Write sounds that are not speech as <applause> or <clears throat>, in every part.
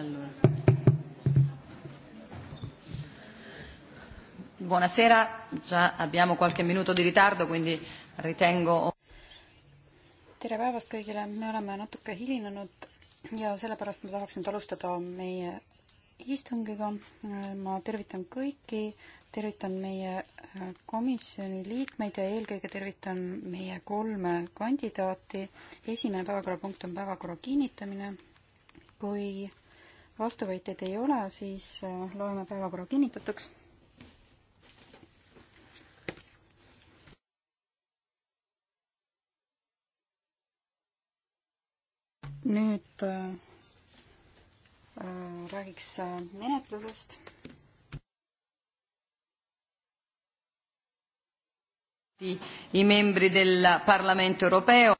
Allora. Buonasera, già abbiamo qualche minuto di ritardo, quindi ritengo. tere päevast kõigile, me oleme natuke hilinenud ja sellepärast ma tahaksin alustada meie istungiga. ma tervitan kõiki, tervitan meie komisjoni liikmeid ja eelkõige tervitan meie kolme kandidaati. esimene päevakorrapunkt on päevakorra kinnitamine. kui vastuvõtjaid ei ole, siis äh, loeme päevakorra kinnitatuks. nüüd äh, äh räägiks äh, menetlusest i membri del Parlamento europeo.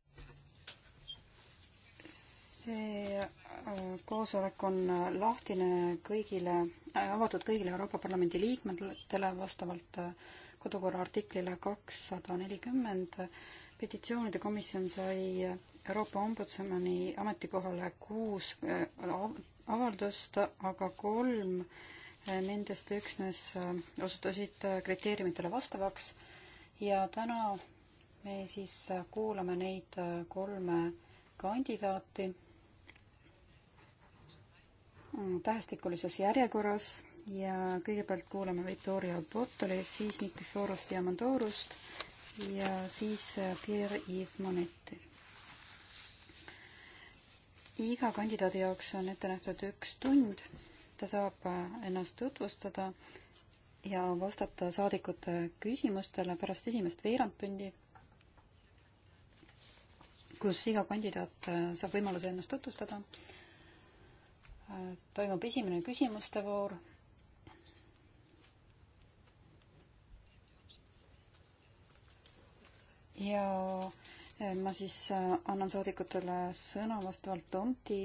koosolek on lahtine kõigile, avatud kõigile Euroopa Parlamendi liikmetele vastavalt äh, kodukorra artiklile kakssada nelikümmend. petitsioonide komisjon sai Euroopa Ombudsmani ametikohale kuus äh, avaldust, aga kolm äh, nendest üksnes osutusid kriteeriumitele vastavaks ja täna me siis kuulame neid kolme kandidaati tähestikulises järjekorras ja kõigepealt kuulame Viktoria Bottoli, siis Nikiforost ja Mandorust ja siis äh, Pierre-Yves Monetti. iga kandidaadi jaoks on ette nähtud üks tund, ta saab äh, ennast tutvustada ja vastata saadikute küsimustele pärast esimest veerandtundi, kus iga kandidaat äh, saab võimaluse ennast tutvustada toimub esimene küsimuste voor. ja eh, ma siis eh, annan saadikutele sõna vastavalt Tomti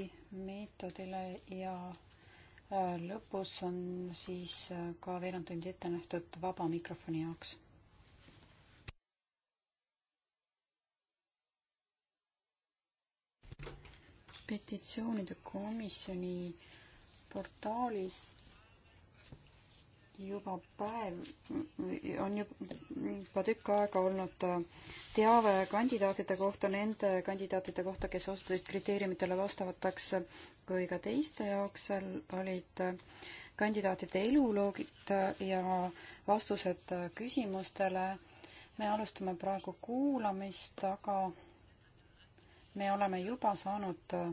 meetodile ja eh, lõpus on siis ka veerand tundi ette nähtud vaba mikrofoni jaoks petitsioonide komisjoni portaalis juba päev, on juba tükk aega olnud äh, teave kandidaatide kohta, nende kandidaatide kohta, kes osutusid kriteeriumitele vastavateks, kui ka teiste jaoks, seal olid äh, kandidaatide eluloogid äh, ja vastused küsimustele. me alustame praegu kuulamist, aga me oleme juba saanud äh,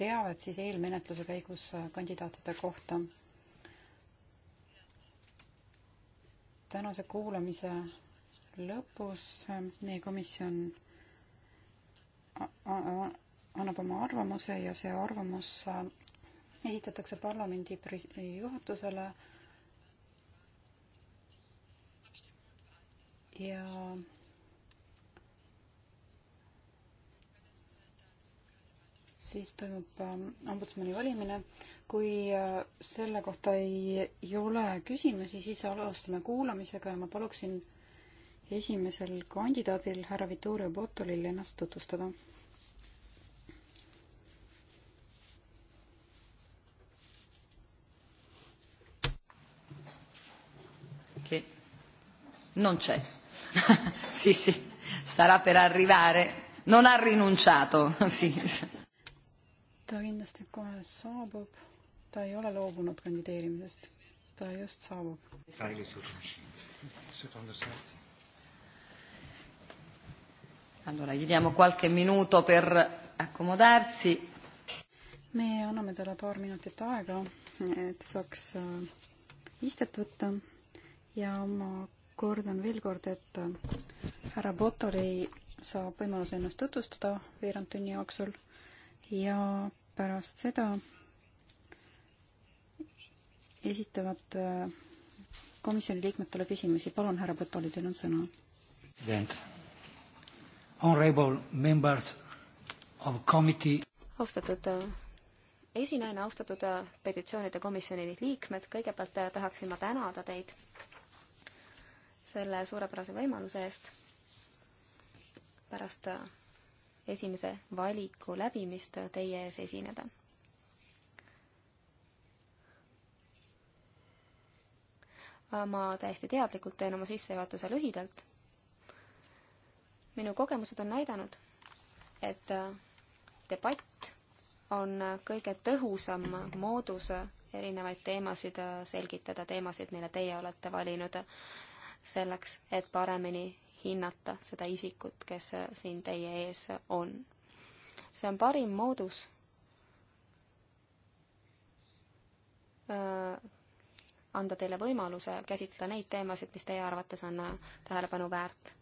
teavet siis eelmenetluse käigus äh, kandidaatide kohta. tänase kuulamise lõpus äh, meie komisjon annab oma arvamuse ja see arvamus esitatakse parlamendi juhatusele ja siis toimub äh, ombudsmani valimine. kui äh, selle kohta ei, ei ole küsimusi, siis alustame kuulamisega ja ma paluksin esimesel kandidaadil, härra Vittorio Bottolil ennast tutvustada. okei okay., non c'è <laughs> sì sì, sarà per arrivare, non ha rinunciato <laughs> sì ta kindlasti kohe saabub, ta ei ole loobunud kandideerimisest, ta just saabub. Allora, gli diamo qualche minuto per accomodarsi. me anname talle paar minutit aega, et saaks äh, istet võtta ja ma kordan veel kord, et äh, härra Botoli saab võimaluse ennast tutvustada veerand tunni jooksul ja pärast seda esitavad äh, komisjoni liikmetele küsimusi. palun, härra Botoli, teil on sõna. austatud äh, esinaine, austatud äh, petitsioonide komisjoni liikmed, kõigepealt tahaksin ma tänada teid selle suurepärase võimaluse eest pärast esimese valiku läbimist teie ees esineda. ma täiesti teadlikult teen oma sissejuhatuse lühidalt. minu kogemused on näidanud, et debatt on kõige tõhusam moodus erinevaid teemasid selgitada, teemasid, mille teie olete valinud selleks, et paremini hinnata seda isikut, kes siin teie ees on. see on parim moodus äh, anda teile võimaluse käsitleda neid teemasid, mis teie arvates on äh, tähelepanu väärt.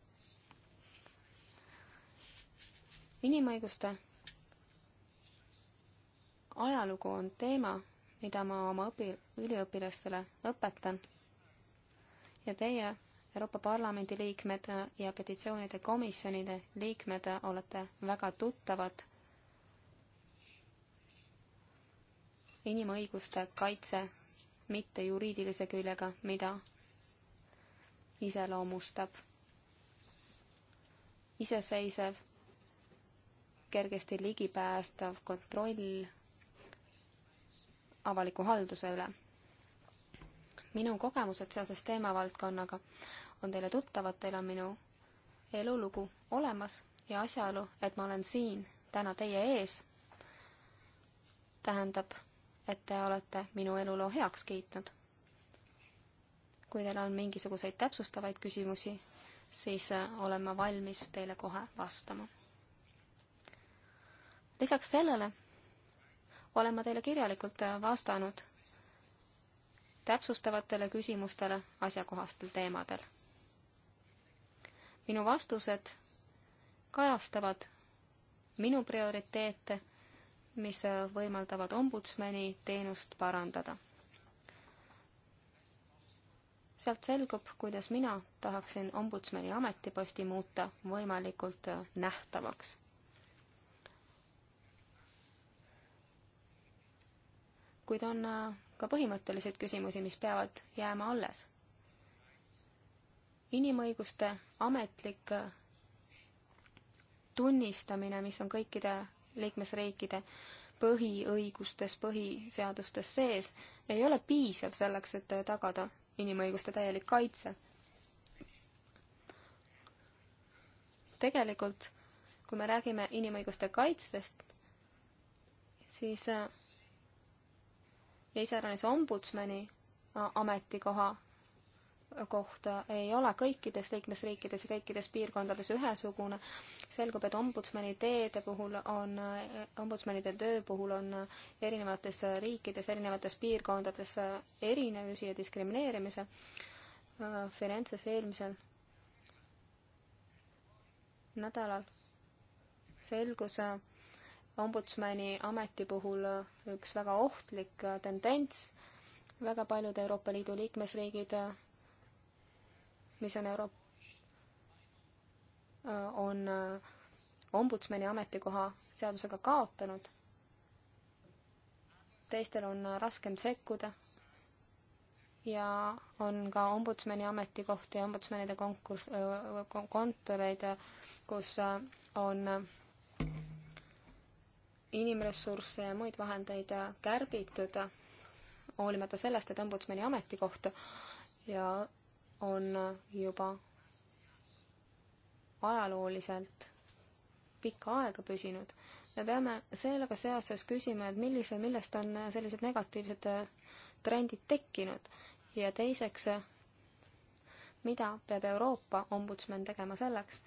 inimõiguste ajalugu on teema, mida ma oma õpi-, üliõpilastele õpetan ja teie Euroopa Parlamendi liikmed ja petitsioonide komisjonide liikmed olete väga tuttavad inimõiguste kaitse mitte juriidilise küljega, mida iseloomustab iseseisev, kergesti ligipäästav kontroll avaliku halduse üle minu kogemused seoses teemavaldkonnaga on teile tuttavad, teil on minu elulugu olemas ja asjaolu, et ma olen siin täna teie ees, tähendab, et te olete minu eluloo heaks kiitnud. kui teil on mingisuguseid täpsustavaid küsimusi, siis äh, olen ma valmis teile kohe vastama. lisaks sellele olen ma teile kirjalikult äh, vastanud täpsustavatele küsimustele asjakohastel teemadel. minu vastused kajastavad minu prioriteete, mis võimaldavad ombudsmani teenust parandada. sealt selgub, kuidas mina tahaksin ombudsmani ametiposti muuta võimalikult nähtavaks. kuid on ka põhimõtteliseid küsimusi, mis peavad jääma alles. inimõiguste ametlik tunnistamine, mis on kõikide liikmesriikide põhiõigustes, põhiseadustes sees, ei ole piisav selleks, et tagada inimõiguste täielik kaitse. tegelikult, kui me räägime inimõiguste kaitstest, siis äh, ja iseäranis ombudsmani ametikoha kohta ei ole kõikides liikmesriikides ja kõikides piirkondades ühesugune. selgub, et ombudsmani teede puhul on, ombudsmanide töö puhul on erinevates riikides, erinevates piirkondades erinevusi ja diskrimineerimise. Firenzes eelmisel nädalal selgus ombudsmani ameti puhul üks väga ohtlik tendents. väga paljud Euroopa Liidu liikmesriigid, mis on Euro-, on ombudsmani ametikoha seadusega kaotanud. teistel on raskem sekkuda ja on ka ombudsmani ametikohti ja ombudsmanide konkurss, kontoreid, kus on inimressursse ja muid vahendeid kärbitud, hoolimata sellest, et ombudsmani ametikoht ja on juba ajalooliselt pikka aega püsinud. me peame sellega seoses küsima, et millise, millest on sellised negatiivsed trendid tekkinud ja teiseks, mida peab Euroopa ombudsman tegema selleks,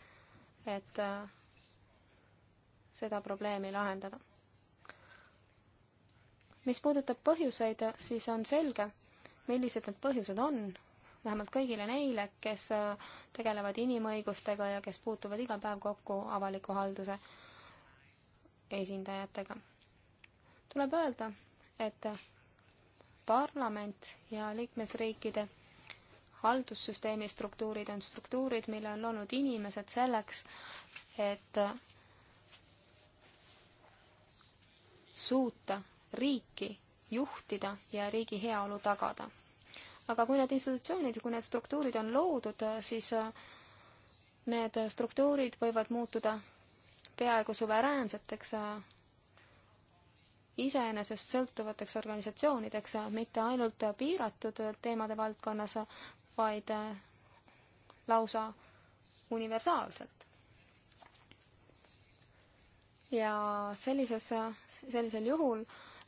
et seda probleemi lahendada mis puudutab põhjuseid, siis on selge, millised need põhjused on, vähemalt kõigile neile, kes äh, tegelevad inimõigustega ja kes puutuvad iga päev kokku avaliku halduse esindajatega. tuleb öelda, et parlament ja liikmesriikide haldussüsteemi struktuurid on struktuurid, mille on loonud inimesed selleks, et suuta riiki juhtida ja riigi heaolu tagada. aga kui need institutsioonid, kui need struktuurid on loodud, siis äh, need struktuurid võivad muutuda peaaegu suveräänseteks äh, iseenesest sõltuvateks organisatsioonideks, äh, mitte ainult piiratud teemade valdkonnas, vaid lausa universaalselt. ja sellises, sellisel juhul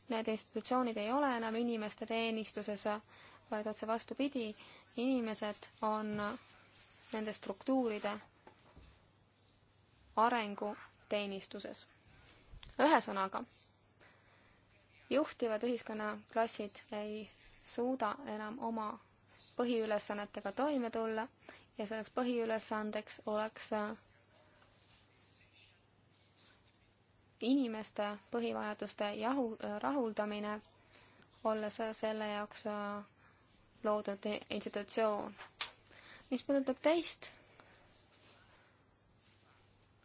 need institutsioonid ei ole enam inimeste teenistuses, vaid otse vastupidi, inimesed on nende struktuuride arengu teenistuses. ühesõnaga, juhtivad ühiskonnaklassid ei suuda enam oma põhiülesannetega toime tulla ja selleks põhiülesandeks oleks inimeste põhivajaduste jahu, rahuldamine, olles selle jaoks äh, loodud institutsioon. mis puudutab teist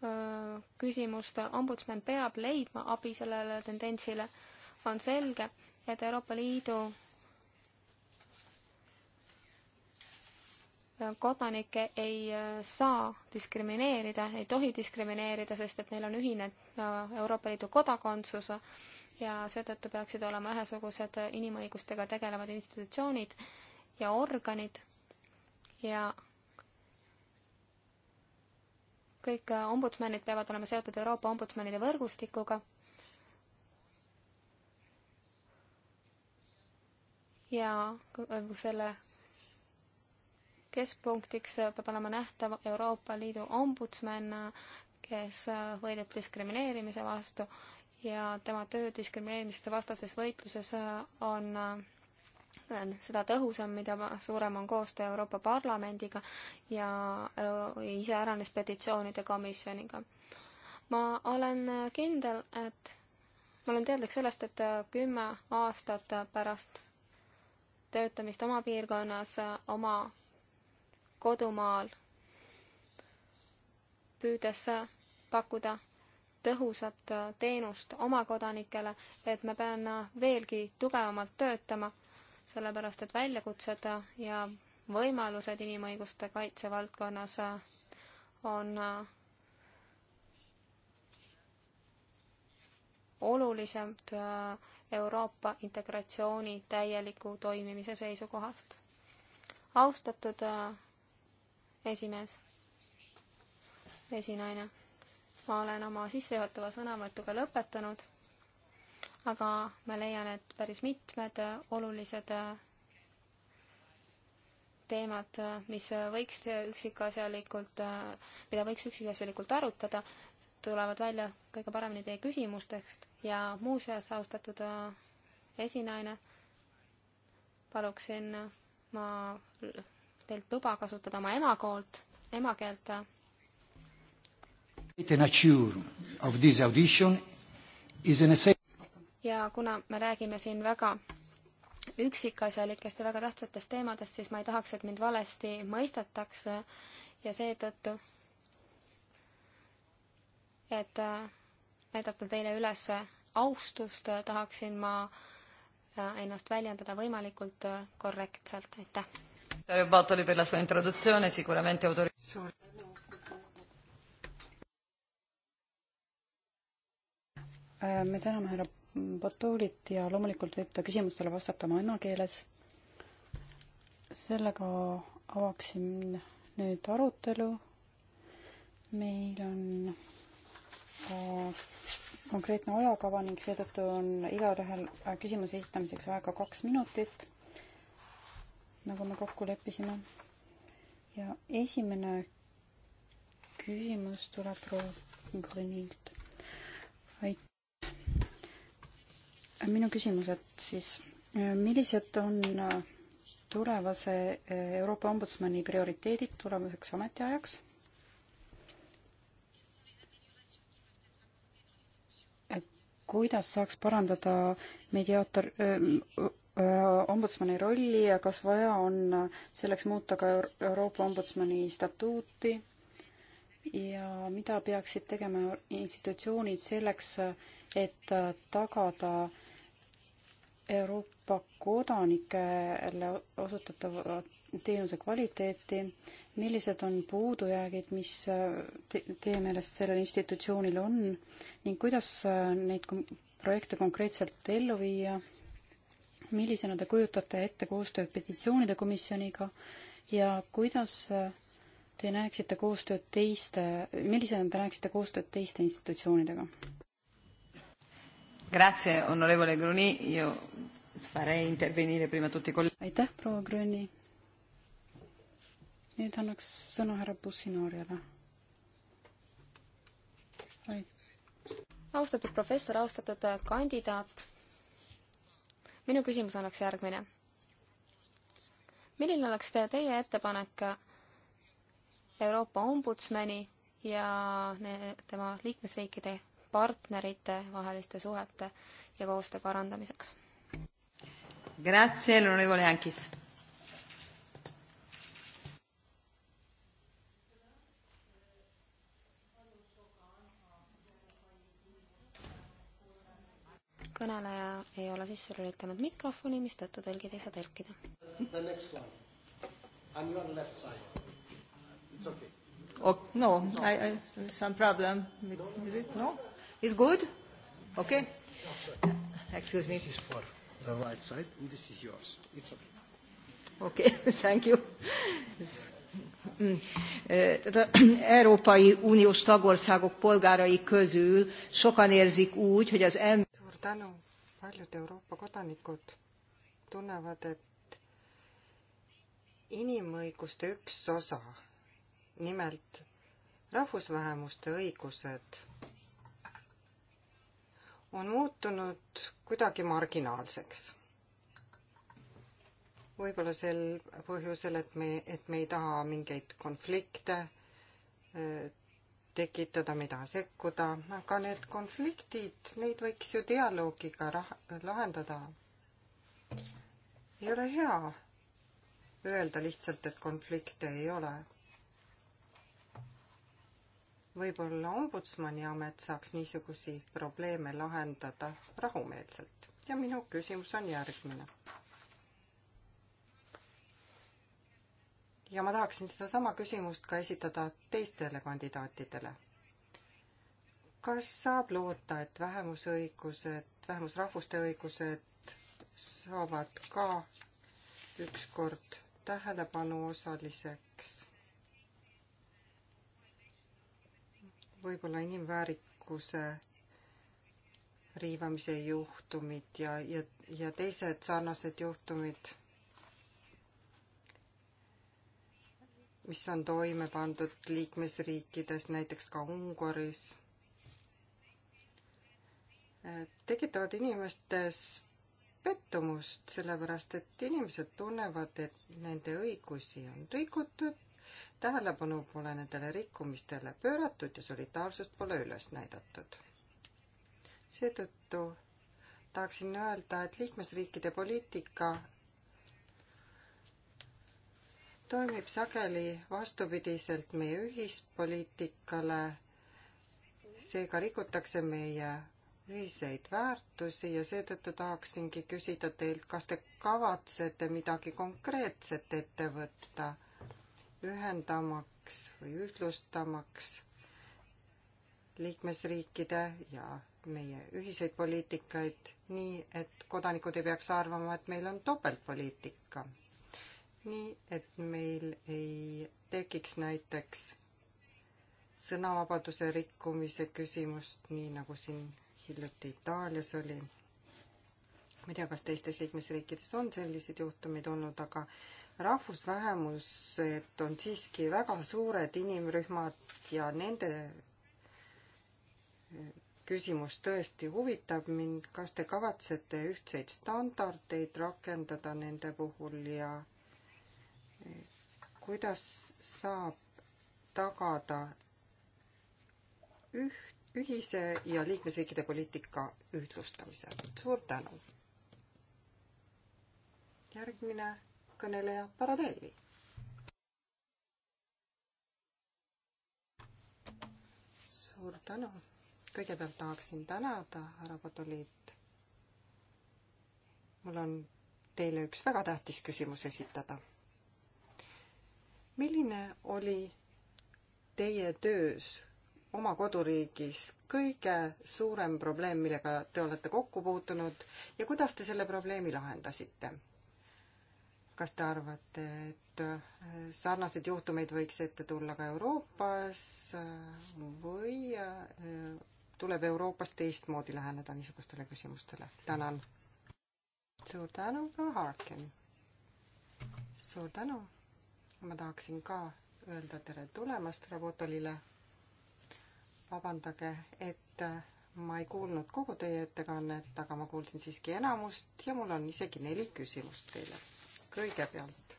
äh, küsimust, ombudsman peab leidma abi sellele tendentsile, on selge, et Euroopa Liidu kodanikke ei äh, saa diskrimineerida, ei tohi diskrimineerida, sest et neil on ühine äh, Euroopa Liidu kodakondsus ja seetõttu peaksid olema ühesugused inimõigustega tegelevad institutsioonid ja organid ja kõik äh, ombudsmanid peavad olema seotud Euroopa ombudsmanide võrgustikuga. ja selle keskpunktiks äh, peab olema nähtav Euroopa Liidu ombudsman, kes äh, võidab diskrimineerimise vastu ja tema töö diskrimineerimise vastases võitluses äh, on seda tõhusam, mida suurem on koostöö Euroopa Parlamendiga ja iseäranis petitsioonide komisjoniga. ma olen kindel, et ma olen teadlik sellest, et kümme aastat pärast töötamist oma piirkonnas, oma kodumaal, püüdes pakkuda tõhusat äh, teenust oma kodanikele, et ma pean veelgi tugevamalt töötama, sellepärast et väljakutsed ja võimalused inimõiguste kaitse valdkonnas äh, on äh, olulisemad Euroopa integratsiooni täieliku toimimise seisukohast. austatud esimees, esinaine. ma olen oma sissejuhatava sõnavõtuga lõpetanud, aga ma leian, et päris mitmed olulised teemad, mis võiks üksikasjalikult, mida võiks üksikasjalikult arutada, tulevad välja kõige paremini teie küsimustest ja muuseas, austatud äh, esinaine, paluksin ma teilt luba kasutada oma emakoolt, emakeelt. ja kuna me räägime siin väga üksikasjalikest ja väga tähtsatest teemadest, siis ma ei tahaks, et mind valesti mõistetakse ja seetõttu, et äh, näidata teile üles austust, tahaksin ma äh, ennast väljendada võimalikult äh, korrektselt, aitäh! Tere Bartoli per la sua introduzione, sicuramente autori- Suur tänu. Äh, me täname härra Bartolit ja loomulikult võib ta küsimustele vastata oma emakeeles. sellega avaksin nüüd arutelu. meil on ka äh, konkreetne ajakava ning seetõttu on igaühel äh, küsimuse esitamiseks aega kaks minutit nagu me kokku leppisime. ja esimene küsimus tuleb proua Grünilt. aitäh. minu küsimused siis, millised on äh, tulevase äh, Euroopa Ombudsmani prioriteedid tulevaseks ametiajaks? Äh, kuidas saaks parandada mediaator, Äh, ombudsmani rolli ja kas vaja on selleks muuta ka Euroopa ombudsmani statuuti ja mida peaksid tegema institutsioonid selleks, et tagada Euroopa kodanikele osutatava teenuse kvaliteeti, millised on puudujäägid, mis te teie meelest sellel institutsioonil on ning kuidas neid projekte konkreetselt ellu viia millisena te kujutate ette koostööd petitsioonide komisjoniga ja kuidas te näeksite koostööd teiste, millisena te näeksite koostööd teiste institutsioonidega? aitäh, proua Grüni. nüüd annaks sõna härra Bussinaariale. austatud professor, austatud kandidaat minu küsimus oleks järgmine. milline oleks te, teie ettepanek Euroopa ombudsmani ja ne, tema liikmesriikide partnerite vaheliste suhete ja koostöö parandamiseks? Grazie, onorevole Ankis kõneleja ei ole sisse lülitanud mikrofoni, mistõttu tõlgid ei saa tõlkida. Okay. Oh, no, I, I, some problem. Is it no? It's good? Okay. Excuse me. This is for the right side and this is yours. It's okay. Okay, <laughs> thank you. Mm, eh, <clears throat> Európai Uniós tagországok polgárai közül sokan érzik úgy, hogy az ember tänu. paljud Euroopa kodanikud tunnevad, et inimõiguste üks osa, nimelt rahvusvähemuste õigused, on muutunud kuidagi marginaalseks võib-olla sel põhjusel, et me, et me ei taha mingeid konflikte, tekitada, me ei taha sekkuda, aga need konfliktid, neid võiks ju dialoogiga rah-, lahendada. ei ole hea öelda lihtsalt, et konflikte ei ole. võib-olla ombudsmani amet saaks niisugusi probleeme lahendada rahumeelselt ja minu küsimus on järgmine ja ma tahaksin sedasama küsimust ka esitada teistele kandidaatidele. kas saab loota, et vähemusõigused, vähemusrahvuste õigused saavad ka ükskord tähelepanu osaliseks? võib-olla inimväärikuse riivamise juhtumid ja, ja, ja teised sarnased juhtumid mis on toime pandud liikmesriikides, näiteks ka Ungaris, tekitavad inimestes pettumust, sellepärast et inimesed tunnevad, et nende õigusi on rikutud, tähelepanu pole nendele rikkumistele pööratud ja solidaarsust pole üles näidatud. seetõttu tahaksin öelda, et liikmesriikide poliitika toimib sageli vastupidiselt meie ühispoliitikale, seega rikutakse meie ühiseid väärtusi ja seetõttu tahaksingi küsida teilt, kas te kavatsete midagi konkreetset ette võtta, ühendamaks või ühtlustamaks liikmesriikide ja meie ühiseid poliitikaid nii, et kodanikud ei peaks arvama, et meil on topeltpoliitika nii et meil ei tekiks näiteks sõnavabaduse rikkumise küsimust, nii nagu siin hiljuti Itaalias oli. ma ei tea, kas teistes liikmesriikides on selliseid juhtumeid olnud, aga rahvusvähemused on siiski väga suured inimrühmad ja nende küsimus tõesti huvitab mind, kas te kavatsete ühtseid standardeid rakendada nende puhul ja kuidas saab tagada üht, ühise ja liikmesriikide poliitika ühtlustamise. suur tänu! järgmine kõneleja Paradelli. suur tänu! kõigepealt tahaksin tänada härra Padoliit. mul on teile üks väga tähtis küsimus esitada milline oli teie töös oma koduriigis kõige suurem probleem, millega te olete kokku puutunud ja kuidas te selle probleemi lahendasite? kas te arvate, et äh, sarnaseid juhtumeid võiks ette tulla ka Euroopas äh, või äh, tuleb Euroopas teistmoodi läheneda niisugustele küsimustele? tänan. suur tänu, proua Harkin. suur tänu ma tahaksin ka öelda tere tulemast Rabotolile. vabandage, et ma ei kuulnud kogu teie ettekannet, aga ma kuulsin siiski enamust ja mul on isegi neli küsimust teile. kõigepealt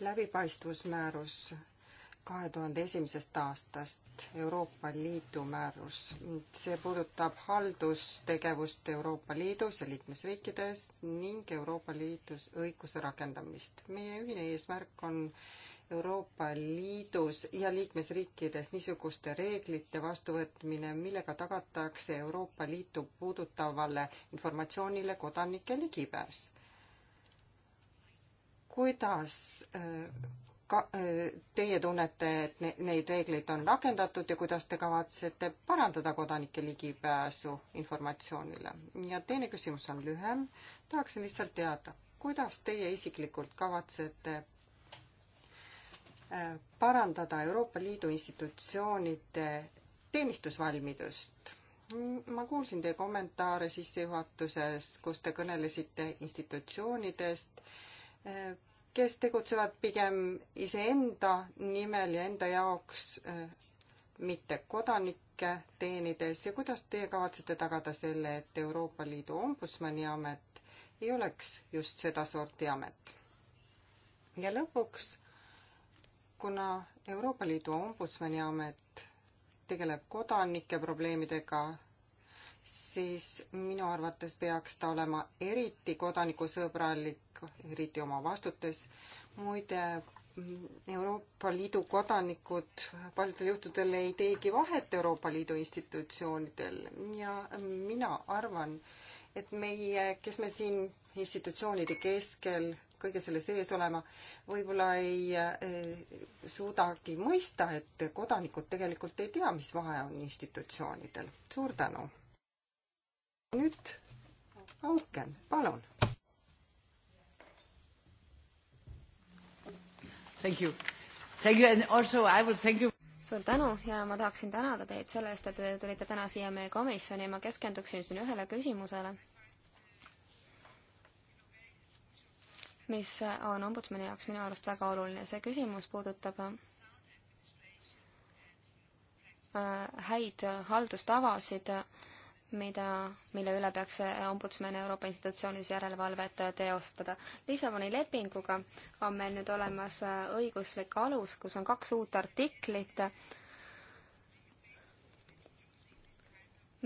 läbipaistvusmäärus kahe tuhande esimesest aastast Euroopa Liidu määrus. see puudutab haldustegevust Euroopa Liidus ja liikmesriikides ning Euroopa Liidus õiguse rakendamist. meie ühine eesmärk on Euroopa Liidus ja liikmesriikides niisuguste reeglite vastuvõtmine, millega tagatakse Euroopa Liitu puudutavale informatsioonile kodanike ligipääs. kuidas äh, ka, teie tunnete, et neid reegleid on rakendatud ja kuidas te kavatsete parandada kodanike ligipääsu informatsioonile? ja teine küsimus on lühem, tahaksin lihtsalt teada, kuidas teie isiklikult kavatsete äh, parandada Euroopa Liidu institutsioonide teenistusvalmidust? ma kuulsin teie kommentaare sissejuhatuses, kus te kõnelesite institutsioonidest äh, kes tegutsevad pigem iseenda nimel ja enda jaoks, äh, mitte kodanikke teenides ja kuidas teie kavatsete tagada selle, et Euroopa Liidu ombudsmani amet ei oleks just sedasorti amet? ja lõpuks, kuna Euroopa Liidu ombudsmani amet tegeleb kodanike probleemidega, siis minu arvates peaks ta olema eriti kodanikusõbralik, eriti oma vastutes. muide, Euroopa Liidu kodanikud paljudel juhtudel ei teegi vahet Euroopa Liidu institutsioonidel ja mina arvan, et meie, kes me siin institutsioonide keskel kõige selle sees olema, võib-olla ei eh, suudagi mõista, et kodanikud tegelikult ei tea, mis vahe on institutsioonidel. suur tänu! nüüd Auken, palun. Thank you. Thank you and also I will thank you suur tänu ja ma tahaksin tänada teid selle eest, et te tulite täna siia meie komisjoni, ma keskenduksin siin ühele küsimusele, mis on ombudsmani jaoks minu arust väga oluline. see küsimus puudutab äh, häid haldustavasid mida, mille üle peaks ombudsman Euroopa institutsioonis järelevalvet teostada. Lissaboni lepinguga on meil nüüd olemas õiguslik alus, kus on kaks uut artiklit,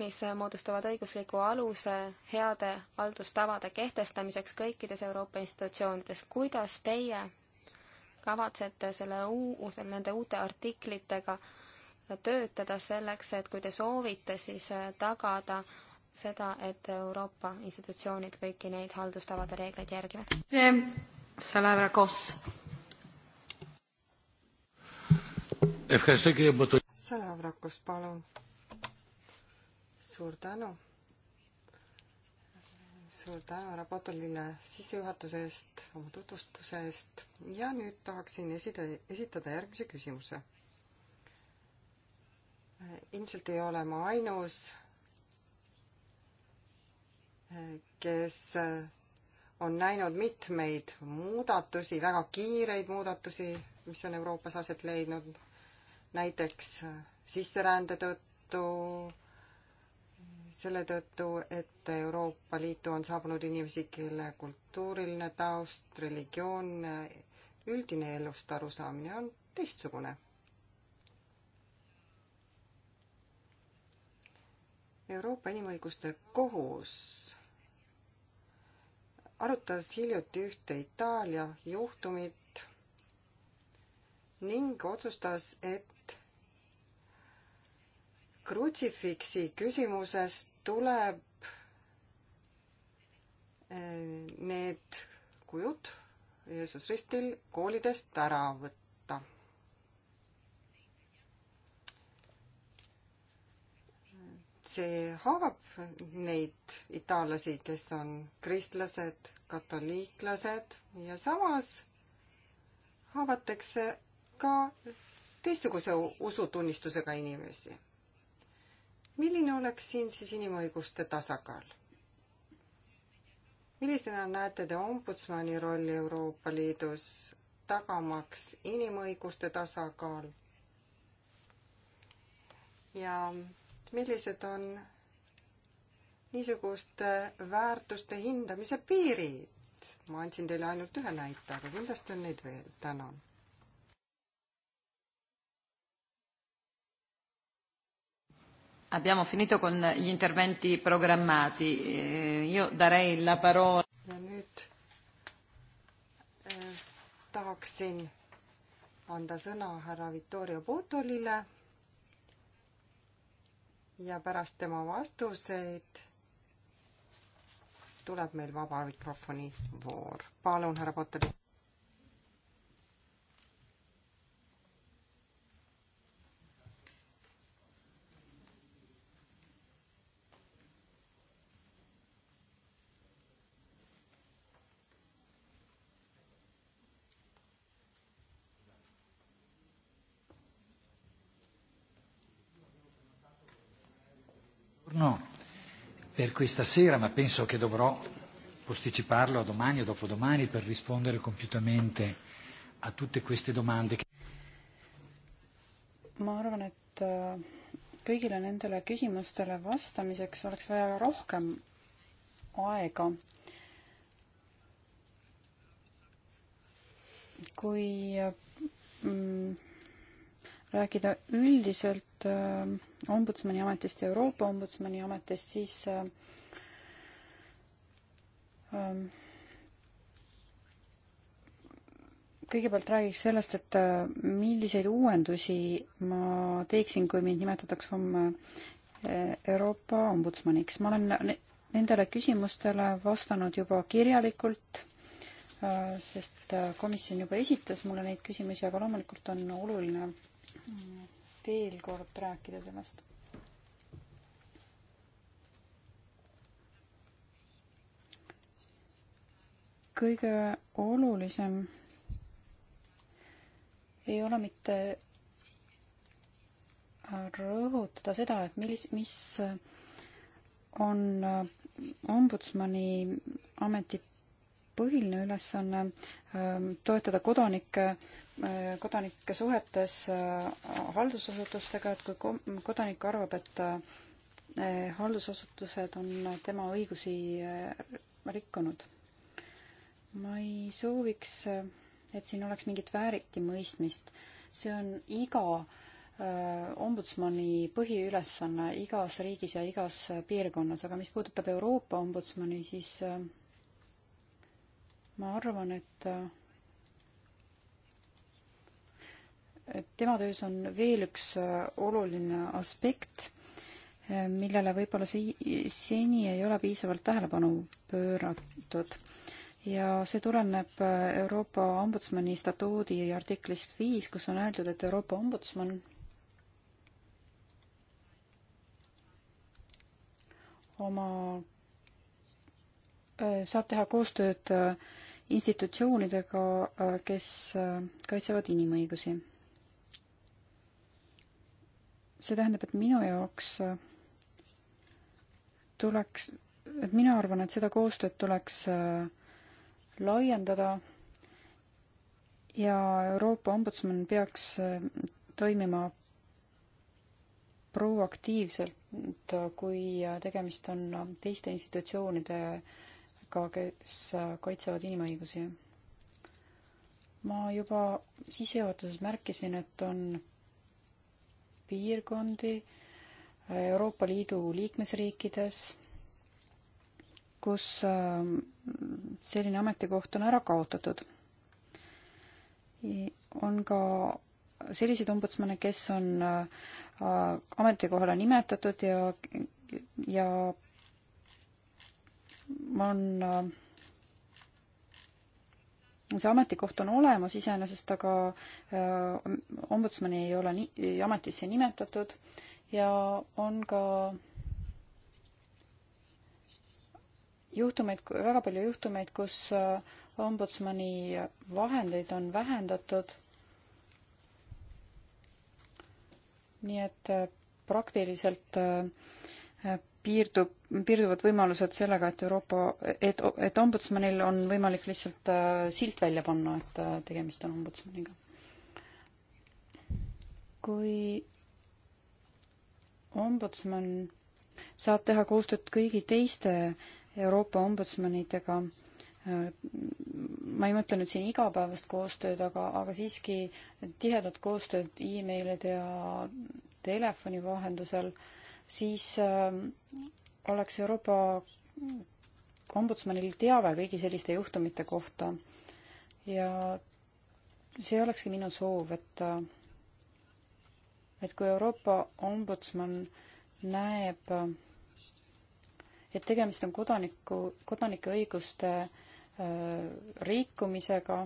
mis moodustavad õigusliku aluse heade haldustavade kehtestamiseks kõikides Euroopa institutsioonides. kuidas teie kavatsete selle uu-, selle, nende uute artiklitega äh, töötada selleks, et kui te soovite, siis äh, tagada seda, et Euroopa institutsioonid kõiki neid haldustavade reegleid järgivad. see, Salavra Koss. Salavra Koss, palun. suur tänu. suur tänu Rabotolile sissejuhatuse eest, oma tutvustuse eest ja nüüd tahaksin esida, esitada järgmise küsimuse ilmselt ei ole ma ainus, kes on näinud mitmeid muudatusi, väga kiireid muudatusi, mis on Euroopas aset leidnud, näiteks sisserände tõttu, selle tõttu, et Euroopa Liitu on saabunud inimesi, kelle kultuuriline taust, religioon, üldine elust arusaamine on teistsugune Euroopa Inimõiguste Kohus arutas hiljuti ühte Itaalia juhtumit ning otsustas, et krutsifiksi küsimuses tuleb eh, need kujud Jeesus ristil koolidest ära võtta. see haavab neid itaallasi, kes on kristlased, katoliiklased ja samas haavatakse ka teistsuguse usutunnistusega inimesi. milline oleks siin siis inimõiguste tasakaal? millisena näete te ombudsmani rolli Euroopa Liidus tagamaks inimõiguste tasakaal? ja millised on niisuguste väärtuste hindamise piirid. ma andsin teile ainult ühe näite, aga kindlasti on neid veel. tänan. Abbiamo finito con gli interventi programmati. Eh, io darei la parola. Ja nüüd eh, tahaksin anda sõna härra Vittorio Botolile ja pärast tema vastuseid tuleb meil vaba mikrofoni voor. palun, härra Potter. per questa sera, ma penso che dovrò posticiparlo a domani o dopodomani per rispondere compiutamente a tutte queste domande. ma arvan, et äh, kõigile nendele küsimustele vastamiseks oleks vaja rohkem aega. kui äh, mm, rääkida üldiselt äh, ombudsmani ametist ja Euroopa ombudsmani ametist, siis äh, äh, kõigepealt räägiks sellest, et milliseid uuendusi ma teeksin, kui mind nimetataks homme Euroopa ombudsmaniks. ma olen nendele küsimustele vastanud juba kirjalikult sest komisjon juba esitas mulle neid küsimusi, aga loomulikult on oluline veel kord rääkida temast. kõige olulisem ei ole mitte rõhutada seda, et millis, mis on ombudsmani ameti põhiline ülesanne ähm, toetada kodanikke Äh, kodanike suhetes äh, haldusasutustega, et kui kodanik arvab, et äh, haldusasutused on tema õigusi rikkunud. ma ei sooviks, et siin oleks mingit vääritimõistmist. see on iga ombudsmani põhiülesanne igas riigis ja igas piirkonnas, aga mis puudutab Euroopa ombudsmani, siis ma arvan, et tema töös on veel üks äh, oluline aspekt, äh, millele võib-olla seni ei ole piisavalt tähelepanu pööratud ja see tuleneb äh, Euroopa Ombudsmani statuudi artiklist viis, kus on öeldud, et Euroopa Ombudsman oma, saab teha koostööd institutsioonidega, kes kaitsevad inimõigusi see tähendab, et minu jaoks äh, tuleks, et mina arvan, et seda koostööd tuleks äh, laiendada ja Euroopa ombudsman peaks äh, toimima proaktiivselt, kui tegemist on teiste institutsioonidega, kes kaitsevad inimõigusi. ma juba sissejuhatuses märkisin, et on piirkondi Euroopa Liidu liikmesriikides, kus ähm, selline ametikoht on ära kaotatud. on ka selliseid ombudsmane, kes on äh, ametikohale nimetatud ja, ja on äh, see ametikoht on olemas iseenesest, aga äh, ombudsmani ei ole nii, ametisse nimetatud ja on ka juhtumeid, väga palju juhtumeid, kus äh, ombudsmani vahendeid on vähendatud. nii et äh, praktiliselt äh, piirdub, piirduvad võimalused sellega, et Euroopa, et, et ombudsmanil on võimalik lihtsalt äh, silt välja panna, et äh, tegemist on ombudsmaniga. kui ombudsman saab teha koostööd kõigi teiste Euroopa ombudsmanidega, äh, ma ei mõtle nüüd siin igapäevast koostööd, aga, aga siiski tihedat koostööd emailide ja telefoni vahendusel äh, siis ähm, oleks Euroopa ombudsmanil teave kõigi selliste juhtumite kohta. ja see olekski minu soov, et, äh, et kui Euroopa ombudsman näeb, äh, et tegemist on kodaniku, kodanike õiguste äh, rikkumisega,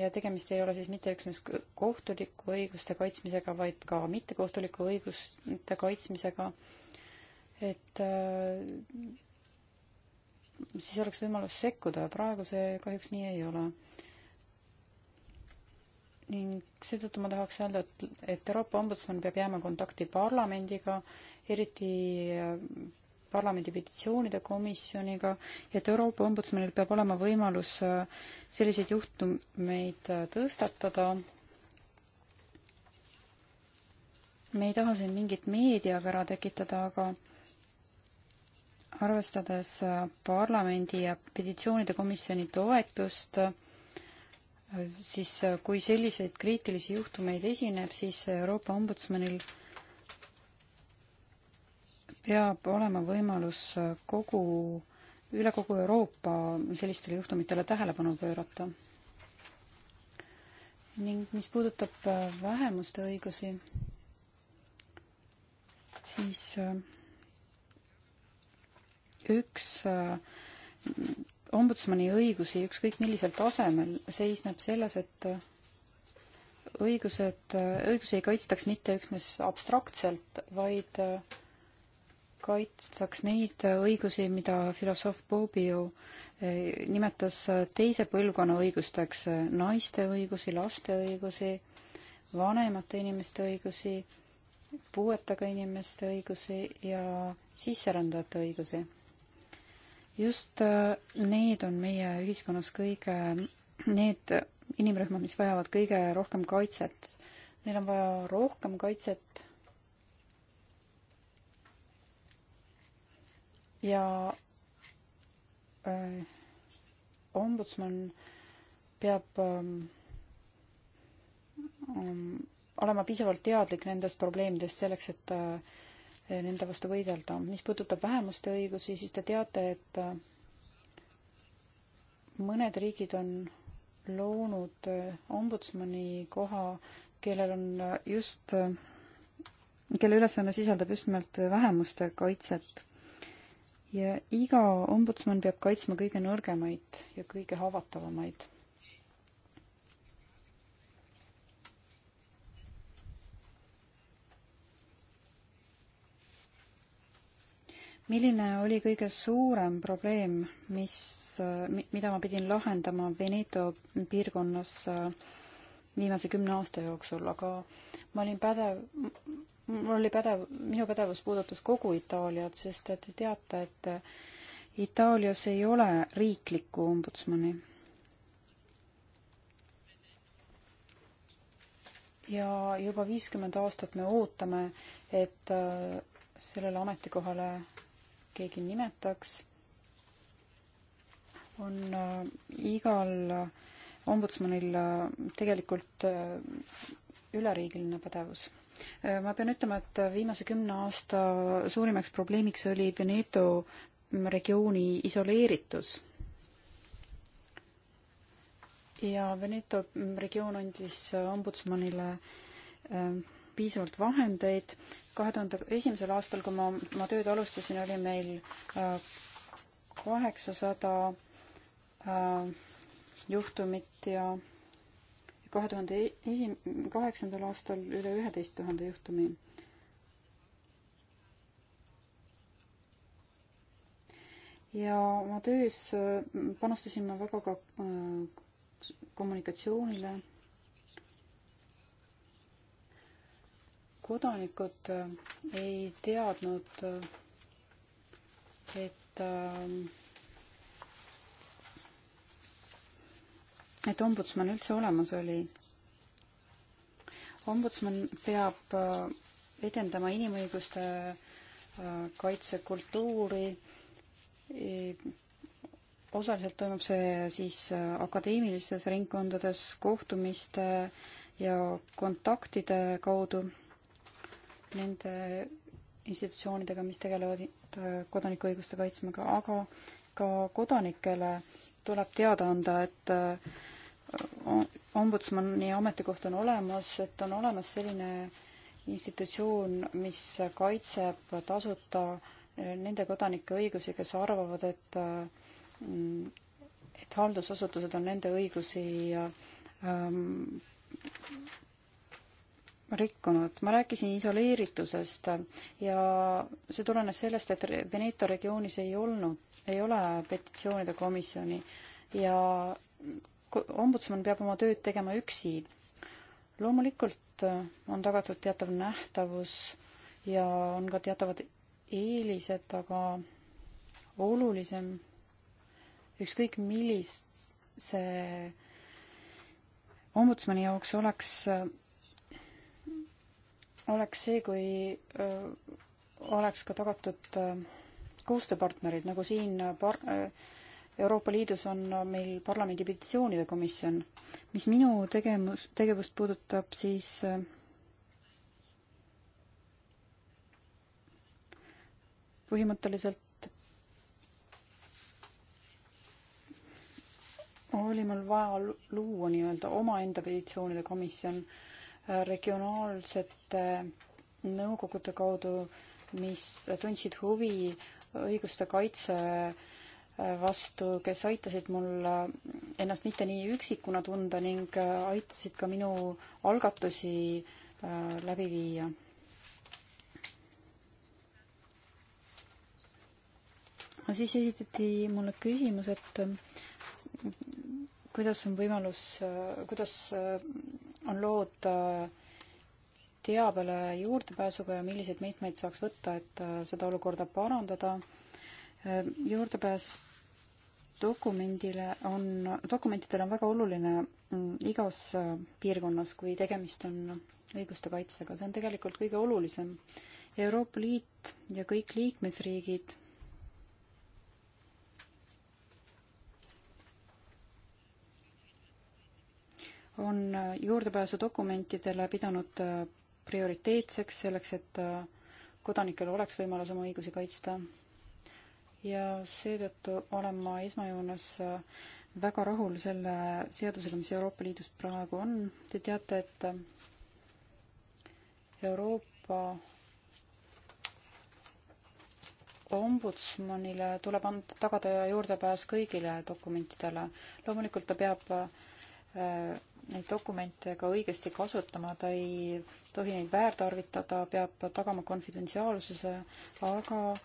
ja tegemist ei ole siis mitte üksnes kohtuliku õiguste kaitsmisega, vaid ka mittekohtuliku õiguste kaitsmisega. et äh, siis oleks võimalus sekkuda, praegu see kahjuks nii ei ole. ning seetõttu ma tahaks öelda, et, et Euroopa Ombudsman peab jääma kontakti parlamendiga, eriti äh, parlamendi petitsioonide komisjoniga, et Euroopa Ombudsmanil peab olema võimalus äh, selliseid juhtumeid äh, tõstatada. me ei taha siin mingit meediakära tekitada, aga arvestades äh, parlamendi ja petitsioonide komisjoni toetust, siis kui selliseid kriitilisi juhtumeid esineb, siis Euroopa Ombudsmanil peab olema võimalus kogu, üle kogu Euroopa sellistele juhtumitele tähelepanu pöörata. ning mis puudutab vähemuste õigusi, siis äh, üks äh, ombudsmani õigusi ükskõik millisel tasemel seisneb selles, et äh, õigused, õigusi ei kaitstaks mitte üksnes abstraktselt, vaid kaitstaks neid õigusi, mida filosoof Bobbio eh, nimetas eh, teise põlvkonna õigusteks, eh, naiste õigusi, laste õigusi, vanemate inimeste õigusi, puuetega inimeste õigusi ja sisserändajate õigusi. just need on meie ühiskonnas kõige, need inimrühmad, mis vajavad kõige rohkem kaitset. Neil on vaja rohkem kaitset ja äh, ombudsman peab ähm, ähm, olema piisavalt teadlik nendest probleemidest selleks, et äh, nende vastu võidelda. mis puudutab vähemuste õigusi, siis te teate, et äh, mõned riigid on loonud äh, ombudsmani koha, kellel on äh, just, äh, kelle ülesanne sisaldab just nimelt vähemuste kaitset ja iga ombudsman peab kaitsma kõige nõrgemaid ja kõige haavatavamaid. milline oli kõige suurem probleem, mis, mida ma pidin lahendama Veneto piirkonnas äh, viimase kümne aasta jooksul, aga ma olin pädev, mul oli pädev, minu pädevus puudutas kogu Itaaliat, sest et te teate, et Itaalias ei ole riiklikku ombudsmani. ja juba viiskümmend aastat me ootame, et äh, sellele ametikohale keegi nimetaks. on äh, igal ombudsmanil äh, tegelikult üleriigiline pädevus Äh, ma pean ütlema, et viimase kümne aasta suurimaks probleemiks oli Veneto regiooni isoleeritus. ja Veneto regioon andis ombudsmanile ähm, piisavalt vahendeid. kahe tuhande esimesel aastal, kui ma oma tööd alustasin, oli meil äh, kaheksasada äh, juhtumit ja kahe tuhande esi-, kaheksandal aastal üle üheteist tuhande juhtumi. ja oma töös äh, panustasin ma väga ka äh, kommunikatsioonile. kodanikud äh, ei teadnud, et et ombudsman üldse olemas oli. ombudsman peab äh, edendama inimõiguste äh, kaitsekultuuri. E, osaliselt toimub see siis äh, akadeemilistes ringkondades kohtumiste ja kontaktide kaudu nende institutsioonidega, mis tegelevad kodanikuõiguste kaitsmega, aga ka kodanikele tuleb teada anda, et ombudsmani ametikoht on olemas, et on olemas selline institutsioon, mis kaitseb tasuta nende kodanike õigusi, kes arvavad, et et haldusasutused on nende õigusi ähm, rikkunud. ma rääkisin isoleeritusest ja see tulenes sellest, et Veneto regioonis ei olnud, ei ole petitsioonide komisjoni ja ombudsman peab oma tööd tegema üksi. loomulikult äh, on tagatud teatav nähtavus ja on ka teatavad eelised, aga olulisem ükskõik millise ombudsmani jaoks oleks, äh, oleks see, kui öö, äh, oleks ka tagatud koostööpartnerid, nagu siin par-, Euroopa Liidus on meil parlamendi petitsioonide komisjon. mis minu tegevus, tegevust puudutab, siis äh, põhimõtteliselt oli mul vaja luua nii-öelda omaenda petitsioonide komisjon äh, regionaalsete nõukogude kaudu, mis tundsid huvi õiguste kaitse äh, vastu, kes aitasid mul ennast mitte nii üksikuna tunda ning aitasid ka minu algatusi äh, läbi viia. siis esitati mulle küsimus, et kuidas on võimalus, äh, kuidas äh, on lood teabele juurdepääsuga ja milliseid meetmeid saaks võtta, et seda olukorda parandada. juurdepääs dokumendile on, dokumentidel on väga oluline mm, igas äh, piirkonnas, kui tegemist on õiguste kaitsega, see on tegelikult kõige olulisem. Euroopa Liit ja kõik liikmesriigid on äh, juurdepääsu dokumentidele pidanud äh, prioriteetseks selleks, et kodanikel oleks võimalus oma õigusi kaitsta ja seetõttu olen ma esmajoones äh, väga rahul selle seadusega, mis Euroopa Liidus praegu on. Te teate, et Euroopa ombudsmanile tuleb anda, tagada juurdepääs kõigile dokumentidele. loomulikult ta peab äh, neid dokumente ka õigesti kasutama, ta ei tohi neid väärtarvitada, peab tagama konfidentsiaalsuse, aga äh,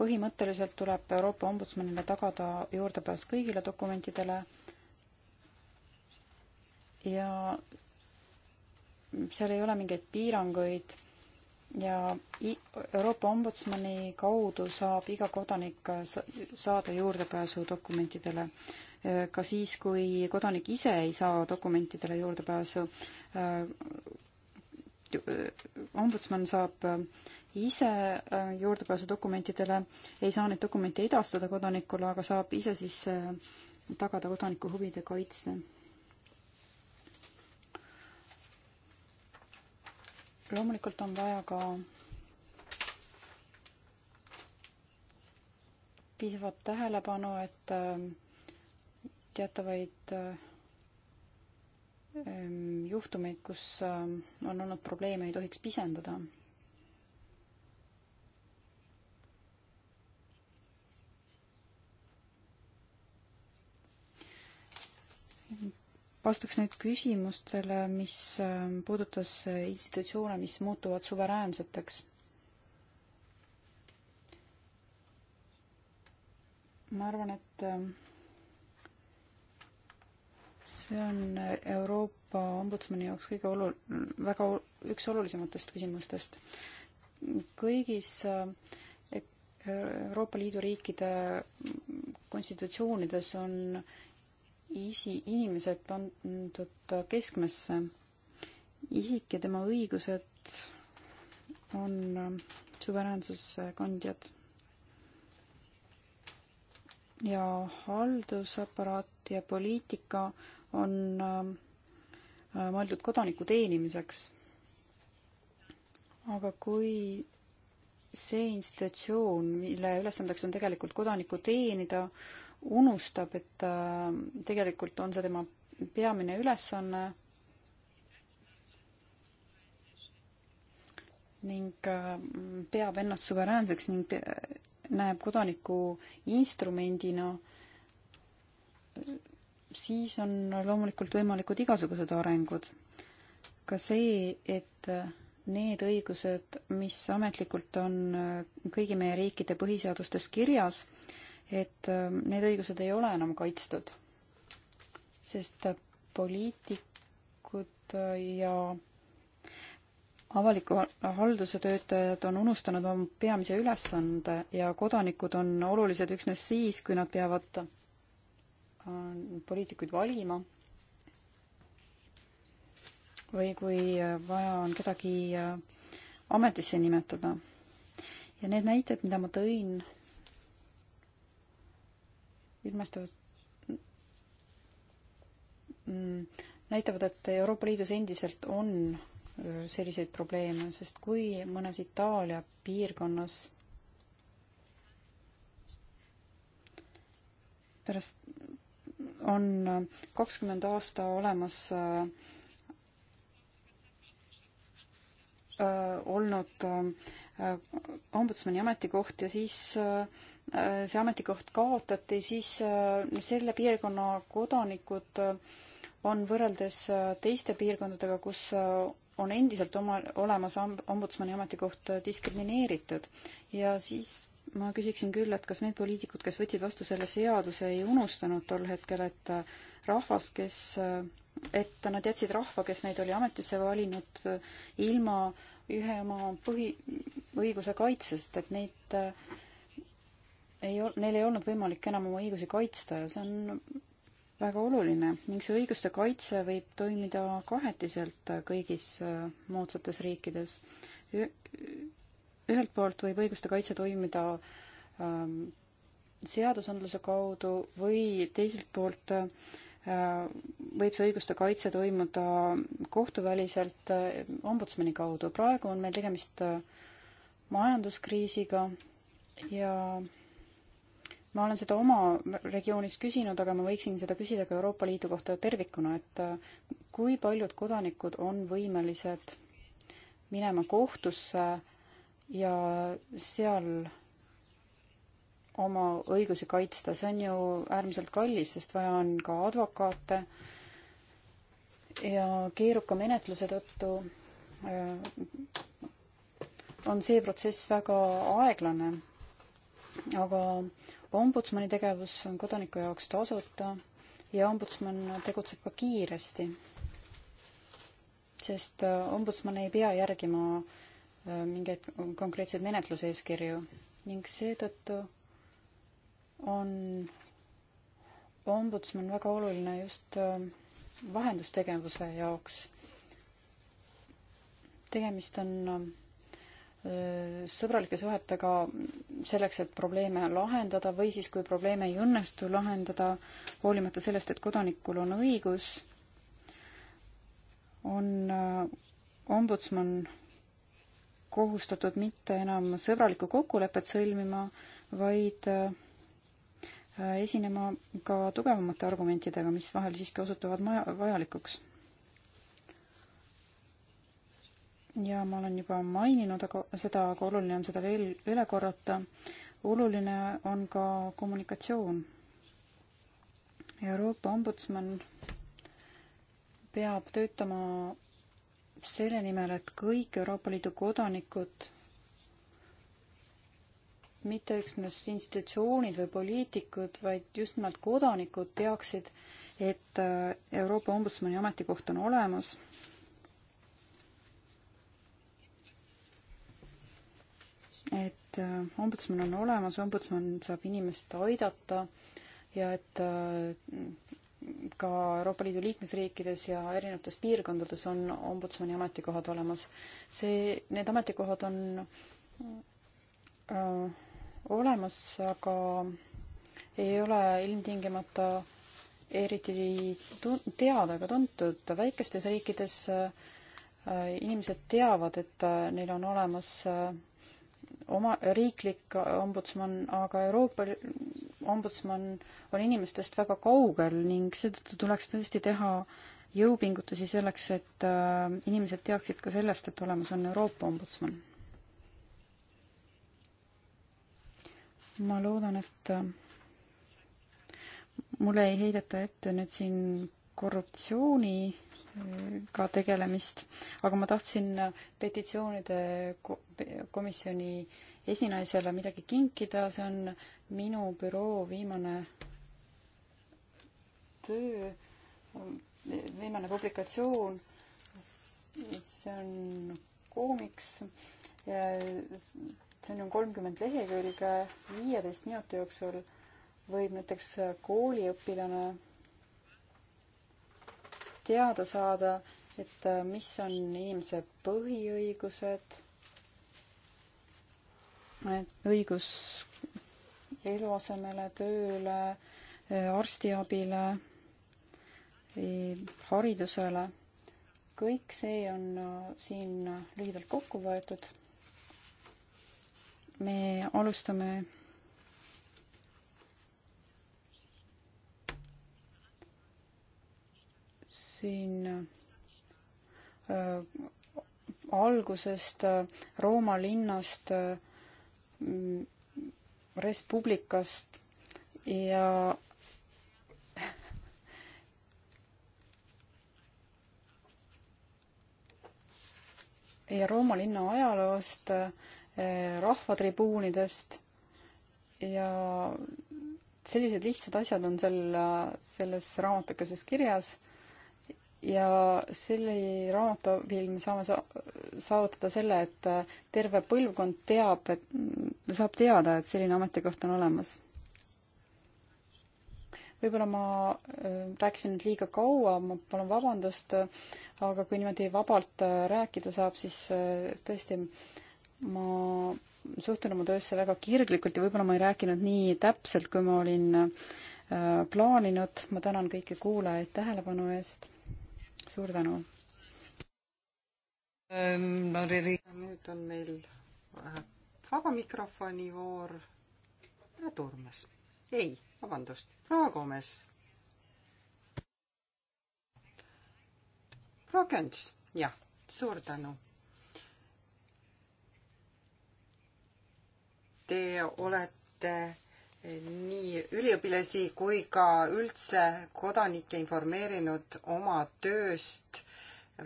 põhimõtteliselt tuleb Euroopa Ombudsmanile tagada juurdepääs kõigile dokumentidele ja seal ei ole mingeid piiranguid ja Euroopa Ombudsmani kaudu saab iga kodanik saada juurdepääsu dokumentidele ka siis, kui kodanik ise ei saa dokumentidele juurdepääsu. Äh, ombudsman saab äh, ise äh, juurdepääsu dokumentidele, ei saa neid dokumente edastada kodanikule, aga saab ise siis äh, tagada kodaniku huvide kaitse. loomulikult on vaja ka piisavat tähelepanu, et äh, teatavaid juhtumeid, kus on olnud probleeme, ei tohiks pisendada vastaks nüüd küsimustele, mis ähm, puudutas äh, institutsioone, mis muutuvad suveräänseteks. ma arvan, et ähm, see on äh, Euroopa ombudsmani jaoks kõige olu-, väga, üks olulisematest küsimustest. kõigis äh, Euroopa Liidu riikide konstitutsioonides on isi, inimesed pandud keskmesse. isik ja tema õigused on ähm, suveräänsuse kandjad. ja haldusaparaat ja poliitika on ähm, äh, mõeldud kodaniku teenimiseks. aga kui see institutsioon, mille ülesandeks on tegelikult kodanikku teenida, unustab, et äh, tegelikult on see tema peamine ülesanne ning äh, peab ennast suveräänseks ning näeb kodaniku instrumendina, siis on loomulikult võimalikud igasugused arengud. ka see, et need õigused, mis ametlikult on kõigi meie riikide põhiseadustes kirjas, et ähm, need õigused ei ole enam kaitstud, sest poliitikud äh, ja avaliku halduse töötajad on unustanud oma peamise ülesande ja kodanikud on olulised üksnes siis, kui nad peavad äh, poliitikuid valima või kui äh, vaja on kedagi ametisse nimetada. ja need näited, mida ma tõin ilmestavad mm, näitavad, et Euroopa Liidus endiselt on selliseid probleeme, sest kui mõnes Itaalia piirkonnas pärast on kakskümmend aasta olemas äh, olnud äh, ombudsmani ametikoht ja siis äh, see ametikoht kaotati, siis äh, selle piirkonna kodanikud äh, on võrreldes äh, teiste piirkondadega, kus on endiselt oma, olemas ombudsmani ametikoht diskrimineeritud ja siis ma küsiksin küll, et kas need poliitikud, kes võtsid vastu selle seaduse, ei unustanud tol hetkel, et rahvas, kes, et nad jätsid rahva, kes neid oli ametisse valinud, ilma ühe oma põhiõiguse kaitsest, et neid ei ol-, neil ei olnud võimalik enam oma õigusi kaitsta ja see on väga oluline ning see õiguste kaitse võib toimida kahetiselt kõigis äh, moodsates riikides. ühelt poolt võib õiguste kaitse toimida ähm, seadusandluse kaudu või teiselt poolt äh, võib see õiguste kaitse toimuda kohtuväliselt äh, ombudsmani kaudu. praegu on meil tegemist äh, majanduskriisiga ja ma olen seda oma regioonis küsinud, aga ma võiksin seda küsida ka Euroopa Liidu kohta tervikuna, et äh, kui paljud kodanikud on võimelised minema kohtusse ja seal oma õigusi kaitsta, see on ju äärmiselt kallis, sest vaja on ka advokaate ja keeruka menetluse tõttu äh, on see protsess väga aeglane. aga ombudsmani tegevus on kodaniku jaoks tasuta ja ombudsman tegutseb ka kiiresti, sest äh, ombudsman ei pea järgima äh, mingeid konkreetseid menetluseeskirju ning seetõttu on ombudsman väga oluline just äh, vahendustegevuse jaoks. tegemist on sõbralike suhetega selleks, et probleeme lahendada või siis, kui probleeme ei õnnestu lahendada, hoolimata sellest, et kodanikul on õigus, on äh, ombudsman kohustatud mitte enam sõbralikku kokkulepet sõlmima, vaid äh, äh, esinema ka tugevamate argumentidega, mis vahel siiski osutuvad maja, vajalikuks ja ma olen juba maininud, aga seda, aga oluline on seda veel üle korrata. oluline on ka kommunikatsioon. Euroopa ombudsman peab töötama selle nimel, et kõik Euroopa Liidu kodanikud, mitte üksnes institutsioonid või poliitikud, vaid just nimelt kodanikud teaksid, et Euroopa Ombudsmani ametikoht on olemas et äh, ombudsman on olemas, ombudsman saab inimest aidata ja et äh, ka Euroopa Liidu liikmesriikides ja erinevates piirkondades on ombudsmani ametikohad olemas. see, need ametikohad on öö, äh, olemas, aga ei ole ilmtingimata eriti teada ega tuntud. väikestes riikides öö, inimesed teavad, et neil on olemas öö, oma, riiklik ombudsman, aga Euroopa ombudsman on inimestest väga kaugel ning seetõttu tuleks tõesti teha jõupingutusi selleks, et äh, inimesed teaksid ka sellest, et olemas on Euroopa ombudsman. ma loodan, et äh, mulle ei heideta ette nüüd siin korruptsiooni ka tegelemist, aga ma tahtsin petitsioonide komisjoni esinaisele midagi kinkida, see on minu büroo viimane töö, viimane publikatsioon, see on koomiks, see on kolmkümmend lehekülge, viieteist minuti jooksul võib näiteks kooliõpilane teada saada, et äh, mis on inimese põhiõigused, et õigus eluasemele, tööle, äh, arstiabile, e, haridusele. kõik see on äh, siin lühidalt kokku võetud. me alustame siin äh, algusest äh, Rooma linnast, äh, Res Publicast ja ja Rooma linna ajaloost, rahvatribuunidest ja sellised lihtsad asjad on seal selles raamatukeses kirjas ja selle raamatu abil me saame saavutada selle, et äh, terve põlvkond teab, et mm, saab teada, et selline ametikoht on olemas. võib-olla ma äh, rääkisin nüüd liiga kaua, ma palun vabandust, aga kui niimoodi vabalt äh, rääkida saab, siis tõesti ma suhtun oma töösse väga kirglikult ja võib-olla ma ei rääkinud nii täpselt, kui ma olin plaaninud. ma tänan kõiki kuulajaid tähelepanu eest suur tänu ähm,. No, nüüd on meil äh, vaba mikrofoni voor. härra Turmes, ei, vabandust, proua Gomes. proua Künts, jah, suur tänu te olete nii üliõpilasi kui ka üldse kodanikke informeerinud oma tööst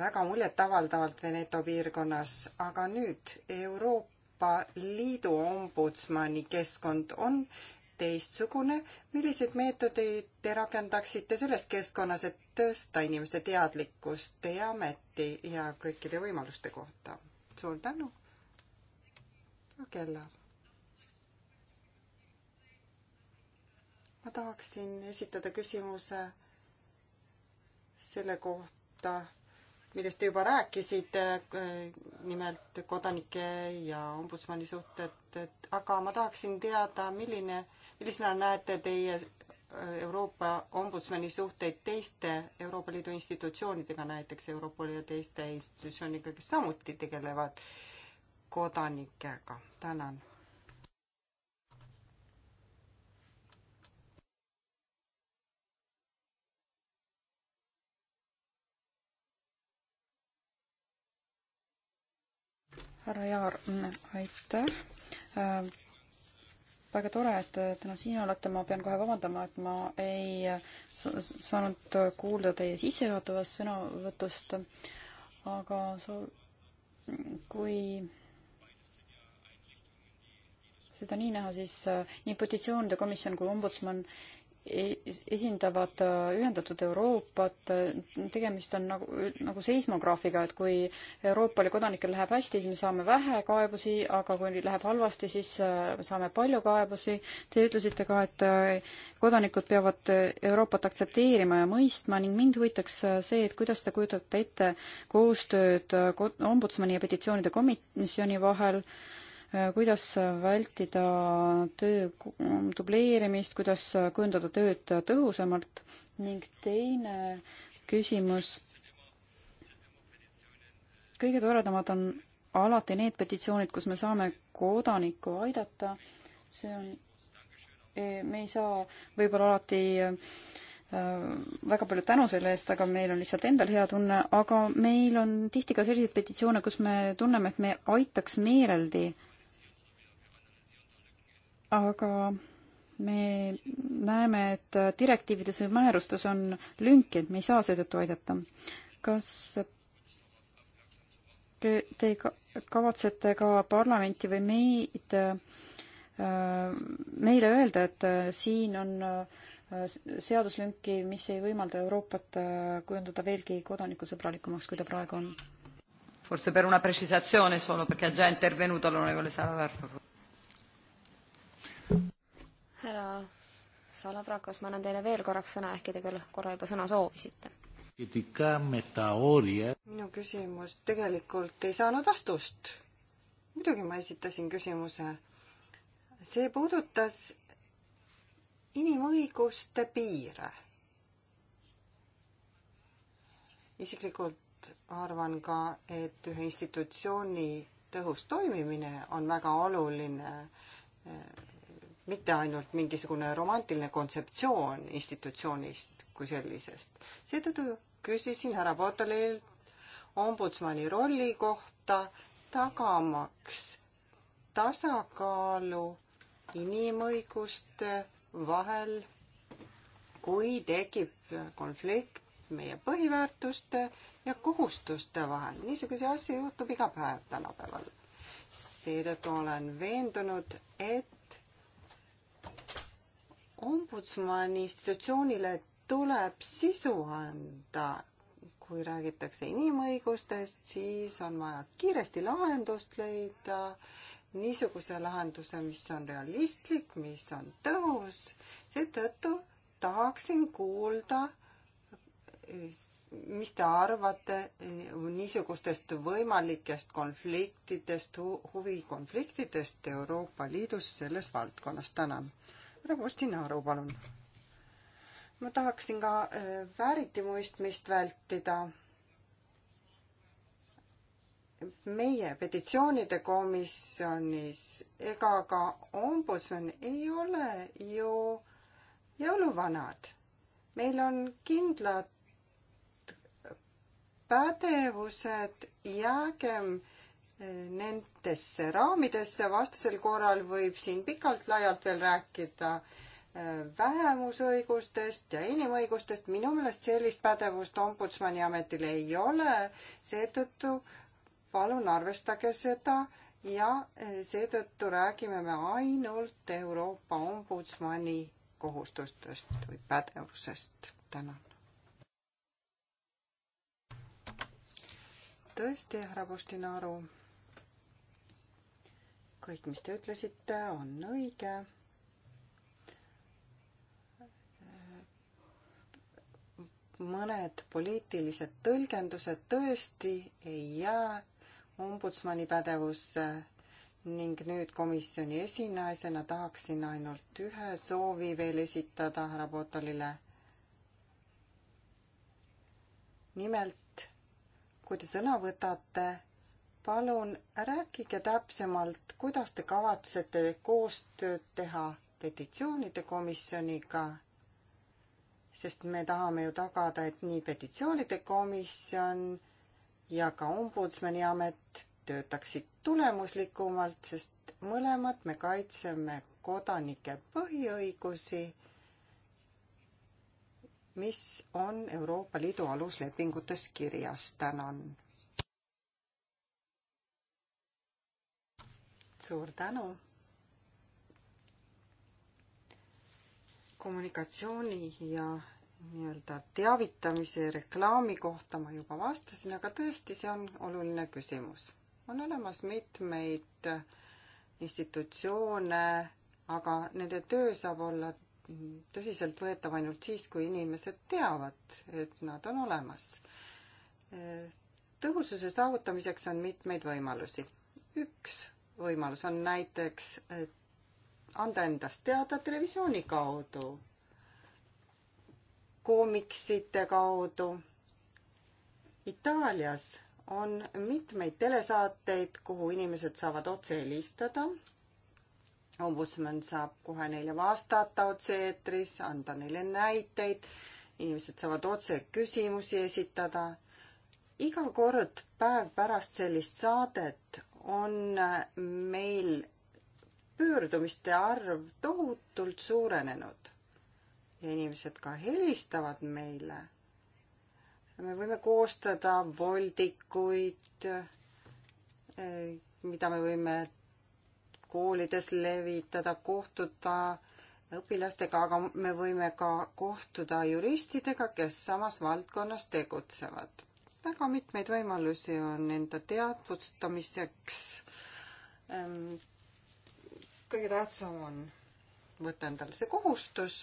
väga muljetavaldavalt Veneto piirkonnas, aga nüüd Euroopa Liidu ombudsmani keskkond on teistsugune. milliseid meetodeid te rakendaksite selles keskkonnas, et tõsta inimeste teadlikkust teie ameti ja kõikide võimaluste kohta? suur tänu. Kella ma tahaksin esitada küsimuse selle kohta, millest te juba rääkisite, nimelt kodanike ja ombudsmani suhted, et aga ma tahaksin teada, milline, millisena näete teie äh, Euroopa ombudsmani suhteid teiste Euroopa Liidu institutsioonidega, näiteks Europoli ja teiste institutsioonidega, kes samuti tegelevad kodanikega? tänan härra Jaar, aitäh äh,. väga tore, et täna siin olete, ma pean kohe vabandama, et ma ei äh, saanud äh, kuulda teie sissejuhatavast sõnavõtust, aga soo-, kui seda nii näha, siis äh, nii petitsioonide komisjon kui ombudsman äh, esindavad äh, Ühendatud Euroopat, äh, tegemist on nagu, nagu seismograafiga, et kui Euroopa kodanikel läheb hästi, siis me saame vähe kaebusi, aga kui läheb halvasti, siis äh, saame palju kaebusi. Te ütlesite ka, et kodanikud peavad Euroopat aktsepteerima ja mõistma ning mind huvitaks see, et kuidas te kujutate ette koostööd ombudsmani ja petitsioonide komisjoni vahel äh, Äh, kuidas vältida töö dubleerimist, kuidas kujundada tööd tõhusamalt ning teine küsimus. kõige toredamad on alati need petitsioonid, kus me saame kodanikku aidata. see on, e, me ei saa võib-olla alati e, väga palju tänu selle eest, aga meil on lihtsalt endal hea tunne, aga meil on tihti ka selliseid petitsioone, kus me tunneme, et me aitaks meeleldi aga me näeme, et direktiivides või määrustes on lünki, et me ei saa seetõttu aidata. kas te, te kavatsete ka parlamenti või meid, äh, meile öelda, et äh, siin on äh, seaduslünki, mis ei võimalda Euroopat kujundada veelgi kodanikusõbralikumaks, kui ta praegu on? Forse per una precisazione solo perché ha già intervenuto l'onorevole Saravar härra Salaprakos, ma annan teile veel korraks sõna, ehkki te küll korra juba sõna soovisite. minu küsimus tegelikult ei saanud vastust. muidugi ma esitasin küsimuse. see puudutas inimõiguste piire. isiklikult arvan ka, et ühe institutsiooni tõhus toimimine on väga oluline eh, mitte ainult mingisugune romantiline kontseptsioon institutsioonist kui sellisest. seetõttu küsisin härra Potolilt ombudsmani rolli kohta, tagamaks tasakaalu inimõiguste vahel, kui tekib konflikt meie põhiväärtuste ja kohustuste vahel. niisuguseid asju juhtub iga päev tänapäeval. seetõttu olen veendunud, et ombudsmani institutsioonile tuleb sisu anda. kui räägitakse inimõigustest, siis on vaja kiiresti lahendust leida, niisuguse lahenduse, mis on realistlik, mis on tõhus. seetõttu tahaksin kuulda, mis te arvate niisugustest võimalikest konfliktidest, huvikonfliktidest Euroopa Liidus selles valdkonnas? tänan proua Ostinaru, palun. ma tahaksin ka äh, vääritimõistmist vältida. meie petitsioonide komisjonis ega ka ombudsman ei ole ju jõuluvanad. meil on kindlad pädevused, jäägem äh, nendesse raamidesse, vastasel korral võib siin pikalt-laialt veel rääkida äh, vähemusõigustest ja inimõigustest, minu meelest sellist pädevust ombudsmani ametil ei ole, seetõttu palun arvestage seda ja äh, seetõttu räägime me ainult Euroopa ombudsmani kohustustest või pädevusest. tänan. tõesti, härra Postinaru kõik, mis te ütlesite, on õige. mõned poliitilised tõlgendused tõesti ei jää ombudsmani pädevusse ning nüüd komisjoni esinaisena tahaksin ainult ühe soovi veel esitada härra Potolile. nimelt, kui te sõna võtate palun rääkige täpsemalt, kuidas te kavatsete koostööd teha petitsioonide komisjoniga, sest me tahame ju tagada, et nii petitsioonide komisjon ja ka ombudsmani amet töötaksid tulemuslikumalt, sest mõlemad me kaitseme kodanike põhiõigusi, mis on Euroopa Liidu aluslepingutes kirjas. tänan suur tänu. kommunikatsiooni ja nii-öelda teavitamise ja reklaami kohta ma juba vastasin, aga tõesti, see on oluline küsimus. on olemas mitmeid institutsioone, aga nende töö saab olla tõsiseltvõetav ainult siis, kui inimesed teavad, et nad on olemas. tõhususe saavutamiseks on mitmeid võimalusi. üks võimalus on näiteks anda endast teada televisiooni kaudu, koomiksite kaudu. Itaalias on mitmeid telesaateid, kuhu inimesed saavad otse helistada. ombudsman saab kohe neile vastata otse-eetris, anda neile näiteid, inimesed saavad otse küsimusi esitada iga kord päev pärast sellist saadet on meil pöördumiste arv tohutult suurenenud ja inimesed ka helistavad meile. me võime koostada voldikuid, eh, mida me võime koolides levitada, kohtuda õpilastega, aga me võime ka kohtuda juristidega, kes samas valdkonnas tegutsevad väga mitmeid võimalusi on enda teadvustamiseks. Ehm, kõige tähtsam on võtta endale see kohustus,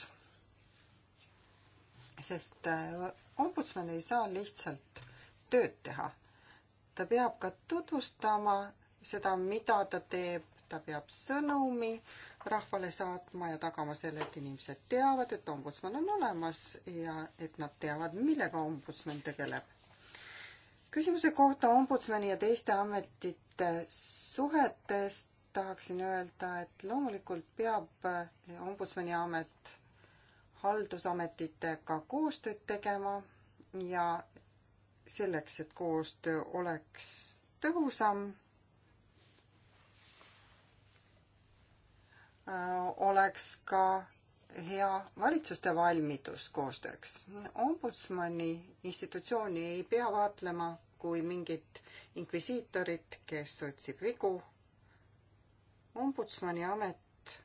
sest äh, ombudsman ei saa lihtsalt tööd teha. ta peab ka tutvustama seda, mida ta teeb, ta peab sõnumi rahvale saatma ja tagama selle, et inimesed teavad, et ombudsman on olemas ja et nad teavad, millega ombudsman tegeleb küsimuse kohta ombudsmani ja teiste ametite suhetest tahaksin öelda, et loomulikult peab eh, ombudsmani amet haldusametitega koostööd tegema ja selleks, et koostöö oleks tõhusam, eh, oleks ka hea valitsuste valmidus koostööks. ombudsmani institutsiooni ei pea vaatlema kui mingit inkvisiitorit, kes otsib vigu. ombudsmani amet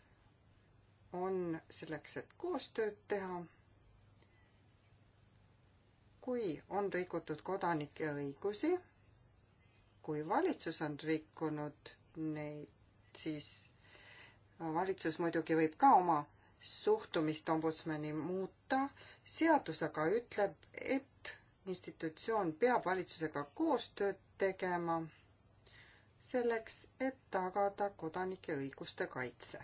on selleks, et koostööd teha. kui on rikutud kodanike õigusi, kui valitsus on rikkunud neid, siis valitsus muidugi võib ka oma suhtumist ombudsmani muuta. seadus aga ütleb, et institutsioon peab valitsusega koostööd tegema selleks, et tagada kodanike õiguste kaitse.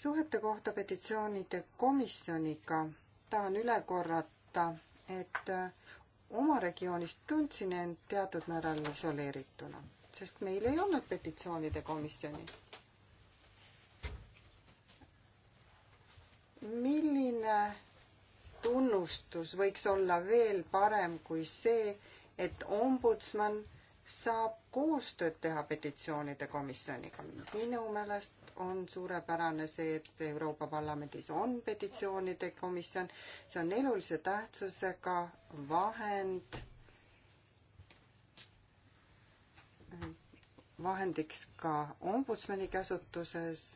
suhete kohta petitsioonide komisjoniga tahan üle korrata, et oma regioonist tundsin end teatud määral isoleerituna, sest meil ei olnud petitsioonide komisjoni milline tunnustus võiks olla veel parem kui see, et ombudsman saab koostööd teha petitsioonide komisjoniga. minu meelest on suurepärane see, et Euroopa Parlamendis on petitsioonide komisjon, see on elulise tähtsusega vahend, vahendiks ka ombudsmani käsutuses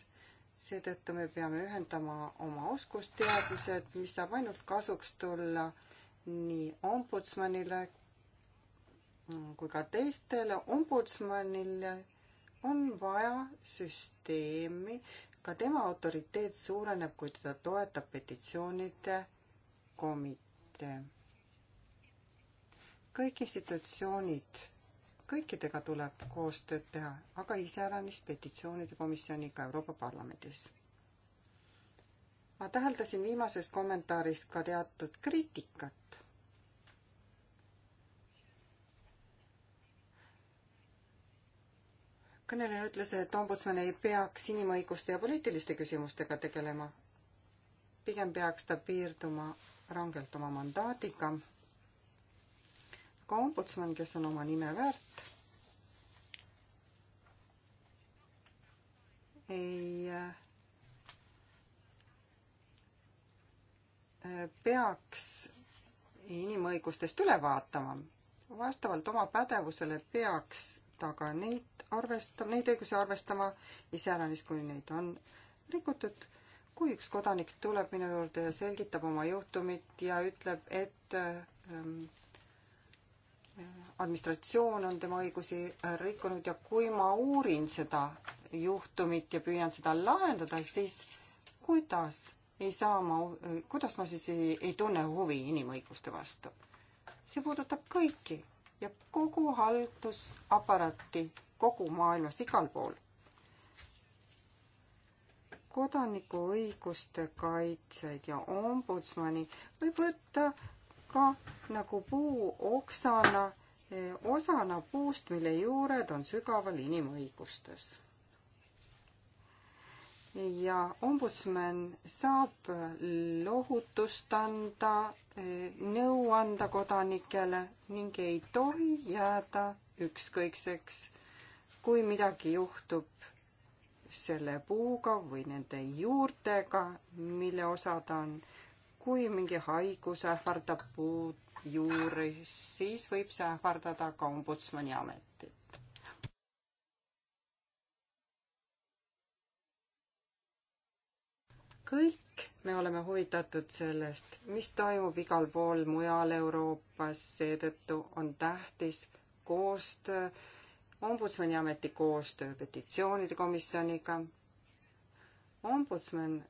seetõttu me peame ühendama oma oskusteadmised, mis saab ainult kasuks tulla nii ombudsmanile kui ka teistele. ombudsmanile on vaja süsteemi, ka tema autoriteet suureneb, kui teda toetab petitsioonide komitee. kõik institutsioonid kõikidega tuleb koostööd teha, aga iseäranis petitsioonide komisjoniga Euroopa Parlamendis. ma täheldasin viimases kommentaaris ka teatud kriitikat. kõneleja ütles, et ombudsman ei peaks inimõiguste ja poliitiliste küsimustega tegelema. pigem peaks ta piirduma rangelt oma mandaadiga ka ombudsman, kes on oma nime väärt. ei äh, peaks inimõigustest üle vaatama. vastavalt oma pädevusele peaks ta ka neid arvestama, neid õigusi arvestama iseäranis, kui neid on rikutud. kui üks kodanik tuleb minu juurde ja selgitab oma juhtumit ja ütleb, et ähm, administratsioon on tema õigusi rikkunud ja kui ma uurin seda juhtumit ja püüan seda lahendada, siis kuidas ei saa ma, kuidas ma siis ei, ei tunne huvi inimõiguste vastu? see puudutab kõiki ja kogu haldusaparaati kogu maailmas, igal pool. kodanikuõiguste kaitsjaid ja ombudsmani võib võtta ka nagu puu oksana, eh, osana puust, mille juured on sügaval inimõigustes. ja ombudsman saab lohutust anda, eh, nõu anda kodanikele ning ei tohi jääda ükskõikseks, kui midagi juhtub selle puuga või nende juurtega, mille osa ta on kui mingi haigus ähvardab puud juuri, siis võib see ähvardada ka ombudsmani ametit. kõik me oleme huvitatud sellest, mis toimub igal pool mujal Euroopas, seetõttu on tähtis koostöö, ombudsmani ameti koostöö petitsioonide komisjoniga. ombudsman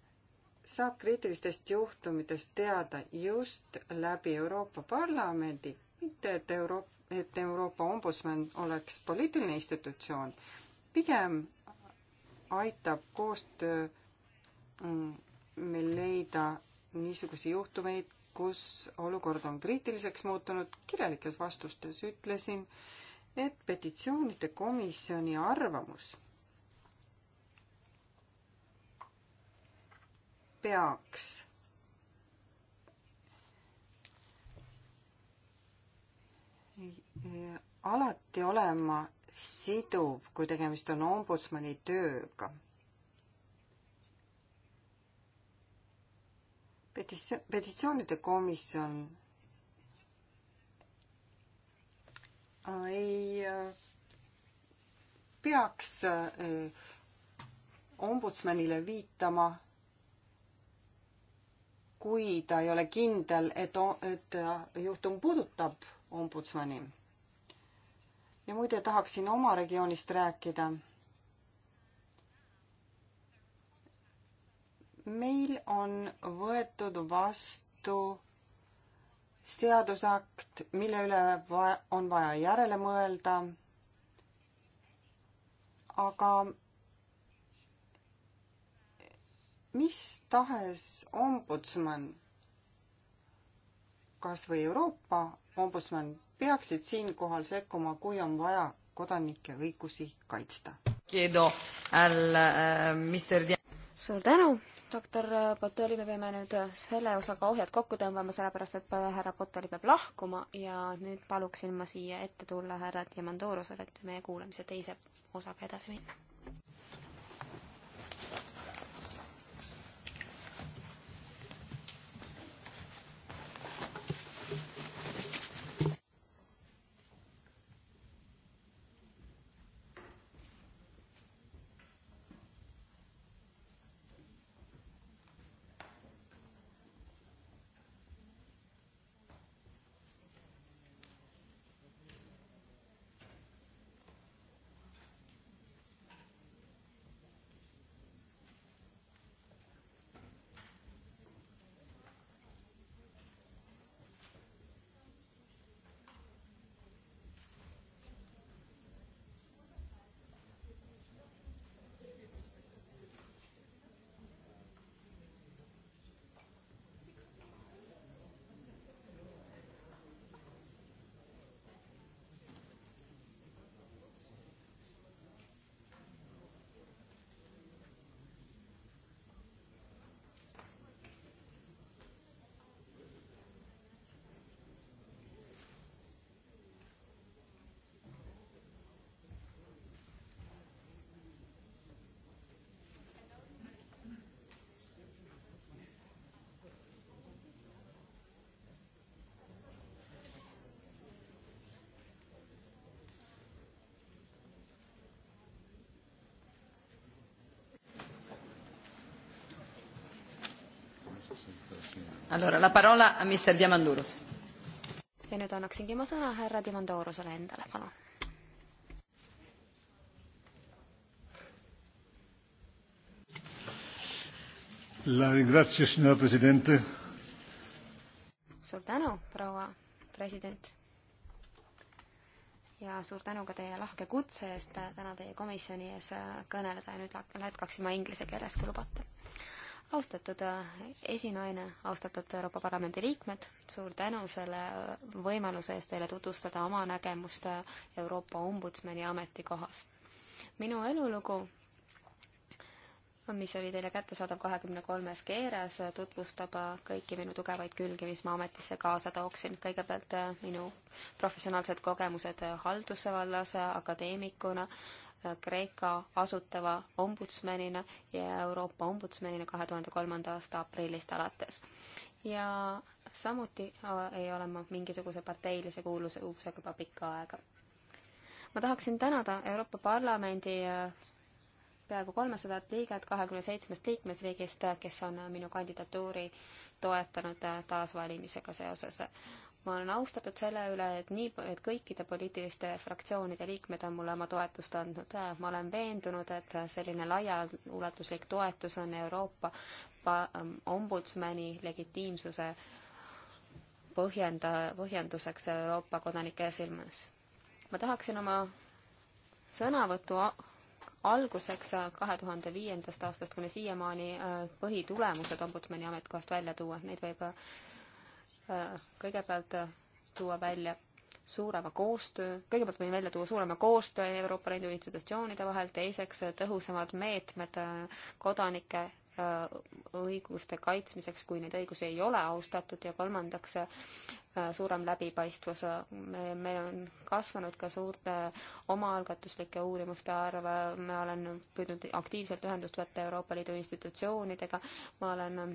saab kriitilistest juhtumitest teada just läbi Euroopa Parlamendi, mitte et Euroopa, et Euroopa ombudsman oleks poliitiline institutsioon, pigem aitab koostöö mm, meil leida niisuguseid juhtumeid, kus olukord on kriitiliseks muutunud, kirjalikes vastustes ütlesin, et petitsioonide komisjoni arvamus peaks alati olema siduv, kui tegemist on ombudsmani tööga. petis-, petitsioonide komisjon ei äh, peaks äh, ombudsmanile viitama kui ta ei ole kindel, et, et juhtum puudutab ombudsmani. ja muide, tahaksin oma regioonist rääkida. meil on võetud vastu seadusakt, mille üle va-, on vaja järele mõelda, aga mis tahes ombudsman, kas või Euroopa ombudsman, peaksid siinkohal sekkuma, kui on vaja kodanike õigusi kaitsta. Eh, suur tänu, doktor Botoli, me peame nüüd selle osaga ohjad kokku tõmbama, sellepärast et eh, härra Botoli peab lahkuma ja nüüd paluksin ma siia ette tulla härra Diamandorosele, et meie kuulamise teise osaga edasi minna Allora, la parola a Mr Diamandouros. ja nüüd annaksingi ma sõna härra Diamandourosele endale, palun. La ringrazio, signora Presidente. suur tänu, proua president. ja suur tänu ka teie lahke kutse eest täna teie komisjoni ees kõneleda ja nüüd jätkaksin ma inglise keeles, kui lubate austatud äh, esinaine, austatud Euroopa Parlamendi liikmed, suur tänu selle võimaluse eest teile tutvustada oma nägemust äh, Euroopa Ombudsmani ametikohast. minu elulugu, mis oli teile kättesaadav kahekümne kolmes keeres, tutvustab äh, kõiki minu tugevaid külgi, mis ma ametisse kaasa tooksin. kõigepealt minu professionaalsed kogemused halduse vallas akadeemikuna Kreeka asutava ombudsmanina ja Euroopa ombudsmanina kahe tuhande kolmanda aasta aprillist alates. ja samuti äh, ei ole ma mingisuguse parteilise kuulusega juba pikka aega. ma tahaksin tänada Euroopa Parlamendi äh, peaaegu kolmesadat liiget kahekümne seitsmest liikmesriigist, äh, kes on minu kandidatuuri toetanud taasvalimisega seoses ma olen austatud selle üle, et nii, et kõikide poliitiliste fraktsioonide liikmed on mulle oma toetust andnud. ma olen veendunud, et selline laiaulatuslik toetus on Euroopa ombudsmani legitiimsuse põhjenda, põhjenduseks Euroopa kodanike silmas. ma tahaksin oma sõnavõtu alguseks kahe tuhande viiendast aastast kuni siiamaani äh, põhitulemused ombudsmani ametikohast välja tuua, neid võib äh, kõigepealt äh, tuua välja suurema koostöö, kõigepealt võin välja tuua suurema koostöö Euroopa Liidu institutsioonide vahel, teiseks äh, tõhusamad meetmed äh, kodanike õiguste kaitsmiseks, kui neid õigusi ei ole austatud ja kolmandaks Äh, suurem läbipaistvus. me, meil on kasvanud ka suurte omaalgatuslike uurimuste arv, ma olen püüdnud aktiivselt ühendust võtta Euroopa Liidu institutsioonidega, ma olen ähm,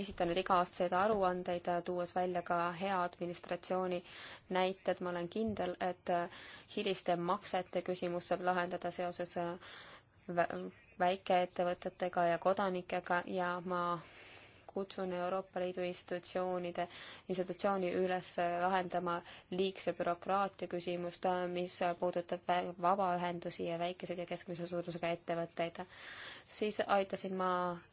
esitanud iga-aastaseid aruandeid, tuues välja ka hea administratsiooni näited, ma olen kindel, et äh, hiliste maksete küsimus saab lahendada seoses äh, väikeettevõtetega ja kodanikega ja ma kutsun Euroopa Liidu institutsioonide, institutsiooni üles lahendama liigse bürokraatia küsimust, mis puudutab vabaühendusi ja väikeseid ja keskmise suurusega ettevõtteid. siis aitasin ma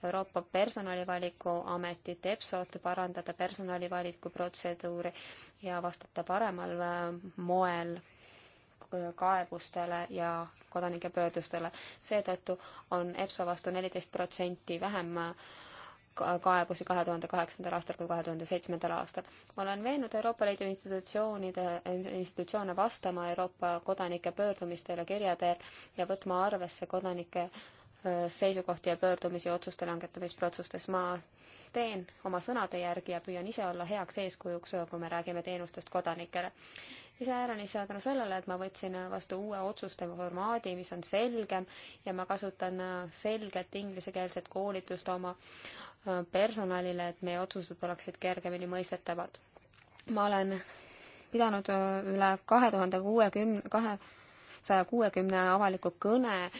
Euroopa Personalivaliku Ametit EPSO-t parandada personalivaliku protseduuri ja vastata paremal äh, moel kaebustele ja kodanike pöördustele. seetõttu on EPSO vastu neliteist protsenti vähem äh, kaebusi kahe tuhande kaheksandal aastal kui kahe tuhande seitsmendal aastal. ma olen veennud Euroopa Liidu institutsioonide, institutsioone vastama Euroopa kodanike pöördumistele kirja teel ja võtma arvesse kodanike seisukohti ja pöördumisi otsuste langetamisprotsustes. ma teen oma sõnade järgi ja püüan ise olla heaks eeskujuks, kui me räägime teenustest kodanikele. iseäranis tänu sellele, et ma võtsin vastu uue otsuste formaadi, mis on selgem ja ma kasutan selget inglisekeelset koolitust oma personalile, et meie otsused oleksid kergemini mõistetavad. ma olen pidanud üle kahe tuhande kuuekümne, kahe saja kuuekümne avaliku kõne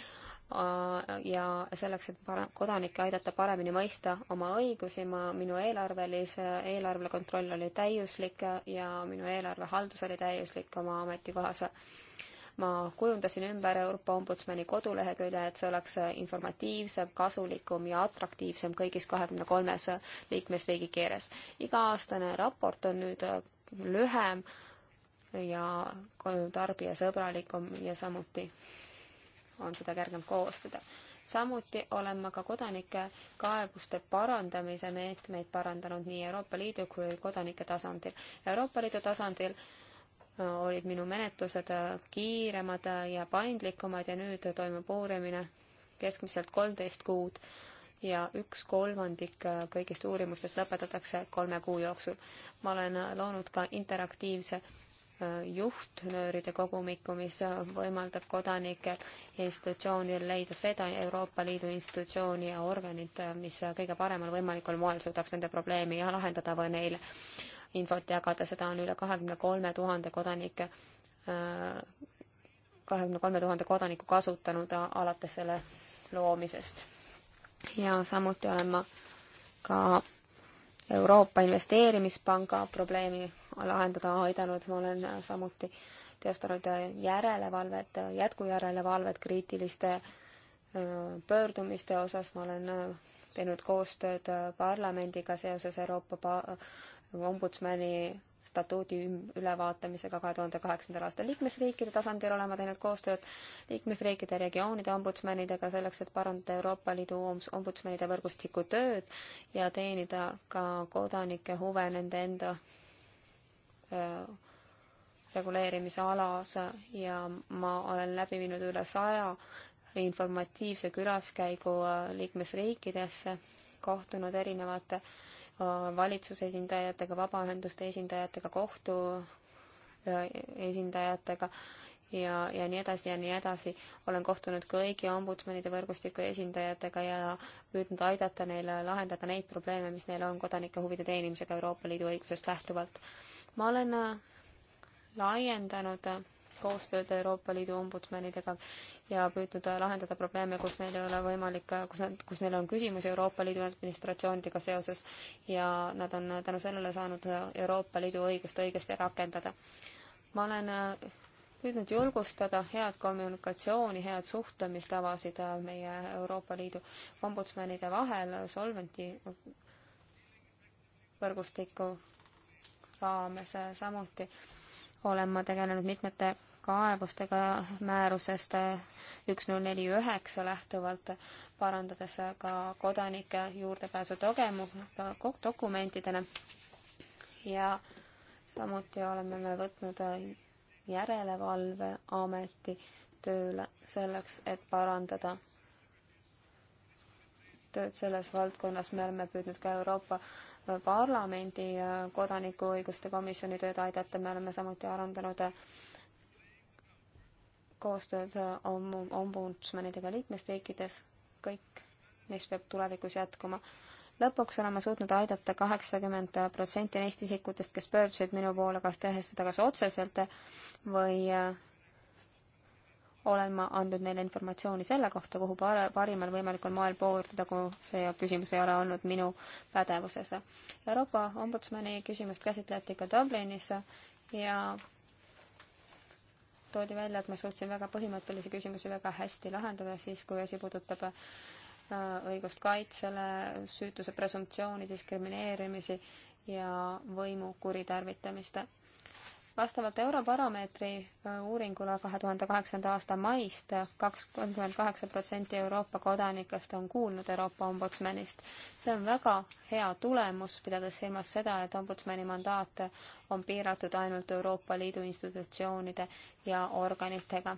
ja selleks, et para-, kodanikke aidata paremini mõista oma õigusi, ma, minu eelarvelise, eelarve kontroll oli täiuslik ja minu eelarvehaldus oli täiuslik oma ametikohas. ma kujundasin ümber Euroopa Ombudsmani kodulehekülje, et see oleks informatiivsem, kasulikum ja atraktiivsem kõigis kahekümne kolmes liikmesriigi keeles. iga-aastane raport on nüüd lühem ja tarbijasõbralikum ja samuti on seda kergem koostada. samuti olen ma ka kodanike kaebuste parandamise meetmeid parandanud nii Euroopa Liidu kui kodanike tasandil. Euroopa Liidu tasandil äh, olid minu menetlused äh, kiiremad ja paindlikumad ja nüüd toimub uurimine keskmiselt kolmteist kuud ja üks kolmandik äh, kõigist uurimustest lõpetatakse kolme kuu jooksul. ma olen loonud ka interaktiivse juhtnööride kogumikku, mis võimaldab kodanikel ja institutsioonidel leida seda Euroopa Liidu institutsiooni ja organit, mis kõige paremal võimalikul moel suudaks nende probleemi lahendada või neile infot jagada, seda on üle kahekümne kolme tuhande kodanike, kahekümne kolme tuhande kodaniku kasutanud alates selle loomisest. ja samuti olen ma ka Euroopa Investeerimispanga probleemi lahendada aidanud, ma olen samuti teostanud järelevalvet, jätkujärelevalvet kriitiliste äh, pöördumiste osas, ma olen äh, teinud koostööd äh, parlamendiga seoses Euroopa ombudsmani statuudi ülevaatamisega kahe tuhande kaheksandal aastal liikmesriikide tasandil olema teinud koostööd liikmesriikide regioonide ombudsmanidega selleks, et parandada Euroopa Liidu ombudsmanide võrgustiku tööd ja teenida ka kodanike huve nende enda öö, reguleerimise alas ja ma olen läbi viinud üle saja informatiivse külaskäigu äh, liikmesriikidesse, kohtunud erinevate valitsuse esindajatega, vabaühenduste esindajatega, kohtu äh, esindajatega ja, ja nii edasi ja nii edasi. olen kohtunud kõigi ombudsmanide võrgustiku esindajatega ja püüdnud aidata neil lahendada neid probleeme, mis neil on kodanike huvide teenimisega Euroopa Liidu õigusest lähtuvalt. ma olen äh, laiendanud äh, koostööd Euroopa Liidu ombudsmanidega ja püüdnud lahendada probleeme, kus neil ei ole võimalik, kus nad, kus neil on küsimusi Euroopa Liidu administratsioonidega seoses ja nad on tänu sellele saanud Euroopa Liidu õigust õigesti rakendada. ma olen äh, püüdnud julgustada head kommunikatsiooni, head suhtlemistavasid meie Euroopa Liidu ombudsmanide vahel Solventi võrgustiku raames samuti olen ma tegelenud mitmete kaebustega määrusest üks null neli üheksa lähtuvalt, parandades ka kodanike juurdepääsu togemu-, dokumentidele ja samuti oleme me võtnud järelevalveameti tööle selleks, et parandada tööd selles valdkonnas, me oleme püüdnud ka Euroopa Parlamendi kodanikuõiguste komisjoni tööd aidata, me oleme samuti arendanud koostööd ombudsmanidega liikmesriikides, kõik neist peab tulevikus jätkuma. lõpuks oleme suutnud aidata kaheksakümmend protsenti neist isikutest, kes pöördusid minu poole, kas tehes seda kas otseselt või äh, olen ma andnud neile informatsiooni selle kohta, kuhu parimal võimalikul moel pöörduda, kui see küsimus ei ole olnud minu pädevuses. Euroopa Ombudsmani küsimust käsitleti ka Dublinis ja toodi välja, et ma suutsin väga põhimõttelisi küsimusi väga hästi lahendada siis, kui asi puudutab äh, õigust kaitsele, süütuse presumptsiooni, diskrimineerimisi ja võimu kuritarvitamist vastavalt Eurobaromeetri äh, uuringule kahe tuhande kaheksanda aasta maist kakskümmend kaheksa protsenti Euroopa kodanikest on kuulnud Euroopa ombudsmanist. see on väga hea tulemus, pidades silmas seda, et ombudsmani mandaat on piiratud ainult Euroopa Liidu institutsioonide ja organitega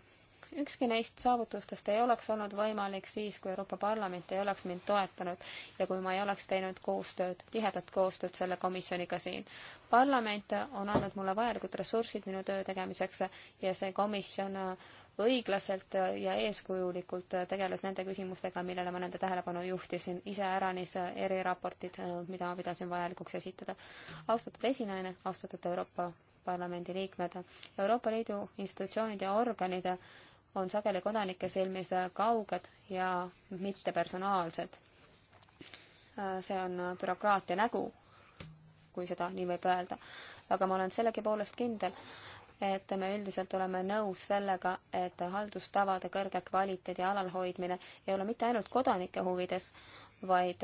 ükski neist saavutustest ei oleks olnud võimalik siis, kui Euroopa Parlament ei oleks mind toetanud ja kui ma ei oleks teinud koostööd, tihedat koostööd selle komisjoniga siin. parlament on andnud mulle vajalikud ressursid minu töö tegemiseks ja see komisjon õiglaselt ja eeskujulikult tegeles nende küsimustega, millele ma nende tähelepanu juhtisin, iseäranis eriraportid, mida ma pidasin vajalikuks esitada. austatud esinaine, austatud Euroopa Parlamendi liikmed, Euroopa Liidu institutsioonid ja organid on sageli kodanike silmis kauged ja mittepersonaalsed. see on bürokraatia nägu, kui seda nii võib öelda. aga ma olen sellegipoolest kindel, et me üldiselt oleme nõus sellega, et haldustavade kõrge kvaliteedi alalhoidmine ei ole mitte ainult kodanike huvides, vaid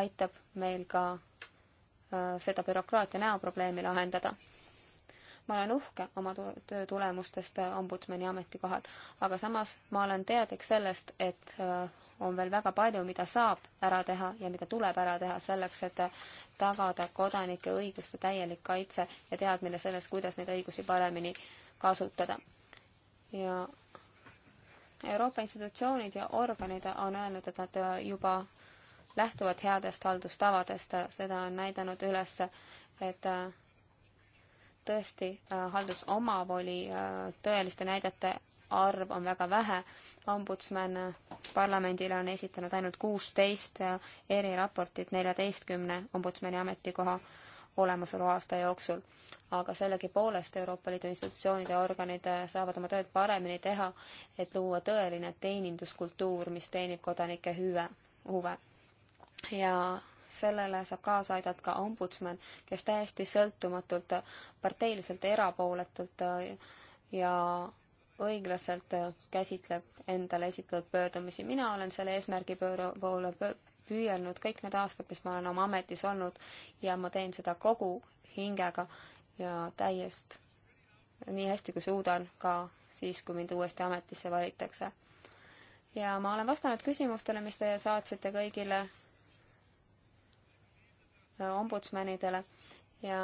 aitab meil ka äh, seda bürokraatia näoprobleemi lahendada ma olen uhke oma töö tulemustest äh, ombudsmani ametikohal, aga samas ma olen teadlik sellest, et äh, on veel väga palju, mida saab ära teha ja mida tuleb ära teha selleks, et äh, tagada kodanike õiguste täielik kaitse ja teadmine sellest, kuidas neid õigusi paremini kasutada. ja Euroopa institutsioonid ja organid on öelnud, et nad juba lähtuvad headest haldustavadest, seda on näidanud üles, et tõesti äh, haldusomavoli äh, tõeliste näidete arv on väga vähe. ombudsman äh, parlamendile on esitanud ainult kuusteist eriraportit neljateistkümne ombudsmani ametikoha olemasolu aasta jooksul. aga sellegipoolest Euroopa Liidu institutsioonid ja organid saavad oma tööd paremini teha, et luua tõeline teeninduskultuur, mis teenib kodanike hüve, huve. ja sellele saab kaasa aidata ka ombudsman, kes täiesti sõltumatult, parteiliselt erapooletult äh, ja õiglaselt äh, käsitleb endale esitatud pöördumisi. mina olen selle eesmärgi pööra, poole püüelnud kõik need aastad, mis ma olen oma ametis olnud ja ma teen seda kogu hingega ja täiest, nii hästi kui suudan, ka siis, kui mind uuesti ametisse valitakse. ja ma olen vastanud küsimustele, mis te saatsite kõigile ombudsmanidele ja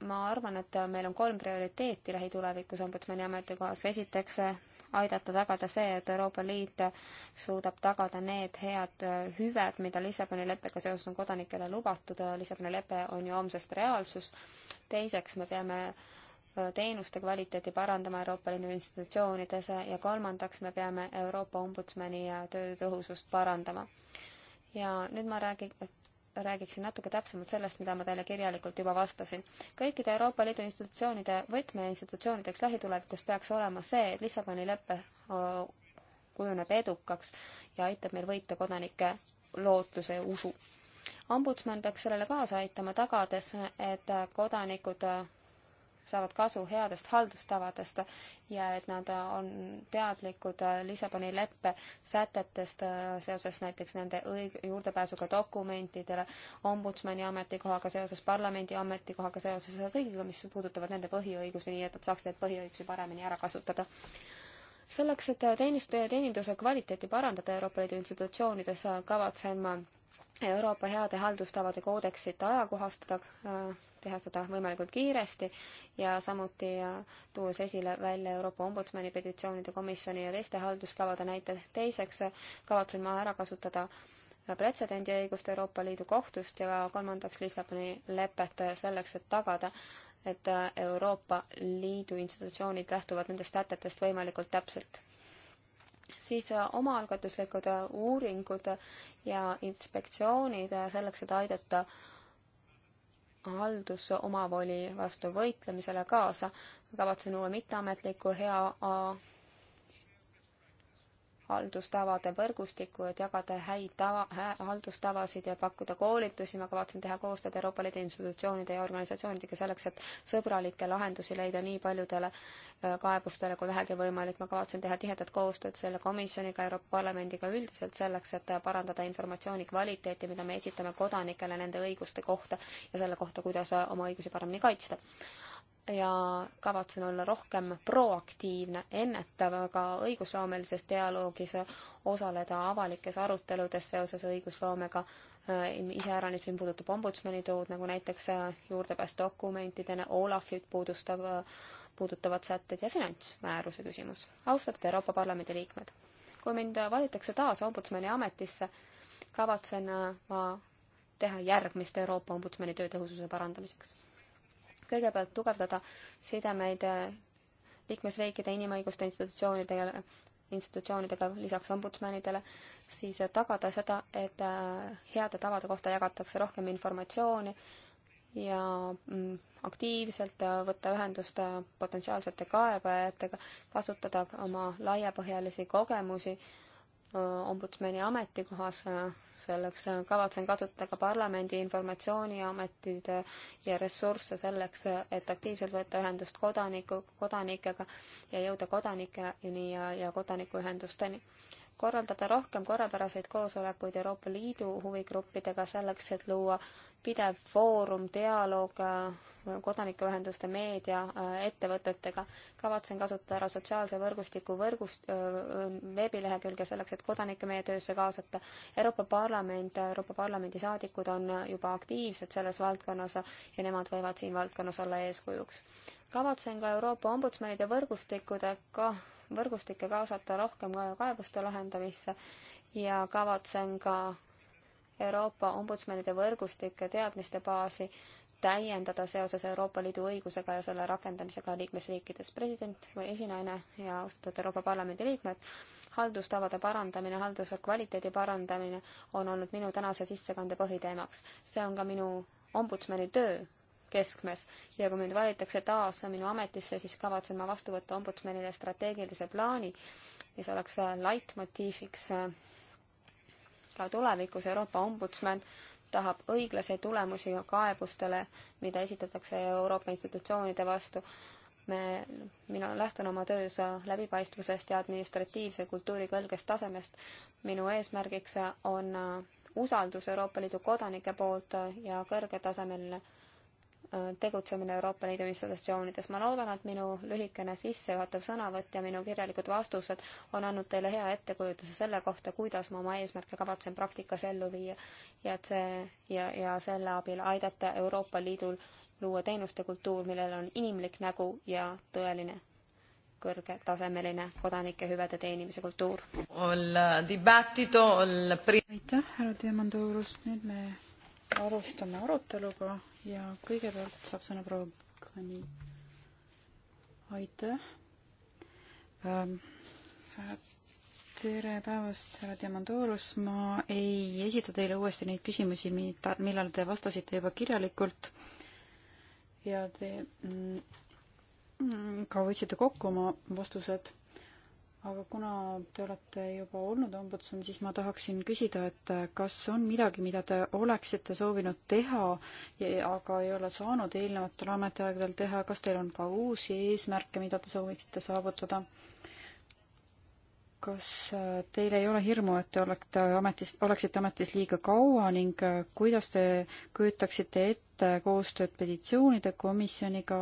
ma arvan, et meil on kolm prioriteeti lähitulevikus ombudsmani ametikohas. esiteks aidata tagada see, et Euroopa Liit suudab tagada need head hüved, mida Lissaboni leppega seoses on kodanikele lubatud. Lissaboni lepe on ju homsest reaalsus. teiseks, me peame teenuste kvaliteeti parandama Euroopa Liidu institutsioonides ja kolmandaks, me peame Euroopa Ombudsmani töö tõhusust parandama. ja nüüd ma räägin räägiksin natuke täpsemalt sellest, mida ma teile kirjalikult juba vastasin. kõikide Euroopa Liidu institutsioonide võtmeinstitutsioonideks lähitulevikus peaks olema see, et Lissaboni lepe kujuneb edukaks ja aitab meil võita kodanike lootuse ja usu. ombudsman peaks sellele kaasa aitama, tagades, et kodanikud saavad kasu headest haldustavadest ja et nad on teadlikud Lissaboni leppe sätetest äh, seoses näiteks nende õig-, juurdepääsuga dokumentidele, ombudsmani ametikohaga seoses, parlamendi ametikohaga seoses, kõigiga, mis puudutavad nende põhiõigusi, nii et nad saaksid neid põhiõigusi paremini ära kasutada selleks, et teenistuja teeninduse kvaliteeti parandada Euroopa Liidu institutsioonides, kavatsen ma Euroopa heade haldustavade koodeksit ajakohastada äh, teha seda võimalikult kiiresti ja samuti tuues esile välja Euroopa Ombudsmani petitsioonide komisjoni ja teiste halduskavade näited. teiseks kavatsen ma ära kasutada pretsedendi õigust Euroopa Liidu kohtust ja kolmandaks Lissaboni lepet selleks, et tagada, et Euroopa Liidu institutsioonid lähtuvad nendest sätetest võimalikult täpselt siis omaalgatuslikud uuringud ja inspektsioonid selleks, et aidata haldusomavoli vastu võitlemisele kaasa. kavatsen uue mitteametliku hea haldustavade võrgustikku, et jagada häid tava, haldustavasid ja pakkuda koolitusi. ma kavatsen teha koostööd Euroopa Liidu institutsioonide ja organisatsioonidega selleks, et sõbralikke lahendusi leida nii paljudele äh, kaebustele kui vähegi võimalik. ma kavatsen teha tihedat koostööd selle komisjoniga, Euroopa Parlamendiga üldiselt selleks, et äh, parandada informatsiooni kvaliteeti, mida me esitame kodanikele nende õiguste kohta ja selle kohta, kuidas äh, oma õigusi paremini kaitsta ja kavatsen olla rohkem proaktiivne, ennetav, aga õigusloomelises dialoogis osaleda avalikes aruteludes seoses õigusloomega, äh, iseäranis, mis puudutab ombudsmani tood, nagu näiteks äh, juurdepääs dokumentidele, Olafit puudustav, äh, puudutavad sätted ja finantsmääruse küsimus. austatud Euroopa Parlamendi liikmed, kui mind valitakse taas ombudsmani ametisse, kavatsen ma teha järgmist Euroopa ombudsmani töö tõhususe parandamiseks kõigepealt tugevdada sidemeid äh, liikmesriikide inimõiguste institutsioonidele, institutsioonidega, lisaks ombudsmanidele, siis äh, tagada seda, et äh, heade tavade kohta jagatakse rohkem informatsiooni ja mm, aktiivselt võtta ühendust potentsiaalsete kaebajatega, kasutada oma laiapõhjalisi kogemusi ombudsmani ametikohas, selleks kavatsen kasutada ka parlamendi informatsiooniametid ja ressursse selleks, et aktiivselt võtta ühendust kodaniku, kodanikega ja jõuda kodanikeni ja, ja kodanikuühendusteni korraldada rohkem korrapäraseid koosolekuid Euroopa Liidu huvigruppidega selleks, et luua pidev foorum, dialoog äh, kodanikuühenduste meedia äh, ettevõtetega. kavatsen kasutada ära sotsiaalse võrgustiku võrgust, äh, veebilehekülge selleks, et kodanikke meie töösse kaasata. Euroopa Parlament, Euroopa Parlamendi saadikud on juba aktiivsed selles valdkonnas ja nemad võivad siin valdkonnas olla eeskujuks. kavatsen ka Euroopa ombudsmanide võrgustikudega võrgustikke kaasata rohkem ka kaebuste lahendamisse ja kavatsen ka Euroopa ombudsmanide võrgustike teadmistebaasi täiendada seoses Euroopa Liidu õigusega ja selle rakendamisega liikmesriikides. president või esinaine ja austatud Euroopa Parlamendi liikmed, haldustavade parandamine, halduse kvaliteedi parandamine on olnud minu tänase sissekande põhiteemaks. see on ka minu ombudsmani töö keskmes ja kui mind valitakse taas minu ametisse, siis kavatsen ma vastu võtta ombudsmanile strateegilise plaani, mis oleks äh, laitmotiiviks äh, ka tulevikus Euroopa ombudsman tahab õiglaseid tulemusi kaebustele, mida esitatakse Euroopa institutsioonide vastu. me, mina lähtun oma töös äh, läbipaistvusest ja administratiivse kultuuri kõrgest tasemest. minu eesmärgiks on usaldus Euroopa Liidu kodanike poolt ja kõrgetasemeline tegutsemine Euroopa Liidu institutsioonides. ma loodan, et minu lühikene sissejuhatav sõnavõtt ja minu kirjalikud vastused on andnud teile hea ettekujutuse selle kohta, kuidas ma oma eesmärke kavatsen praktikas ellu viia ja et see ja, ja selle abil aidata Euroopa Liidul luua teenuste kultuur, millel on inimlik nägu ja tõeline kõrgetasemeline kodanike hüvede teenimise kultuur. Äh, aitäh, härra Diamandouros, nüüd me alustame aruteluga ja kõigepealt saab sõna proua Kani. aitäh ähm,. Äh, tere päevast, härra Diamandouros, ma ei esita teile uuesti neid küsimusi, mida, millal te vastasite juba kirjalikult ja te mm, mm, ka võtsite kokku oma vastused aga kuna te olete juba olnud ombudsman, siis ma tahaksin küsida, et kas on midagi, mida te oleksite soovinud teha, aga ei ole saanud eelnevatel ametiaegadel teha, kas teil on ka uusi eesmärke, mida te sooviksite saavutada? kas äh, teil ei ole hirmu, et te olete ametis, oleksite ametis liiga kaua ning äh, kuidas te kujutaksite ette koostööd petitsioonide komisjoniga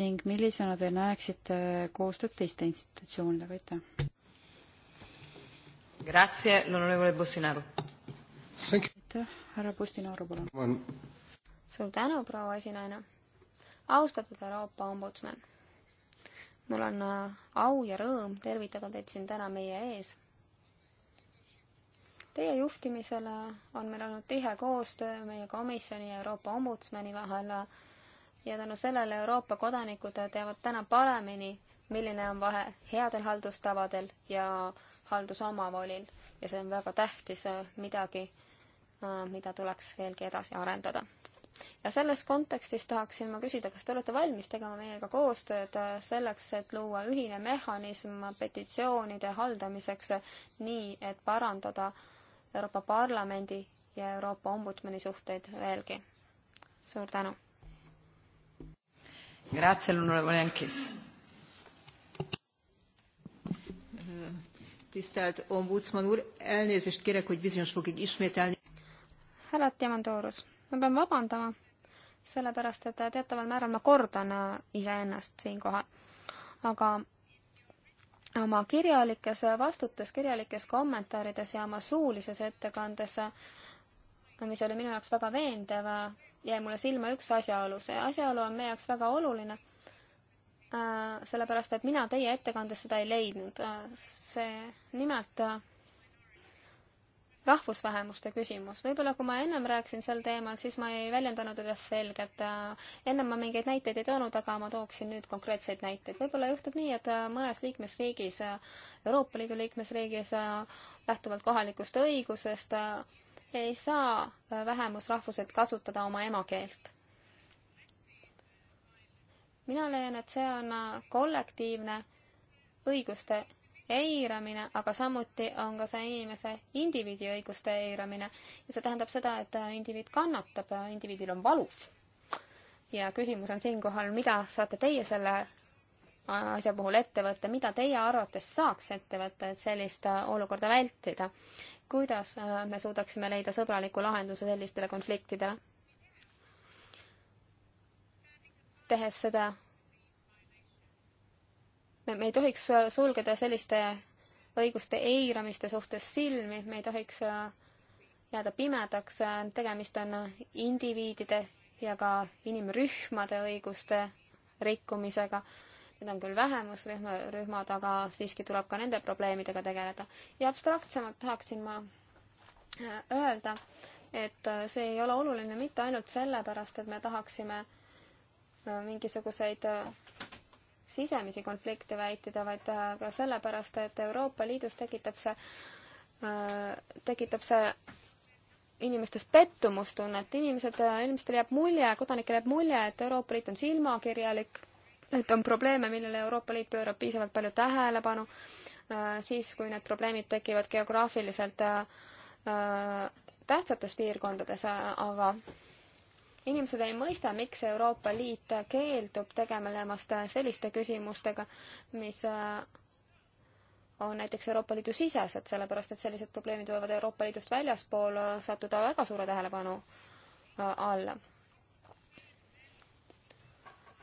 ning millisena te näeksite koostööd teiste institutsioonidega, aitäh! Grazie, l'onorevole Bostinaru. aitäh, härra Bostinaru, palun! suur tänu, proua esinaine! austatud Euroopa ombudsman mul on äh, au ja rõõm tervitada teid siin täna meie ees. Teie juhtimisel äh, on meil olnud tihe koostöö meie komisjoni ja Euroopa Ombudsmani vahel äh, ja tänu sellele Euroopa kodanikud teavad täna paremini, milline on vahe headel haldustavadel ja haldusomavolil ja see on väga tähtis midagi, mida tuleks veelgi edasi arendada ja selles kontekstis tahaksin ma küsida, kas te olete valmis tegema meiega koostööd äh, selleks, et luua ühine mehhanism petitsioonide haldamiseks, nii et parandada Euroopa Parlamendi ja Euroopa Ombudsmani suhteid veelgi? suur tänu! Grazie all'onorevole Anchis. Tisztelt Ombudsman úr, elnézést kérek, hogy bizonyos fogig ismételni. Härra Diamandouros, ma pean vabandama, sellepärast et teataval määral ma kordan äh, iseennast siinkohal. aga oma kirjalikes vastutes, kirjalikes kommentaarides ja oma suulises ettekandes, äh, mis oli minu jaoks väga veendev, äh, jäi mulle silma üks asjaolu. see asjaolu on meie jaoks väga oluline, sellepärast et mina teie ettekandes seda ei leidnud. see nimelt rahvusvähemuste küsimus. võib-olla kui ma ennem rääkisin sel teemal, siis ma ei väljendanud ennast selgelt. Äh, ennem ma mingeid näiteid ei toonud, aga ma tooksin nüüd konkreetseid näiteid. võib-olla juhtub nii, et äh, mõnes liikmesriigis, äh, Euroopa Liidu liikmesriigis lähtuvalt kohalikust õigusest ei saa vähemusrahvused kasutada oma emakeelt. mina leian, et see on kollektiivne õiguste eiramine, aga samuti on ka see inimese indiviidi õiguste eiramine. ja see tähendab seda, et indiviid kannatab, indiviidil on valus. ja küsimus on siinkohal, mida saate teie selle asja puhul ette võtta, mida teie arvates saaks ette võtta, et sellist olukorda vältida? kuidas me suudaksime leida sõbraliku lahenduse sellistele konfliktidele? tehes seda me, me ei tohiks äh, sulgeda selliste õiguste eiramiste suhtes silmi, me ei tohiks äh, jääda pimedaks, äh, tegemist on indiviidide ja ka inimrühmade õiguste rikkumisega. Need on küll vähemusrühma, rühmad, aga siiski tuleb ka nende probleemidega tegeleda. ja abstraktsemalt tahaksin ma öelda, et see ei ole oluline mitte ainult sellepärast, et me tahaksime mingisuguseid sisemisi konflikte vältida, vaid äh, ka sellepärast, et Euroopa Liidus tekitab see, äh, tekitab see inimestes pettumustunnet, inimesed, äh, inimestele jääb mulje, kodanikele jääb mulje, et Euroopa Liit on silmakirjalik, et on probleeme, millele Euroopa Liit pöörab piisavalt palju tähelepanu, siis kui need probleemid tekivad geograafiliselt tähtsates piirkondades, aga inimesed ei mõista, miks Euroopa Liit keeldub tegelemast selliste küsimustega, mis äh, on näiteks Euroopa Liidu sisesed, sellepärast et sellised probleemid võivad Euroopa Liidust väljaspool sattuda väga suure tähelepanu äh, alla.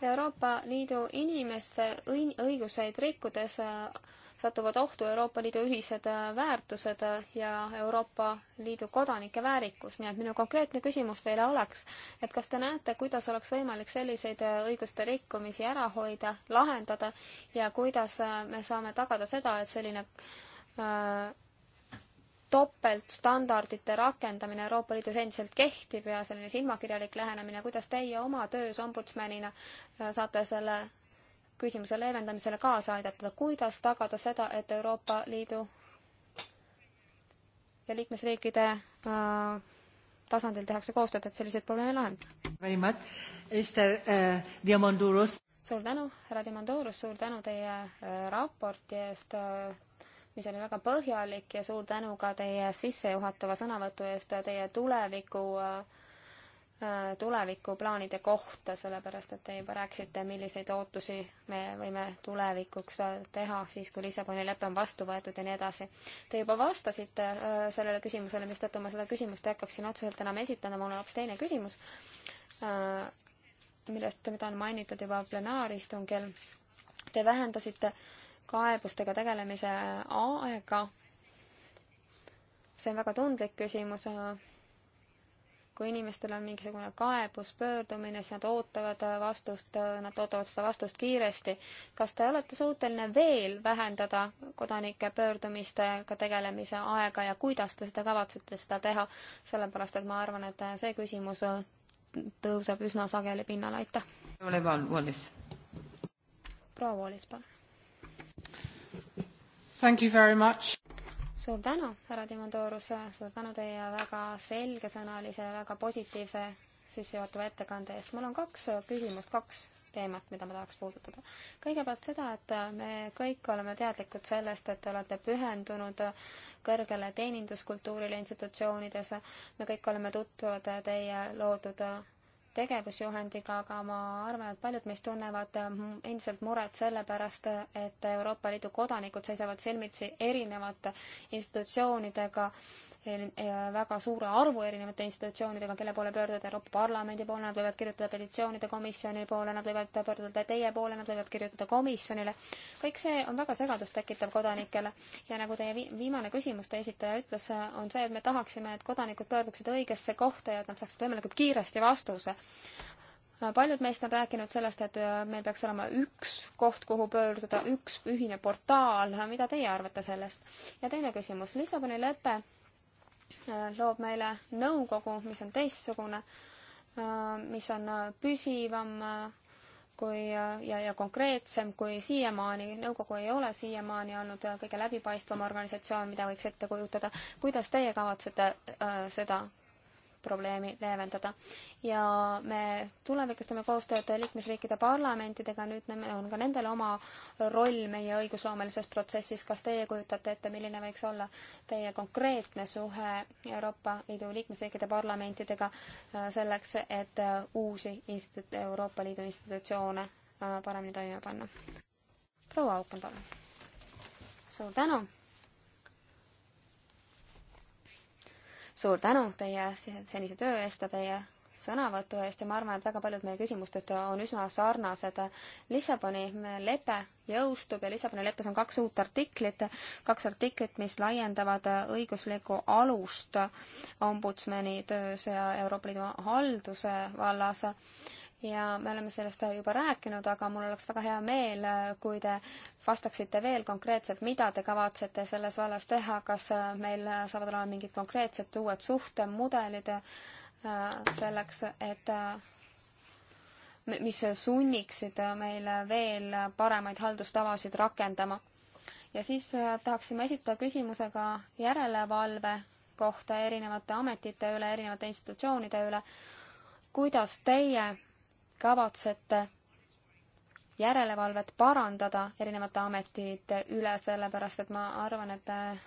Euroopa Liidu inimeste õiguseid rikkudes äh, satuvad ohtu Euroopa Liidu ühised äh, väärtused äh, ja Euroopa Liidu kodanike väärikus, nii et minu konkreetne küsimus teile oleks, et kas te näete, kuidas oleks võimalik selliseid äh, õiguste rikkumisi ära hoida, lahendada ja kuidas me saame tagada seda, et selline äh, topeltstandardite rakendamine Euroopa Liidus endiselt kehtib ja selline silmakirjalik lähenemine, kuidas teie oma töös ombudsmanina saate selle küsimuse leevendamisele kaasa aidata, kuidas tagada seda, et Euroopa Liidu ja liikmesriikide äh, tasandil tehakse koostööd, et selliseid probleeme lahendada. Äh, suur tänu, härra Diamandouros, suur tänu teie äh, raporti eest äh,, mis oli väga põhjalik ja suur tänu ka teie sissejuhatava sõnavõtu eest teie tuleviku äh, Äh, tulevikuplaanide kohta, sellepärast et te juba rääkisite, milliseid ootusi me võime tulevikuks äh, teha siis, kui Lissaboni lepe on vastu võetud ja nii edasi. Te juba vastasite äh, sellele küsimusele, mistõttu ma seda küsimust ei hakkaksin otseselt enam esitama, mul on hoopis teine küsimus, millest, mida on mainitud juba plenaaristungil. Te vähendasite kaebustega tegelemise aega. see on väga tundlik küsimus kui inimestel on mingisugune kaebus, pöördumine, siis nad ootavad äh, vastust, äh, nad ootavad seda vastust kiiresti. kas te olete suuteline veel vähendada kodanike pöördumistega tegelemise aega ja kuidas te seda kavatsete seda teha? sellepärast, et ma arvan, et äh, see küsimus tõuseb üsna sageli pinnale, aitäh. proua Voolis, palun. Thank you very much suur tänu, härra Dimondorus, suur tänu teie väga selgesõnalise, väga positiivse sissejuhatava ettekande eest. mul on kaks küsimust, kaks teemat, mida ma tahaks puudutada. kõigepealt seda, et me kõik oleme teadlikud sellest, et te olete pühendunud kõrgele teeninduskultuurile institutsioonides. me kõik oleme tutvuvad teie loodud tegevusjuhendiga, aga ma arvan, et paljud meist tunnevad äh, endiselt muret selle pärast, et Euroopa Liidu kodanikud seisavad silmitsi erinevate institutsioonidega Eh, väga suure arvu erinevate institutsioonidega, kelle poole pöörduda, Euroopa Parlamendi poole, nad võivad kirjutada petitsioonide komisjoni poole, nad võivad pöörduda teie poole, nad võivad kirjutada komisjonile. kõik see on väga segadust tekitav kodanikele ja nagu teie viimane küsimuste esitaja ütles, on see, et me tahaksime, et kodanikud pöörduksid õigesse kohta ja et nad saaksid võimalikult kiiresti vastuse paljud meist on rääkinud sellest, et äh, meil peaks olema üks koht, kuhu pöörduda, üks ühine portaal, mida teie arvate sellest? ja teine küsimus, Lissaboni lepe loob meile nõukogu, mis on teistsugune, äh, mis on äh, püsivam äh, kui ja, ja konkreetsem kui siiamaani, nõukogu ei ole siiamaani olnud kõige läbipaistvam organisatsioon, mida võiks ette kujutada. kuidas teie kavatsete seda probleemi leevendada. ja me tulevikus teeme koostööd liikmesriikide parlamentidega, nüüd on ka nendel oma roll meie õigusloomelises protsessis. kas teie kujutate ette, milline võiks olla teie konkreetne suhe Euroopa Liidu liikmesriikide parlamentidega äh, selleks, et äh, uusi instituut, Euroopa Liidu institutsioone äh, paremini toimima panna? proua Auken, palun. suur tänu suur tänu teie senise töö eest ja teie sõnavõtu eest ja ma arvan, et väga paljud meie küsimustest on üsna sarnased. Lissaboni lepe jõustub ja Lissaboni leppes on kaks uut artiklit, kaks artiklit, mis laiendavad õiguslikku alust ombudsmani töös ja Euroopa Liidu halduse vallas ja me oleme sellest juba rääkinud, aga mul oleks väga hea meel, kui te vastaksite veel konkreetselt, mida te kavatsete selles vallas teha, kas meil saavad olema mingid konkreetsed uued suhtemudelid äh, selleks, et äh, mis sunniksid meile veel paremaid haldustavasid rakendama. ja siis äh, tahaksime esitada küsimuse ka järelevalve kohta erinevate ametite üle, erinevate institutsioonide üle. kuidas teie kavatsete järelevalvet parandada erinevate ametite üle, sellepärast et ma arvan, et äh,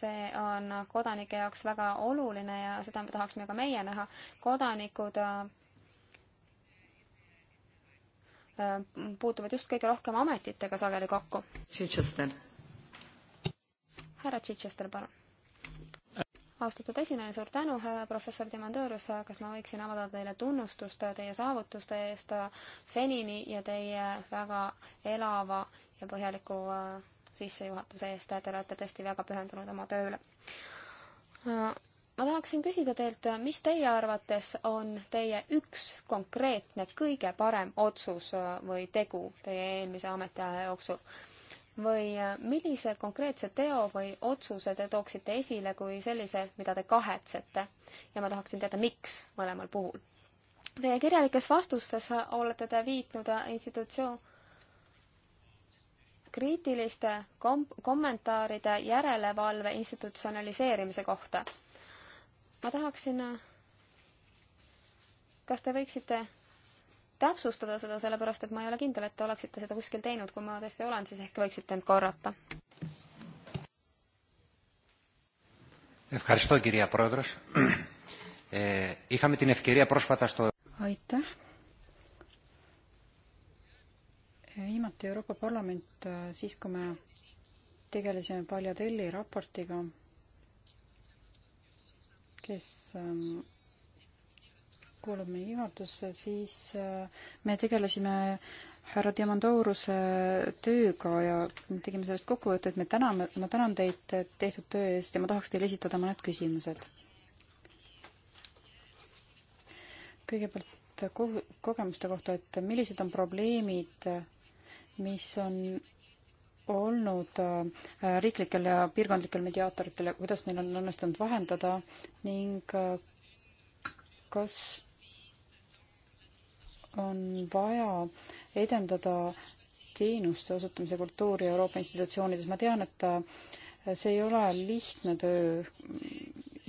see on kodanike jaoks väga oluline ja seda tahaksime ka meie näha. kodanikud äh, äh, puutuvad just kõige rohkem ametitega sageli kokku. härra Chichester, palun austatud esineja, suur tänu, professor Dimandõõrus, kas ma võiksin avaldada teile tunnustust teie saavutuste eest senini ja teie väga elava ja põhjaliku äh, sissejuhatuse eest, te olete tõesti väga pühendunud oma tööle. ma tahaksin küsida teilt, mis teie arvates on teie üks konkreetne kõige parem otsus või tegu teie eelmise ametiaja jooksul? või äh, millise konkreetse teo või otsuse te tooksite esile kui sellise, mida te kahetsete? ja ma tahaksin teada, miks mõlemal puhul. Teie kirjalikes vastustes olete te viitnud äh, institutsioon kriitiliste kom-, kommentaaride järelevalve institutsionaliseerimise kohta. ma tahaksin äh, kas te võiksite täpsustada seda, sellepärast et ma ei ole kindel, et te oleksite seda kuskil teinud, kui ma tõesti olen, siis ehk võiksite end korrata. aitäh. viimati Euroopa Parlament, äh, siis kui me tegelesime Paljatelli raportiga, kes ähm, kuulub meie juhatusse, siis äh, me tegelesime härra Diamandouruse äh, tööga ja tegime sellest kokkuvõtte, et me täname, ma tänan teid äh, tehtud töö eest ja ma tahaks teile esitada mõned küsimused. kõigepealt ko-, kogemuste kohta, et millised on probleemid, mis on olnud riiklikel ja piirkondlikel mediaatoritel ja kuidas neil on õnnestunud vahendada ning kas on vaja edendada teenuste osutamise kultuuri Euroopa institutsioonides. ma tean, et see ei ole lihtne töö.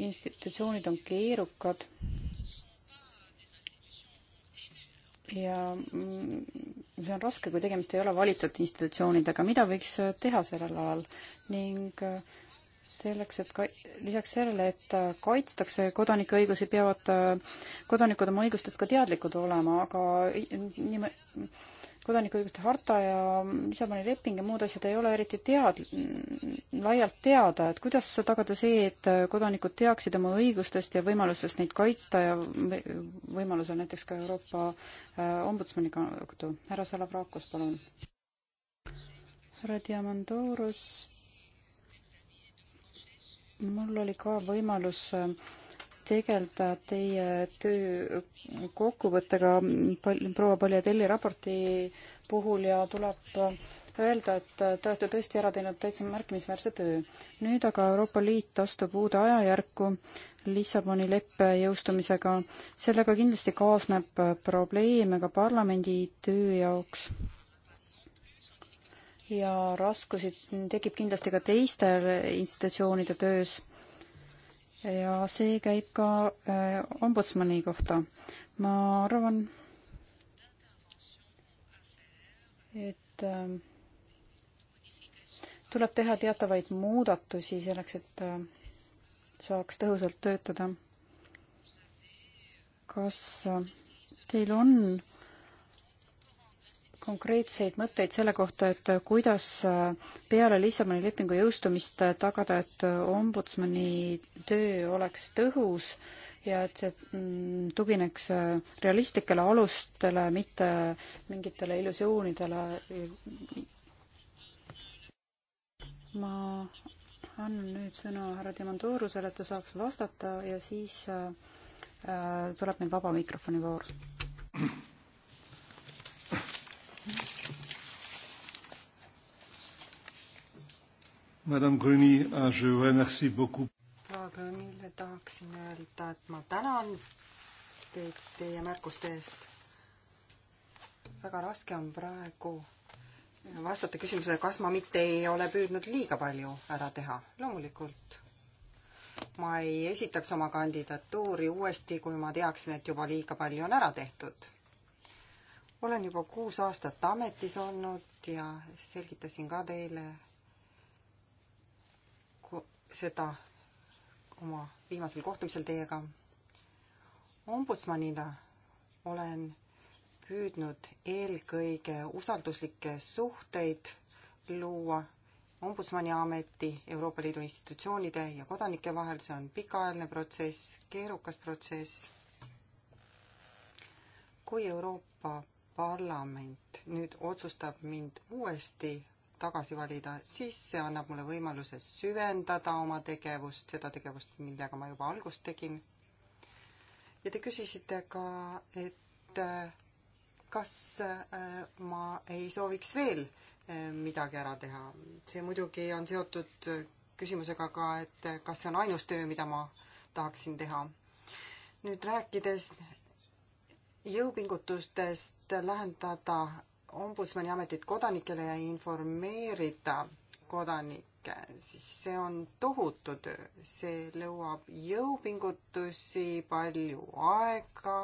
institutsioonid on keerukad. ja see on raske, kui tegemist ei ole valitud institutsioonidega. mida võiks teha sellel ajal ning äh, selleks, et ka lisaks sellele, et äh, kaitstakse kodanike õigusi, peavad äh, kodanikud oma õigustest ka teadlikud olema, aga nime, kodanikuõiguste harta ja Lissaboni leping ja muud asjad ei ole eriti tead-, laialt teada, et kuidas tagada see, et äh, kodanikud teaksid oma õigustest ja võimalustest neid kaitsta ja võimalusel näiteks ka Euroopa ombudsmani kaudu. härra Salavrakos, palun. härra Diamandouros mul oli ka võimalus äh, tegeleda teie töö kokkuvõttega proua Paljatelli raporti puhul ja tuleb äh, öelda, et äh, te olete tõesti ära teinud täitsa märkimisväärse töö. nüüd aga Euroopa Liit astub uude ajajärku Lissaboni leppe jõustumisega. sellega kindlasti kaasneb probleeme ka parlamendi töö jaoks ja raskusi tekib kindlasti ka teistel institutsioonide töös. ja see käib ka äh, ombudsmani kohta. ma arvan, et äh, tuleb teha teatavaid muudatusi selleks, et äh, saaks tõhusalt töötada. kas teil on konkreetseid mõtteid selle kohta, et kuidas peale Lissaboni lepingu jõustumist tagada, et ombudsmani töö oleks tõhus ja et see mm, tugineks realistlikele alustele, mitte mingitele illusioonidele. ma annan nüüd sõna härra Diamantoorusele, et ta saaks vastata ja siis äh, tuleb meil vaba mikrofoni voor. <clears throat> Madame Gruny, euh, je vous remercie beaucoup. proua Grünile tahaksin öelda, et ma tänan teid teie märkuste eest. väga raske on praegu vastata küsimusele, kas ma mitte ei ole püüdnud liiga palju ära teha. loomulikult ma ei esitaks oma kandidatuuri uuesti, kui ma teaksin, et juba liiga palju on ära tehtud. olen juba kuus aastat ametis olnud ja selgitasin ka teile seda oma viimasel kohtumisel teiega. ombudsmanina olen püüdnud eelkõige usalduslikke suhteid luua ombudsmani ameti, Euroopa Liidu institutsioonide ja kodanike vahel, see on pikaajaline protsess, keerukas protsess. kui Euroopa Parlament nüüd otsustab mind uuesti tagasi valida, siis see annab mulle võimaluse süvendada oma tegevust, seda tegevust, millega ma juba algust tegin. ja te küsisite ka, et äh, kas äh, ma ei sooviks veel äh, midagi ära teha. see muidugi on seotud küsimusega ka, et kas see on ainus töö, mida ma tahaksin teha. nüüd rääkides jõupingutustest lähendada ombudsmani ametit kodanikele ja informeerida kodanikke, siis see on tohutu töö, see nõuab jõupingutusi, palju aega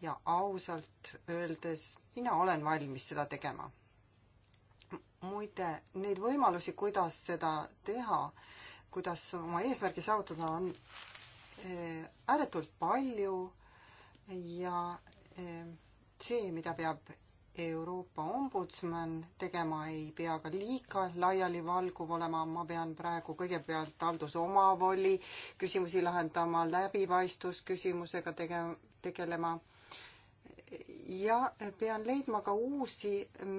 ja ausalt öeldes mina olen valmis seda tegema. muide, neid võimalusi, kuidas seda teha, kuidas oma eesmärgi saavutada, on eh, ääretult palju ja eh, see, mida peab Euroopa ombudsman tegema ei pea ka liiga laialivalguv olema, ma pean praegu kõigepealt haldusomavoli küsimusi lahendama, läbipaistvusküsimusega tege-, tegelema ja pean leidma ka uusi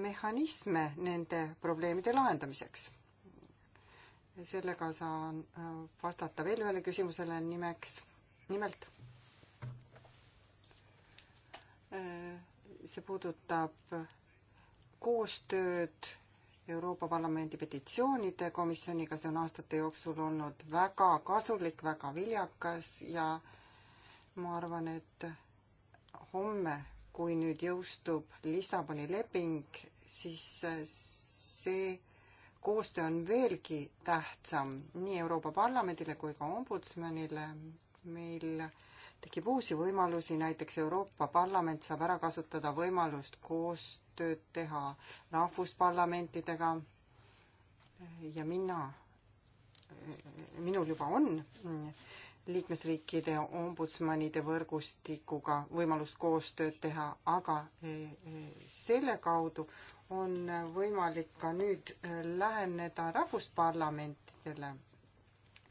mehhanisme nende probleemide lahendamiseks. sellega saan äh, vastata veel ühele küsimusele nimeks, nimelt äh, see puudutab koostööd Euroopa Parlamendi petitsioonide komisjoniga, see on aastate jooksul olnud väga kasulik, väga viljakas ja ma arvan, et homme, kui nüüd jõustub Lissaboni leping, siis see koostöö on veelgi tähtsam nii Euroopa Parlamendile kui ka ombudsmanile. meil äh, tekib uusi võimalusi, näiteks Euroopa Parlament saab ära kasutada võimalust koostööd teha rahvusparlamentidega ja mina, minul juba on liikmesriikide ombudsmanide võrgustikuga võimalust koostööd teha, aga e, e, selle kaudu on võimalik ka nüüd läheneda rahvusparlamentidele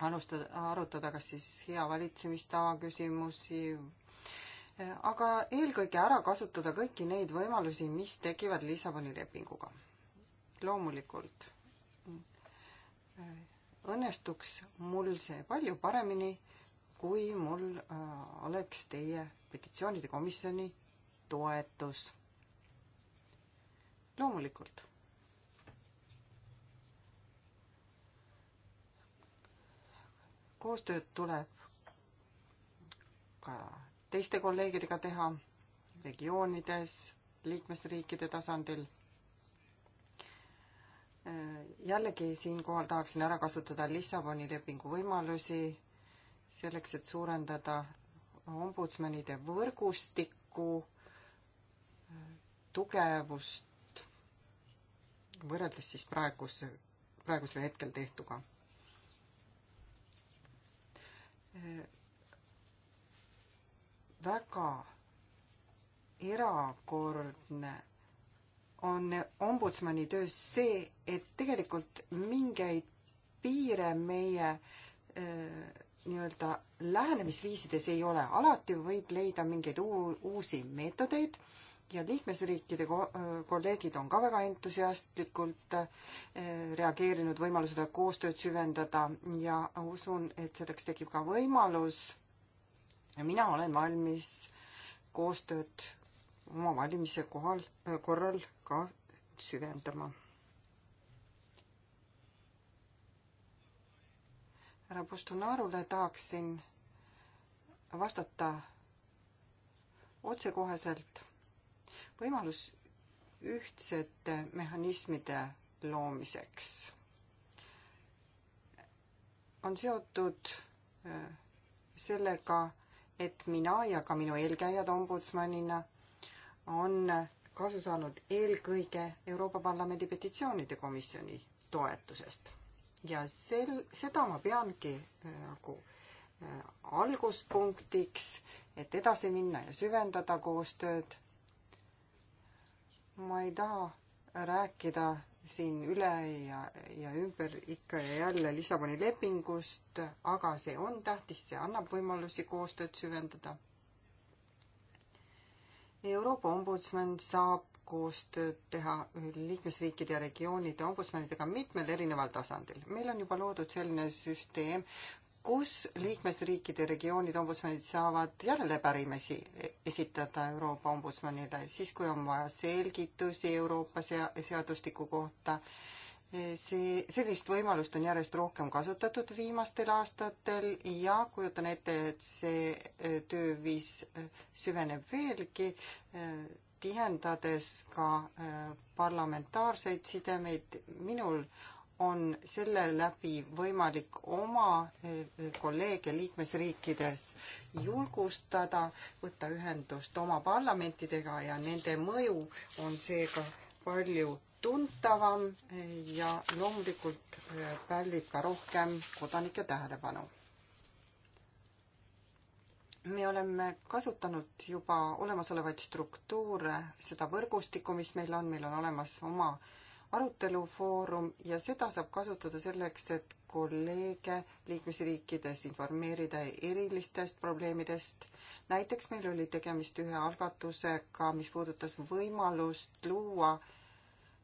alustada, arutada kas siis hea valitsemistava küsimusi, aga eelkõige ära kasutada kõiki neid võimalusi, mis tekivad Lissaboni lepinguga. loomulikult äh, õnnestuks mul see palju paremini, kui mul äh, oleks teie petitsioonide komisjoni toetus. loomulikult koostööd tuleb ka teiste kolleegidega teha regioonides, liikmesriikide tasandil. Äh, jällegi siinkohal tahaksin ära kasutada Lissaboni lepingu võimalusi selleks, et suurendada ombudsmanide võrgustiku äh, tugevust võrreldes siis praeguse, praegusel hetkel tehtuga väga erakordne on ombudsmani töös see, et tegelikult mingeid piire meie äh, nii-öelda lähenemisviisides ei ole, alati võib leida mingeid uu-, uusi meetodeid ja liikmesriikide ko-, kolleegid on ka väga entusiastlikult eh, reageerinud võimalusele koostööd süvendada ja usun, et selleks tekib ka võimalus ja mina olen valmis koostööd oma valimise kohal, eh, korral ka süvendama. härra Postunarule tahaksin vastata otsekoheselt võimalus ühtsete mehhanismide loomiseks on seotud äh, sellega, et mina ja ka minu eelkäijad ombudsmanina on kasu saanud eelkõige Euroopa Parlamendi petitsioonide komisjoni toetusest. ja sel, seda ma peangi äh, nagu äh, alguspunktiks, et edasi minna ja süvendada koostööd ma ei taha rääkida siin üle ja, ja ümber ikka ja jälle Lissaboni lepingust, aga see on tähtis, see annab võimalusi koostööd süvendada. Euroopa ombudsman saab koostööd teha liikmesriikide ja regioonide ombudsmanidega mitmel erineval tasandil. meil on juba loodud selline süsteem, kus liikmesriikide regioonid ombudsmanid saavad järelepärimisi esitada Euroopa ombudsmanile, siis kui on vaja selgitusi Euroopa seadustiku kohta. see, sellist võimalust on järjest rohkem kasutatud viimastel aastatel ja kujutan ette, et see e, tööviis e, süveneb veelgi, e, tihendades ka parlamentaarseid sidemeid. minul on selle läbi võimalik oma eh, kolleege liikmesriikides julgustada, võtta ühendust oma parlamentidega ja nende mõju on seega palju tuntavam eh, ja loomulikult eh, pälvib ka rohkem kodanike tähelepanu. me oleme kasutanud juba olemasolevaid struktuure, seda võrgustikku, mis meil on, meil on olemas oma äh, arutelufoorum ja seda saab kasutada selleks, et kolleege liikmesriikides informeerida erilistest probleemidest. näiteks meil oli tegemist ühe algatusega, mis puudutas võimalust luua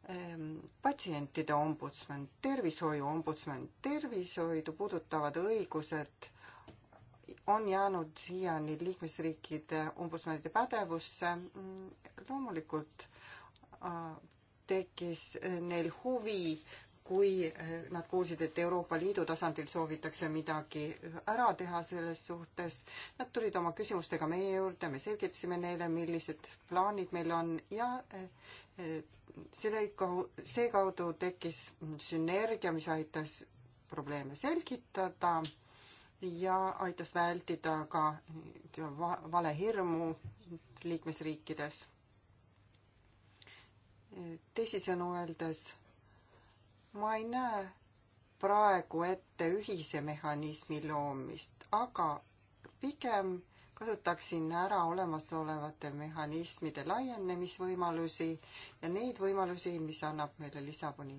ähm, patsientide ombudsman, tervishoiu ombudsman, tervishoidu puudutavad õigused on jäänud siiani liikmesriikide ombudsmanide pädevusse. Mm, loomulikult äh, tekkis eh, neil huvi, kui eh, nad kuulsid, et Euroopa Liidu tasandil soovitakse midagi eh, ära teha selles suhtes. Nad tulid oma küsimustega meie juurde, me selgitasime neile, millised plaanid meil on ja selle, seekaudu tekkis sünergia, mis aitas probleeme selgitada ja aitas vältida ka valehirmu liikmesriikides teisisõnu öeldes ma ei näe praegu ette ühise mehhanismi loomist, aga pigem kasutaksin ära olemasolevate mehhanismide laienemisvõimalusi ja neid võimalusi, mis annab meile Lissaboni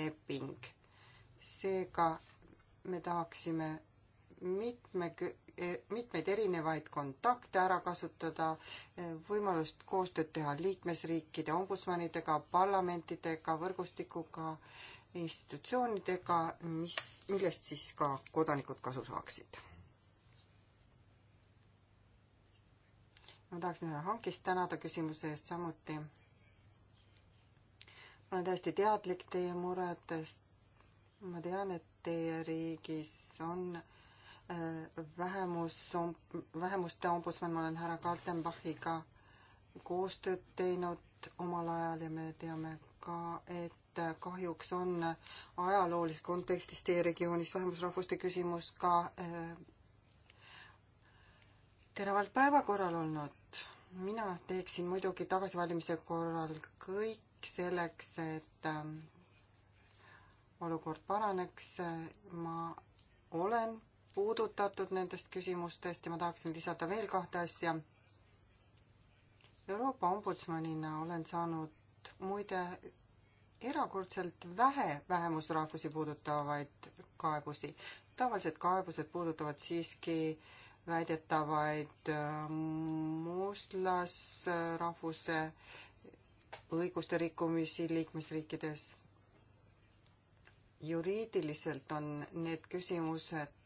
leping. seega me tahaksime mitme, e, mitmeid erinevaid kontakte ära kasutada, e, võimalust koostööd teha liikmesriikide ombudsmanidega, parlamentidega, võrgustikuga, institutsioonidega, mis, millest siis ka kodanikud kasu saaksid. ma tahaksin härra Hankist tänada küsimuse eest samuti. ma olen täiesti teadlik teie muredest. ma tean, et teie riigis on vähemus, vähemuste ombudsman, ma olen härra Kaltenbachiga koostööd teinud omal ajal ja me teame ka, et kahjuks on ajaloolises kontekstis teie regioonis vähemusrahvuste küsimus ka eh, teravalt päevakorral olnud. mina teeksin muidugi tagasivalimise korral kõik selleks, et eh, olukord paraneks. ma olen puudutatud nendest küsimustest ja ma tahaksin lisada veel kahte asja. Euroopa ombudsmanina olen saanud muide erakordselt vähe vähemusrahvusi puudutavaid kaebusi. tavaliselt kaebused puudutavad siiski väidetavaid äh, mustlasrahvuse õiguste rikkumisi liikmesriikides. juriidiliselt on need küsimused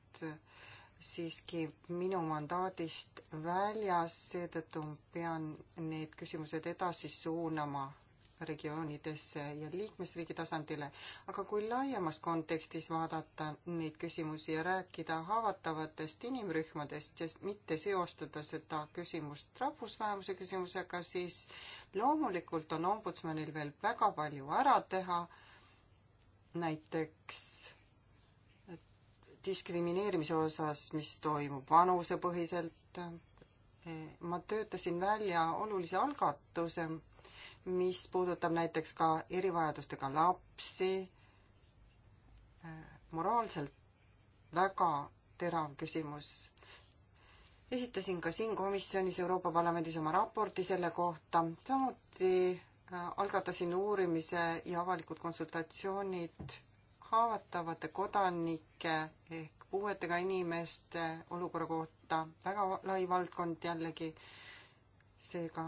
siiski minu mandaadist väljas, seetõttu pean need küsimused edasi suunama regioonidesse ja liikmesriigi tasandile, aga kui laiemas kontekstis vaadata neid küsimusi ja rääkida haavatavatest inimrühmadest ja mitte seostada seda küsimust rahvusvähemuse küsimusega, siis loomulikult on ombudsmanil veel väga palju ära teha, näiteks diskrimineerimise osas, mis toimub vanusepõhiselt. ma töötasin välja olulise algatuse, mis puudutab näiteks ka erivajadustega lapsi. moraalselt väga terav küsimus. esitasin ka siin komisjonis Euroopa Parlamendis oma raporti selle kohta, samuti äh, algatasin uurimise ja avalikud konsultatsioonid haavatavate kodanike ehk puuetega inimeste olukorra kohta, väga lai valdkond jällegi, seega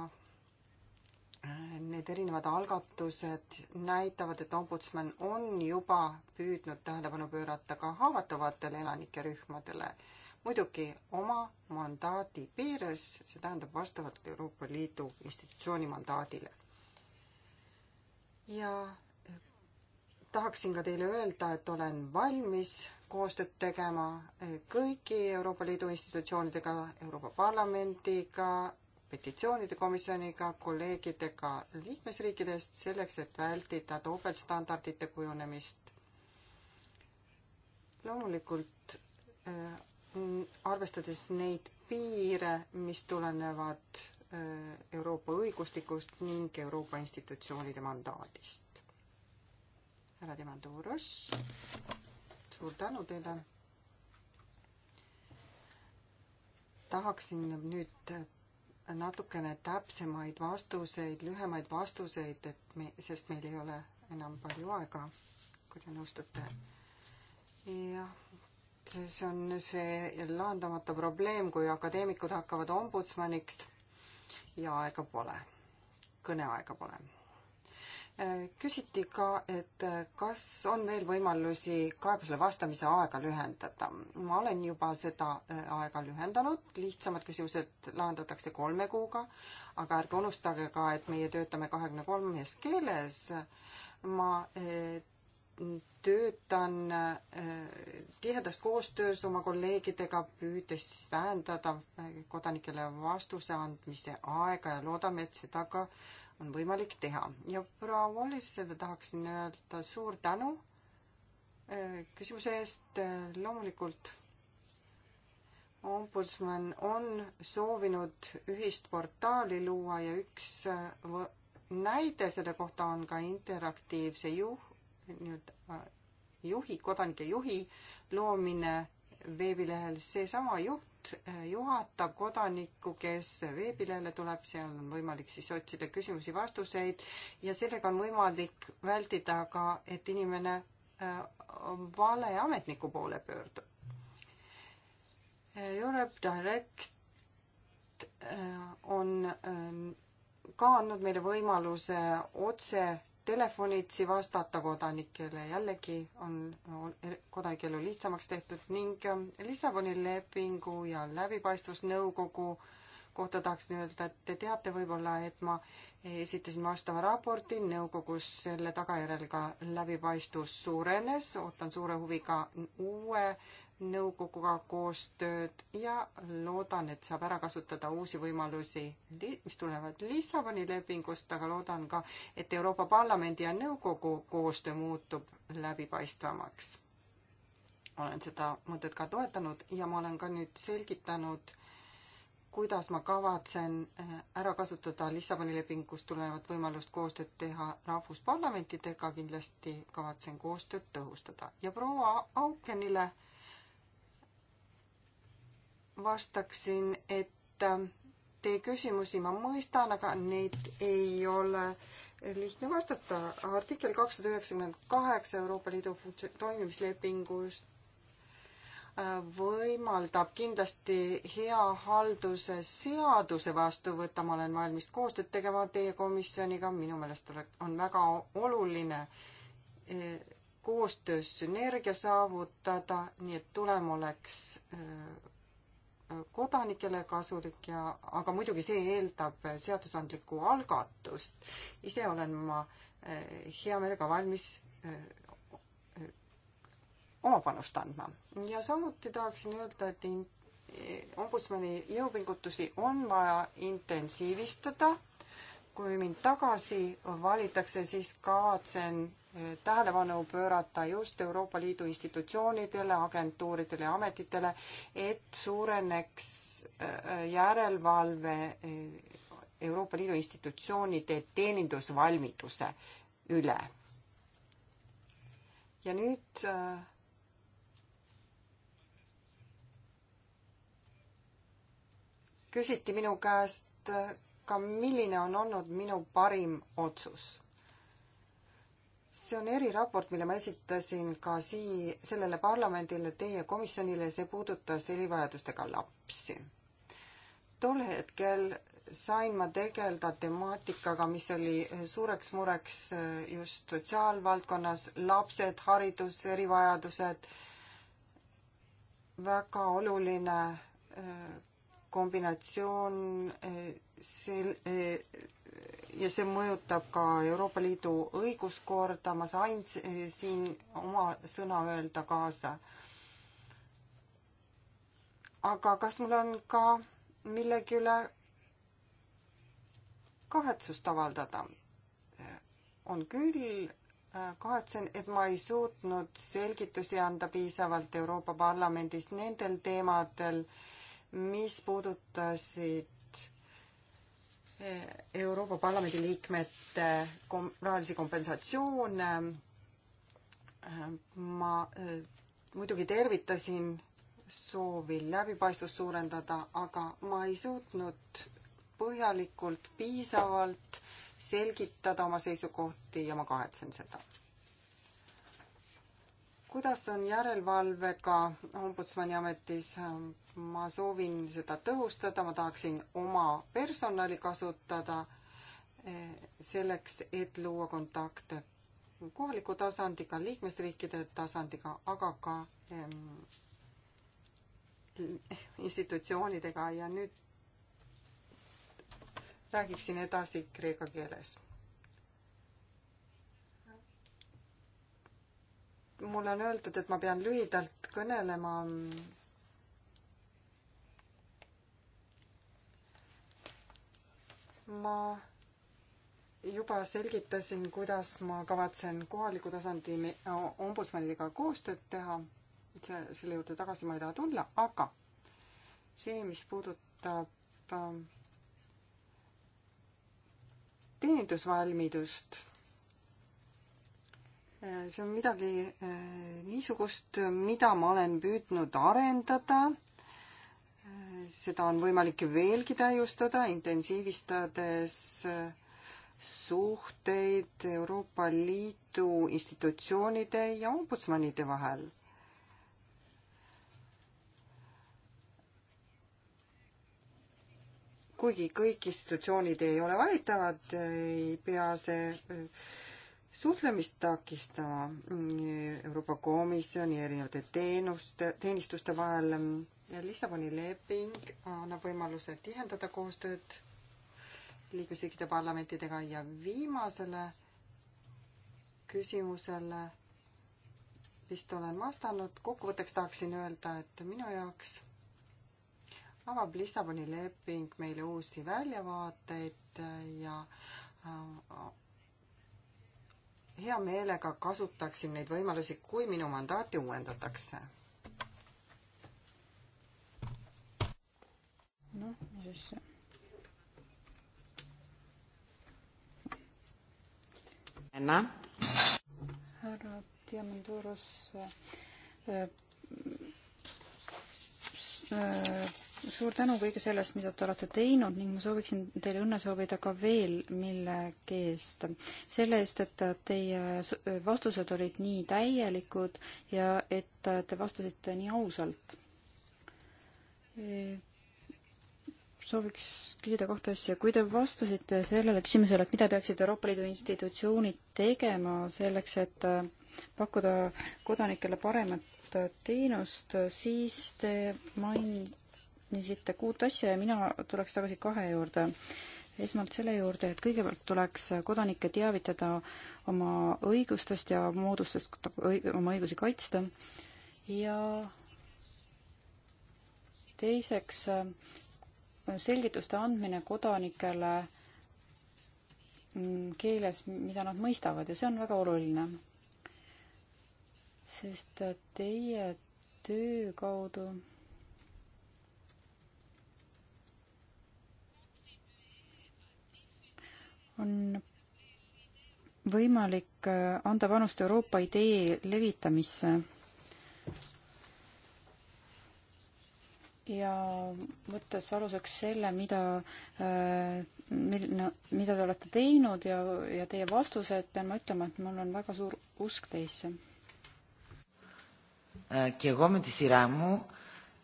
äh, need erinevad algatused näitavad, et ombudsman on juba püüdnud tähelepanu pöörata ka haavatavatele elanike rühmadele. muidugi oma mandaadi piires, see tähendab vastavalt Euroopa Liidu institutsiooni mandaadile. ja tahaksin ka teile öelda, et olen valmis koostööd tegema kõigi Euroopa Liidu institutsioonidega, Euroopa Parlamendiga, petitsioonide komisjoniga, kolleegidega liikmesriikidest, selleks et vältida topeltstandardite kujunemist. loomulikult äh, arvestades neid piire, mis tulenevad äh, Euroopa õigustikust ning Euroopa institutsioonide mandaadist härra Dimanduros, suur tänu teile. tahaksin nüüd natukene täpsemaid vastuseid, lühemaid vastuseid, et me, sest meil ei ole enam palju aega, kui te nõustute. jah, see on see lahendamata probleem, kui akadeemikud hakkavad ombudsmaniks ja aega pole, kõneaega pole küsiti ka, et kas on veel võimalusi kaebusele vastamise aega lühendada. ma olen juba seda äh, aega lühendanud, lihtsamad küsimused lahendatakse kolme kuuga, aga ärge unustage ka, et meie töötame kahekümne kolmes keeles. ma äh, töötan äh, tihedas koostöös oma kolleegidega, püüdes siis vähendada kodanikele vastuse andmise aega ja loodame, et seda ka on võimalik teha ja proua Wallisele tahaksin öelda suur tänu äh, küsimuse eest. Äh, loomulikult ombudsman on soovinud ühist portaali luua ja üks äh, näide selle kohta on ka interaktiivse juh-, nii-öelda juhi, kodanike juhi loomine veebilehel, seesama juht Äh, juhatab kodanikku, kes veebilehele tuleb, seal on võimalik siis otsida küsimusi-vastuseid ja sellega on võimalik vältida ka, et inimene äh, vale ametniku poole pöördub. Äh, Europe Direct on ka andnud meile võimaluse otse telefonitsi vastata kodanikele, jällegi on er, kodanike elu lihtsamaks tehtud ning ähm, Lissaboni lepingu ja läbipaistvusnõukogu kohta tahaksin öelda, et te teate võib-olla, et ma esitasin vastava raporti nõukogus, selle tagajärjel ka läbipaistvus suurenes, ootan suure huviga uue nõukoguga koostööd ja loodan, et saab ära kasutada uusi võimalusi, mis tulevad Lissaboni lepingust, aga loodan ka, et Euroopa Parlamendi ja nõukogu koostöö muutub läbipaistvamaks. olen seda mõtet ka toetanud ja ma olen ka nüüd selgitanud, kuidas ma kavatsen äh, ära kasutada Lissaboni lepingust tulenevat võimalust koostööd teha rahvusparlamentidega, kindlasti kavatsen koostööd tõhustada ja proua Aukenile vastaksin, et ähm, teie küsimusi ma mõistan, aga neid ei ole lihtne vastata. artikkel kakssada üheksakümmend kaheksa Euroopa Liidu toimimislepingust äh, võimaldab kindlasti hea halduse seaduse vastu võtta, ma olen valmis koostööd tegema teie komisjoniga, minu meelest on väga oluline äh, koostöös sünergia saavutada, nii et tulem oleks äh, kodanikele kasulik ja, aga muidugi see eeldab seadusandlikku algatust. ise olen ma eh, hea meelega valmis eh, oma panust andma. ja samuti tahaksin öelda, et ombudsmani jõupingutusi on vaja intensiivistada kui mind tagasi valitakse, siis kavatsen eh, tähelepanu pöörata just Euroopa Liidu institutsioonidele, agentuuridele ja ametitele, et suureneks eh, järelevalve eh, Euroopa Liidu institutsioonide teenindusvalmiduse üle. ja nüüd küsiti minu käest, ka, milline on olnud minu parim otsus. see on eriraport, mille ma esitasin ka sii-, sellele parlamendile, teie komisjonile, see puudutas erivajadustega lapsi. tol hetkel sain ma tegeleda temaatikaga, mis oli suureks mureks just sotsiaalvaldkonnas, lapsed, haridus, erivajadused, väga oluline kombinatsioon eh, sel- eh, ja see mõjutab ka Euroopa Liidu õiguskorda, ma sain eh, siin oma sõna öelda kaasa. aga kas mul on ka millegi üle kahetsust avaldada? on küll, kahetsen, et ma ei suutnud selgitusi anda piisavalt Euroopa Parlamendis nendel teemadel, mis puudutasid eh, Euroopa Parlamendi liikmete kom-, rahalisi kompensatsioone. Eh, ma eh, muidugi tervitasin soovi läbipaistvust suurendada, aga ma ei suutnud põhjalikult, piisavalt selgitada oma seisukohti ja ma kahetsen seda kuidas on järelevalvega Ombudsmani ametis? ma soovin seda tõhustada, ma tahaksin oma personali kasutada eh, selleks, et luua kontakte kohaliku tasandiga, liikmesriikide tasandiga, aga ka ähm, institutsioonidega ja nüüd räägiksin edasi kreeka keeles mulle on öeldud, et ma pean lühidalt kõnelema ma juba selgitasin, kuidas ma kavatsen kohaliku tasandi ombudsmanidega koostööd teha, see, selle juurde tagasi ma ei taha tulla, aga see, mis puudutab ähm, teenindusvalmidust Äh, see on midagi äh, niisugust, mida ma olen püüdnud arendada. Äh, seda on võimalik veelgi täiustada, intensiivistades suhteid Euroopa Liidu institutsioonide ja ombudsmanide vahel. kuigi kõik institutsioonid ei ole valitavad, ei pea see suhtlemist takistama Euroopa Komisjoni erinevate teenuste, teenistuste vahel. Lissaboni leping annab võimaluse tihendada koostööd liikmesriikide parlamentidega ja viimasele küsimusele vist olen vastanud. kokkuvõtteks tahaksin öelda, et minu jaoks avab Lissaboni leping meile uusi väljavaateid ja äh, hea meelega kasutaksin neid võimalusi, kui minu mandaati uuendatakse. noh, mis asja. Anna. härra Diamandoros äh, äh, suur tänu kõige sellest, mida te olete teinud ning ma sooviksin teile õnne soovida ka veel millegi eest. selle eest, et teie vastused olid nii täielikud ja et te vastasite nii ausalt. sooviks küsida kahte asja. kui te vastasite sellele küsimusele, et mida peaksid Euroopa Liidu institutsioonid tegema selleks, et pakkuda kodanikele paremat teenust, siis te main-, mainisite kuut asja ja mina tuleks tagasi kahe juurde. esmalt selle juurde, et kõigepealt tuleks kodanikke teavitada oma õigustest ja moodustest oma õigusi kaitsta ja teiseks selgituste andmine kodanikele mm, keeles, mida nad mõistavad ja see on väga oluline. sest teie töö kaudu on võimalik äh, anda panust Euroopa idee levitamisse ja võttes aluseks selle, mida, äh, mida te olete teinud ja, ja teie vastused, pean ma ütlema, et mul on väga suur usk teisse. Äh, και εγώ με τη σειρά μου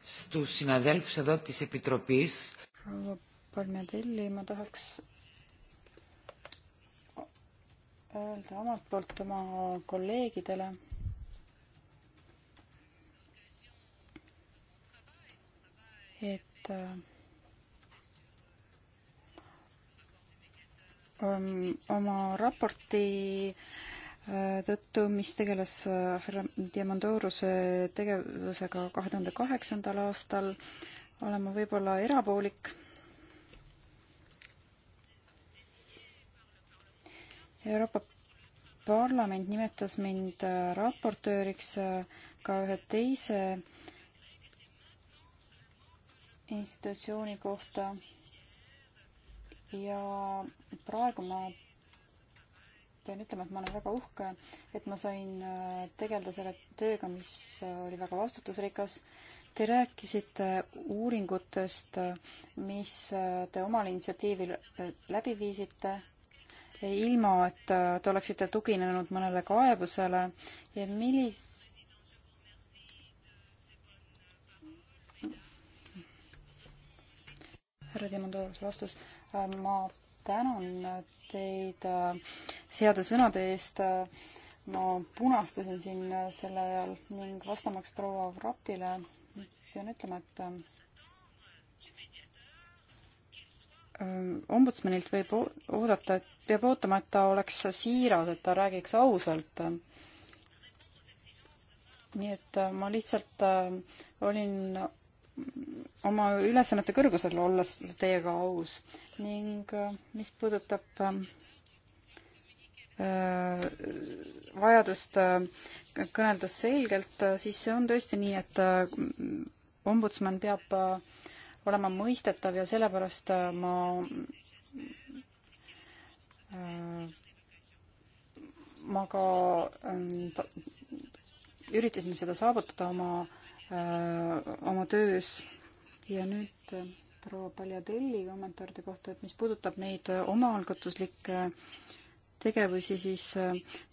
στους συναδέλφους εδώ της Επιτροπής. Proua Palmiadelli, ma tahaks öelda omalt poolt oma kolleegidele. et ähm, oma raporti äh, tõttu, mis tegeles äh, härra Diamandoruse tegevusega kahe tuhande kaheksandal aastal, olen ma võib-olla erapoolik Euroopa Parlament nimetas mind äh, raportööriks äh, ka ühe teise institutsiooni kohta ja praegu ma pean ütlema, et ma olen väga uhke, et ma sain äh, tegeleda selle tööga, mis oli väga vastutusrikas. Te rääkisite uuringutest, mis te omal initsiatiivil läbi viisite ilma et äh, te oleksite tuginenud mõnele kaebusele ja millis- härra Diamandouros, vastus. Äh, ma tänan teid äh, heade sõnade eest. ma punastasin siin selle ajal ning vastamaks proua Vraptile pean ütlema, et ombudsmanilt võib oodata, et peab ootama, et ta oleks siiras, et ta räägiks ausalt. nii et äh, ma lihtsalt äh, olin oma ülesannete kõrgusel, olles teiega aus ning äh, mis puudutab vajadust kõnelda selgelt, siis see on tõesti nii, et ombudsman peab olema mõistetav ja sellepärast ma Äh, ma ka ähm, üritasin seda saavutada oma, äh, oma töös ja nüüd äh, proua Paljadelli kommentaaride kohta, et mis puudutab neid omaalgatuslikke tegevusi, siis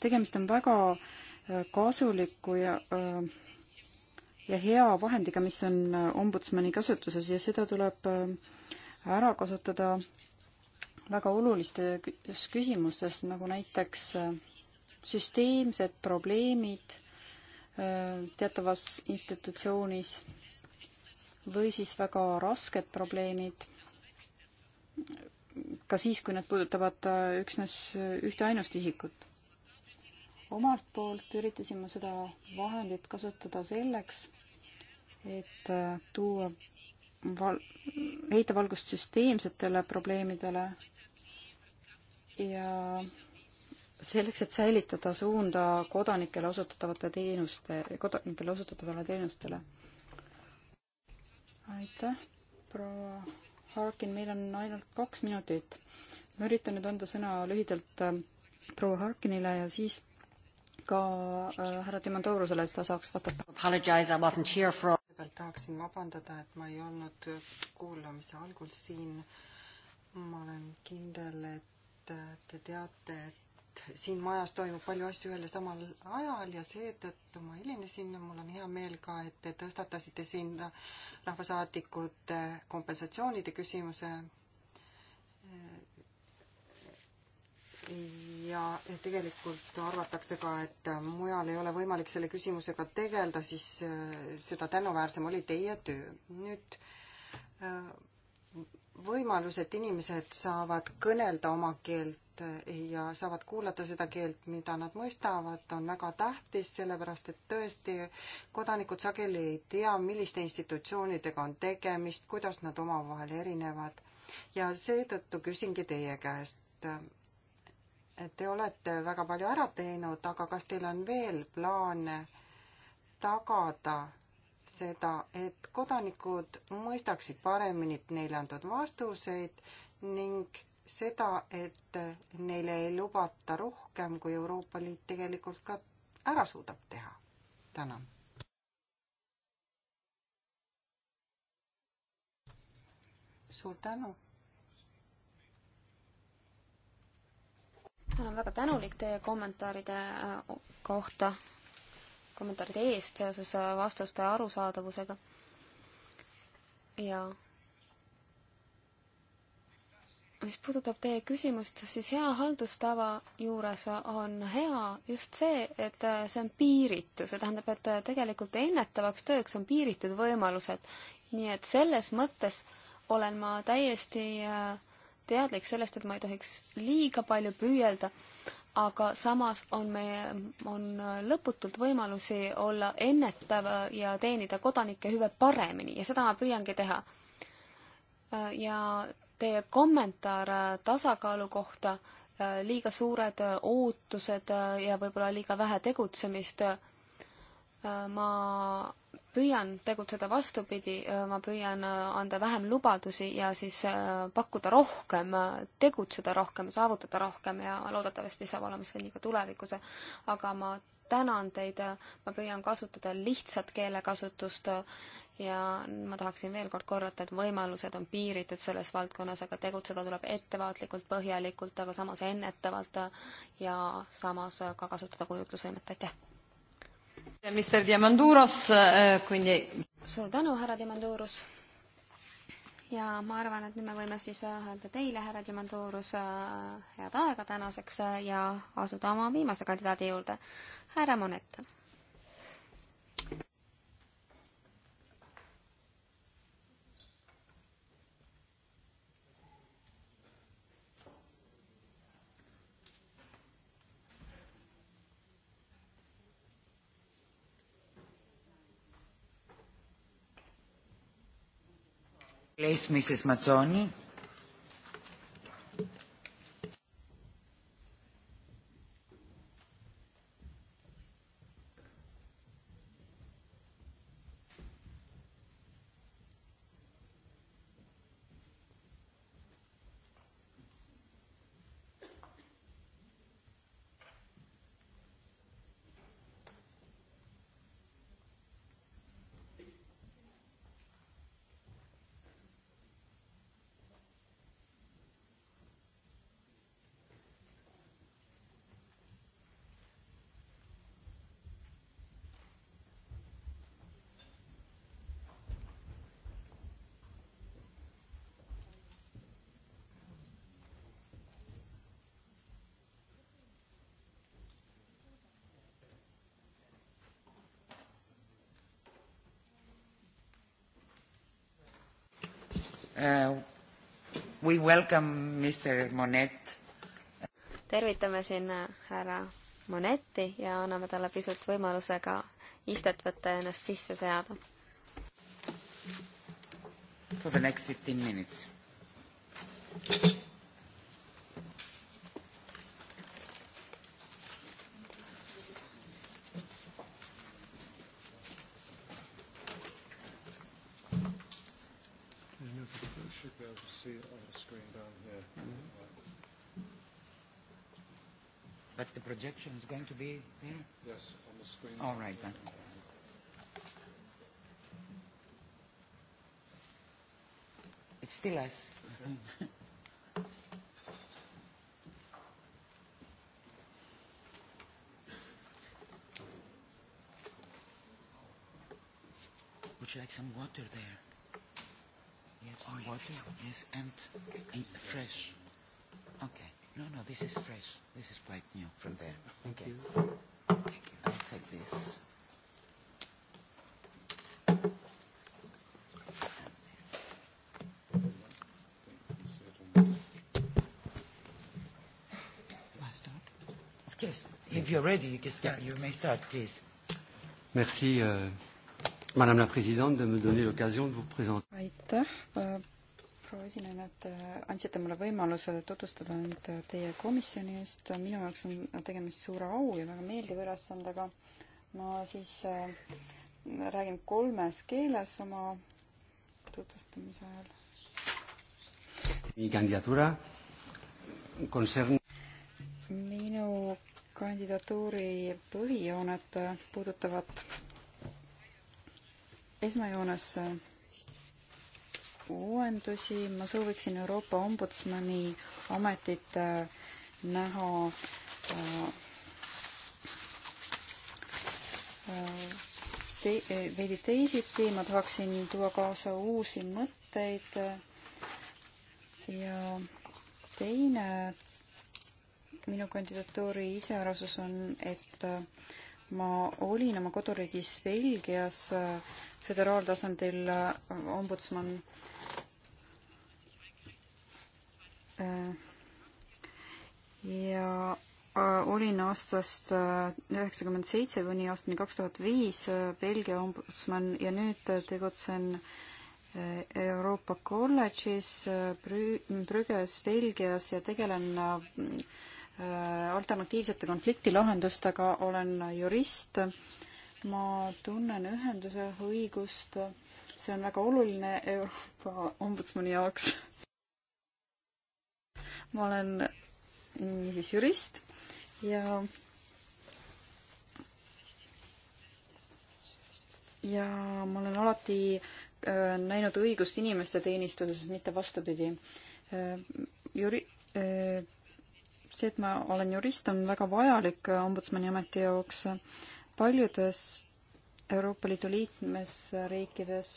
tegemist on väga kasuliku ja ja hea vahendiga, mis on ombudsmani kasutuses ja seda tuleb ära kasutada väga olulistes küsimustes, nagu näiteks äh, süsteemsed probleemid äh, teatavas institutsioonis või siis väga rasked probleemid, ka siis, kui nad puudutavad äh, üksnes ühteainust isikut. omalt poolt üritasin ma seda vahendit kasutada selleks, et tuua val-, heita valgust süsteemsetele probleemidele ja selleks, et säilitada suunda kodanikele osutatavate teenuste, kodanikele osutatavale teenustele. aitäh, proua Harkin, meil on ainult kaks minutit. ma üritan nüüd anda sõna lühidalt äh, proua Harkinile ja siis ka äh, härra Diamandourosele, et ta saaks vastata. kõigepealt tahaksin vabandada, et ma ei olnud kuulamise algul siin. ma olen kindel, et te teate, et siin majas toimub palju asju ühel ja samal ajal ja seetõttu ma hilinesin ja mul on hea meel ka, et te tõstatasite siin rahvasaadikute kompensatsioonide küsimuse. ja tegelikult arvatakse ka, et mujal ei ole võimalik selle küsimusega tegeleda, siis äh, seda tänuväärsem oli teie töö. nüüd äh, võimalus, et inimesed saavad kõnelda oma keelt ja saavad kuulata seda keelt, mida nad mõistavad, on väga tähtis, sellepärast et tõesti kodanikud sageli ei tea, milliste institutsioonidega on tegemist, kuidas nad omavahel erinevad. ja seetõttu küsingi teie käest, te olete väga palju ära teinud, aga kas teil on veel plaane tagada seda, et kodanikud mõistaksid paremini neile antud vastuseid ning seda, et neile ei lubata rohkem, kui Euroopa Liit tegelikult ka ära suudab teha. tänan. suur tänu. olen väga tänulik teie kommentaaride äh, kohta kommentaaride eest seoses vastuste arusaadavusega. ja mis puudutab teie küsimust, siis hea haldustava juures on hea just see, et see on piiritu, see tähendab, et tegelikult ennetavaks tööks on piiritud võimalused. nii et selles mõttes olen ma täiesti äh, teadlik sellest, et ma ei tohiks liiga palju püüelda aga samas on meie, on lõputult võimalusi olla ennetav ja teenida kodanike hüve paremini ja seda ma püüangi teha. ja teie kommentaar tasakaalu kohta, liiga suured ootused ja võib-olla liiga vähe tegutsemist, ma püüan tegutseda vastupidi, ma püüan äh, anda vähem lubadusi ja siis äh, pakkuda rohkem, äh, tegutseda rohkem, saavutada rohkem ja loodetavasti saab olema see nii ka tulevikus. aga ma tänan teid, ma püüan kasutada lihtsat keelekasutust ja ma tahaksin veel kord korrata, et võimalused on piiritud selles valdkonnas, aga tegutseda tuleb ettevaatlikult, põhjalikult, aga samas ennetavalt ja samas ka kasutada kujutlusvõimet, aitäh! Mr Diamanduros äh,, eh, kuigi. suur tänu, härra Diamanduros. ja ma arvan, et nüüd me võime siis eh, öelda teile, härra Diamanduros, eh, head aega tänaseks ja asuda oma viimase kandidaadi juurde, härra Moneta Yes, Mrs. Mazzoni. Uh, we welcome Mr Monet. tervitame siin uh, härra Monetti ja anname talle pisut võimaluse ka istet võtta ja ennast sisse seada. For the next fifteen minutes. projection is going to be there? Yes, on the screen. All right then. It's still us. Okay. <laughs> Would you like some water there? You have some oh, water? Yes, and fresh. Okay. No, no, this is fresh. This is quite new from there. Thank okay. you. Thank you. I'll take this. Yes, if you're ready, you, can start. you may start, please. Merci, euh, Madame la Présidente, de me donner l'occasion de vous présenter. Aitäh, esinen, et äh, andsite mulle võimaluse tutvustada nüüd äh, teie komisjoni eest. minu jaoks on tegemist suure au ja väga meeldiva ülesandega. ma siis äh, räägin kolmes keeles oma tutvustamise ajal. minu kandidatuuri põhijooned puudutavad esmajoones uuendusi, ma sooviksin Euroopa Ombudsmani ametit äh, näha äh, äh, te veidi teisiti, ma tahaksin tuua kaasa uusi mõtteid ja teine minu kandidatuuri iseärasus on, et ma olin oma koduriigis Belgias föderaaltasandil ombudsman äh, Äh, ja äh, olin aastast äh, üheksakümmend seitse kuni aastani kaks tuhat viis Belgia ombudsman ja nüüd tegutsen Euroopa kolledžis Brügges, Belgias ja tegelen alternatiivsete konfliktilahendustega, olen jurist. ma tunnen ühenduse õigust, see on väga oluline Euroopa ombudsmani jaoks <laughs> ma olen siis jurist ja ja ma olen alati äh, näinud õigust inimeste teenistuses, mitte vastupidi. Äh, juri-, äh, see, et ma olen jurist, on väga vajalik ombudsmani ameti jaoks. paljudes Euroopa Liidu liikmesriikides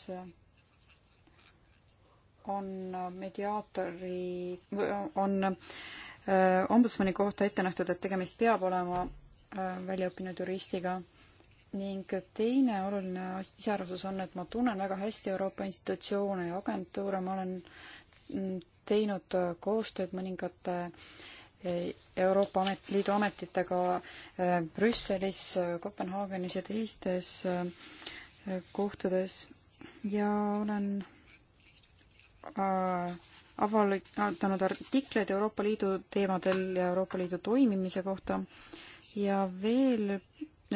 on mediaatori, on äh, ombudsmani kohta ette nähtud, et tegemist peab olema äh, väljaõppinud juristiga ning teine oluline isearvamus on, et ma tunnen väga hästi Euroopa institutsioone ja agentuure, ma olen mm, teinud äh, koostööd mõningate Euroopa amet, Liidu ametitega Brüsselis, Kopenhaagenis ja teistes kohtades ja olen Äh, avaldanud artikleid Euroopa Liidu teemadel ja Euroopa Liidu toimimise kohta ja veel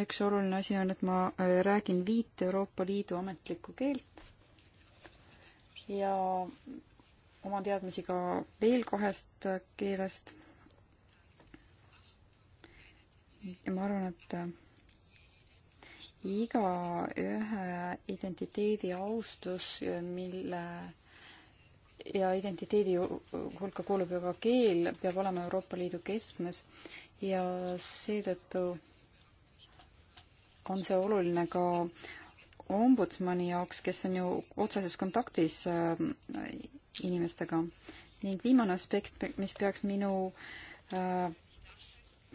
üks oluline asi on, et ma äh, räägin viit Euroopa Liidu ametlikku keelt ja oma teadmisi ka veel kahest äh, keelest. ja ma arvan, et igaühe identiteedi austus, mille ja identiteedi hulka kuulub ju ka keel, peab olema Euroopa Liidu keskmes ja seetõttu on see oluline ka ombudsmani jaoks, kes on ju otseses kontaktis äh, inimestega. ning viimane aspekt, mis peaks minu äh,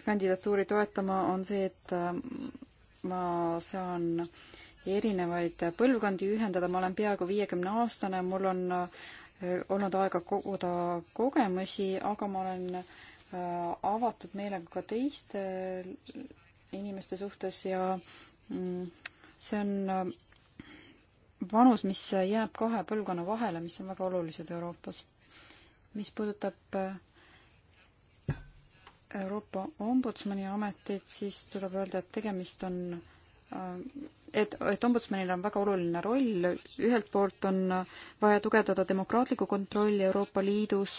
kandidatuuri toetama, on see, et äh, ma saan erinevaid põlvkondi ühendada, ma olen peaaegu viiekümne aastane, mul on äh, olnud aega koguda kogemusi, aga ma olen äh, avatud meelega ka teiste inimeste suhtes ja mm, see on äh, vanus, mis jääb kahe põlvkonna vahele, mis on väga olulised Euroopas. mis puudutab äh, Euroopa Ombudsmani ametit, siis tuleb öelda, et tegemist on et, et ombudsmanil on väga oluline roll, ühelt poolt on vaja tugevdada demokraatlikku kontrolli Euroopa Liidus,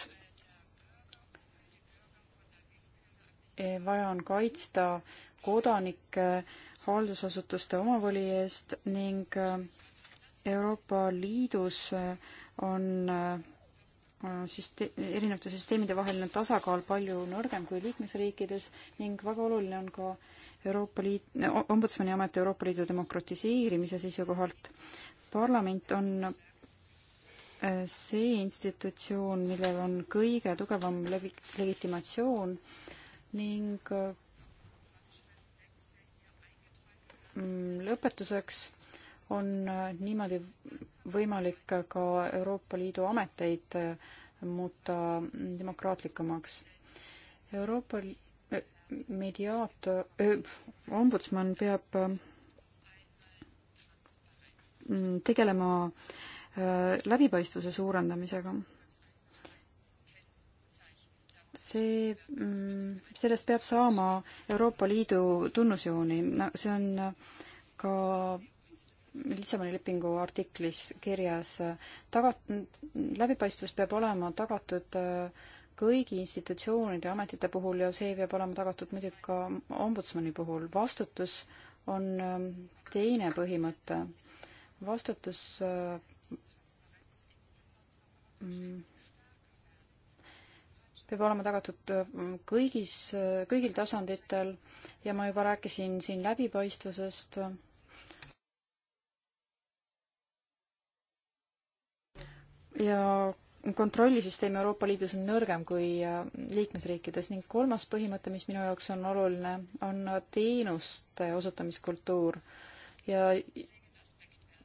e, vaja on kaitsta kodanikke haldusasutuste omavoli eest ning e, Euroopa Liidus e, on süste-, erinevate süsteemide vaheline tasakaal palju nõrgem kui liikmesriikides ning väga oluline on ka äh, Euroopa Liit, ombudsmani amet Euroopa Liidu demokratiseerimise seisukohalt. parlament on äh, see institutsioon, millel on kõige tugevam levi-, legitimatsioon ning äh, mm, lõpetuseks on äh, niimoodi võimalik ka Euroopa Liidu ameteid muuta demokraatlikumaks. Euroopa mediaator, ombudsman peab mm, tegelema läbipaistvuse suurendamisega. see, mm, sellest peab saama Euroopa Liidu tunnusjooni, no see on ka Lissaboni lepingu artiklis kirjas, tagat-, läbipaistvus peab olema tagatud äh, kõigi institutsioonide ja ametite puhul ja see peab olema tagatud muidugi ka ombudsmani puhul. vastutus on ähm, teine põhimõte. vastutus äh, mm, peab olema tagatud äh, kõigis, äh, kõigil tasanditel ja ma juba rääkisin siin läbipaistvusest ja kontrollisüsteem Euroopa Liidus on nõrgem kui äh, liikmesriikides ning kolmas põhimõte, mis minu jaoks on oluline, on teenuste osutamiskultuur. ja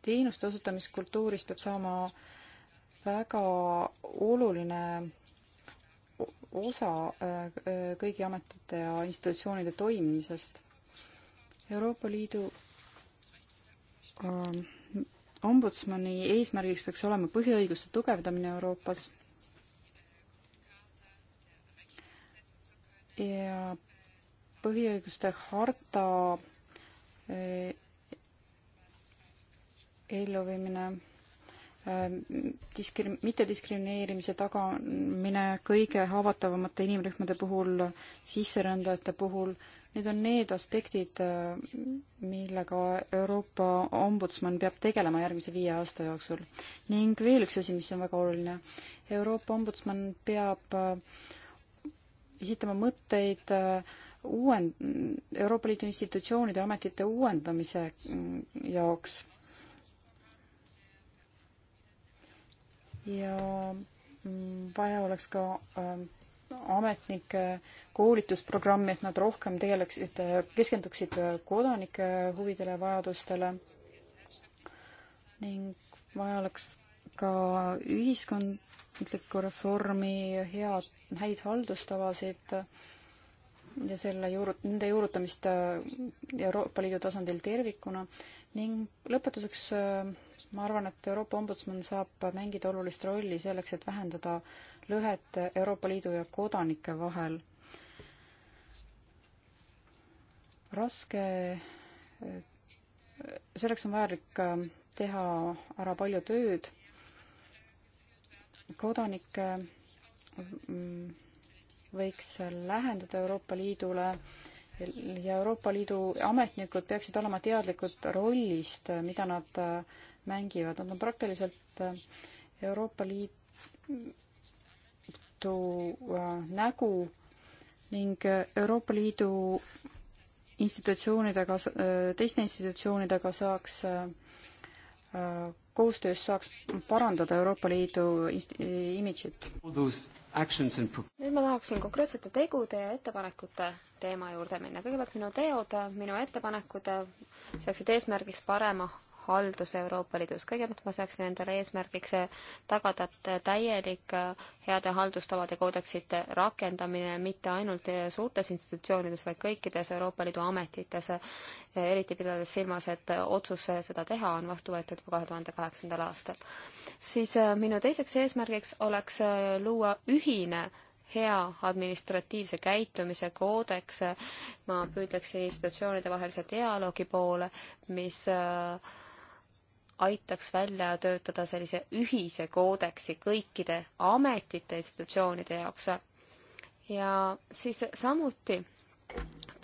teenuste osutamiskultuurist peab saama väga oluline osa äh, äh, kõigi ametite ja institutsioonide toimimisest. Euroopa Liidu ähm, ombudsmani eesmärgiks peaks olema põhiõiguste tugevdamine Euroopas ja põhiõiguste harta eh, elluviimine Ähm, diskrim-, mittediskrimineerimise tagamine kõige haavatavamate inimrühmade puhul, sisserändajate puhul, need on need aspektid, äh, millega Euroopa ombudsman peab tegelema järgmise viie aasta jooksul. ning veel üks asi, mis on väga oluline, Euroopa ombudsman peab äh, esitama mõtteid äh, uuen-, Euroopa Liidu institutsioonide ja ametite uuendamise mm, jaoks ja vaja oleks ka ähm, ametnike koolitusprogrammi, et nad rohkem tegeleksid, keskenduksid kodanike huvidele ja vajadustele ning vaja oleks ka ühiskondlikku reformi, head, häid haldustavasid ja selle juuru-, nende juurutamist Euroopa Liidu tasandil tervikuna ning lõpetuseks ähm, ma arvan, et Euroopa Ombudsman saab mängida olulist rolli selleks, et vähendada lõhet Euroopa Liidu ja kodanike vahel. raske, selleks on vajalik äh, teha ära palju tööd, kodanikke mm, võiks lähendada Euroopa Liidule ja Euroopa Liidu ametnikud peaksid olema teadlikud rollist, mida nad äh, mängivad, nad on praktiliselt äh, Euroopa Liidu äh, nägu ning äh, Euroopa Liidu institutsioonidega, teiste institutsioonidega saaks koostöös saaks parandada Euroopa Liidu imidžit. nüüd ma tahaksin konkreetsete tegude ja ettepanekute teema juurde minna. kõigepealt minu teod, minu ettepanekud seaksid eesmärgiks parema haldus Euroopa Liidus. kõigepealt ma seaksin endale eesmärgiks tagada täielik heade haldustavade koodeksite rakendamine mitte ainult suurtes institutsioonides, vaid kõikides Euroopa Liidu ametites, eriti pidades silmas, et otsus seda teha on vastu võetud juba kahe tuhande kaheksandal aastal. siis äh, minu teiseks eesmärgiks oleks äh, luua ühine hea administratiivse käitumise koodeks, ma püüdleksin institutsioonide vahelise dialoogi poole, mis äh, aitaks välja töötada sellise ühise koodeksi kõikide ametite institutsioonide jaoks. ja siis samuti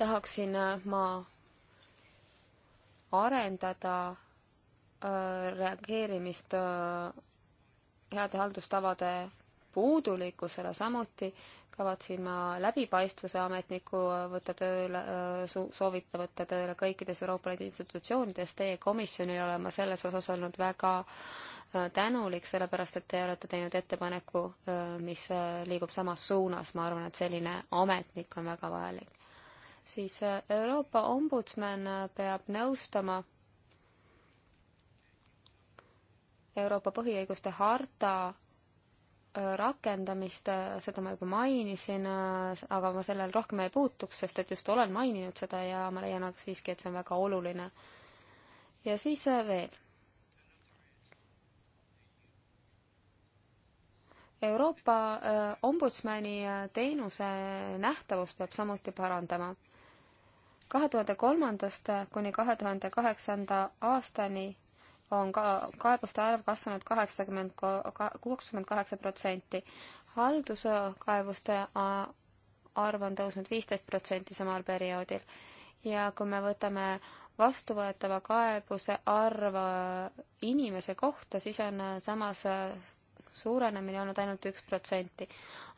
tahaksin ma arendada äh, reageerimist äh, heade haldustavade puudulikkusele, samuti kavatsen ma läbipaistvuse ametniku võtta tööle, äh, soovita võtta tööle kõikides Euroopa Liidu institutsioonides, teie komisjonil olen ma selles osas olnud väga äh, tänulik, sellepärast et te olete teinud ettepaneku, äh, mis liigub samas suunas, ma arvan, et selline ametnik on väga vajalik. siis Euroopa ombudsman peab nõustama Euroopa põhiõiguste harta rakendamist, seda ma juba mainisin, aga ma sellel rohkem ei puutuks, sest et just olen maininud seda ja ma leian aga siiski, et see on väga oluline. ja siis äh, veel. Euroopa äh, ombudsmani äh, teenuse nähtavus peab samuti parandama. kahe tuhande kolmandast kuni kahe tuhande kaheksanda aastani on ka kaebuste arv kasvanud kaheksakümmend, kuuskümmend kaheksa protsenti. halduskaebuste arv on tõusnud viisteist protsenti samal perioodil ja kui me võtame vastuvõetava kaebuse arv äh, inimese kohta, siis on äh, samas äh, suurenemine olnud ainult üks protsenti.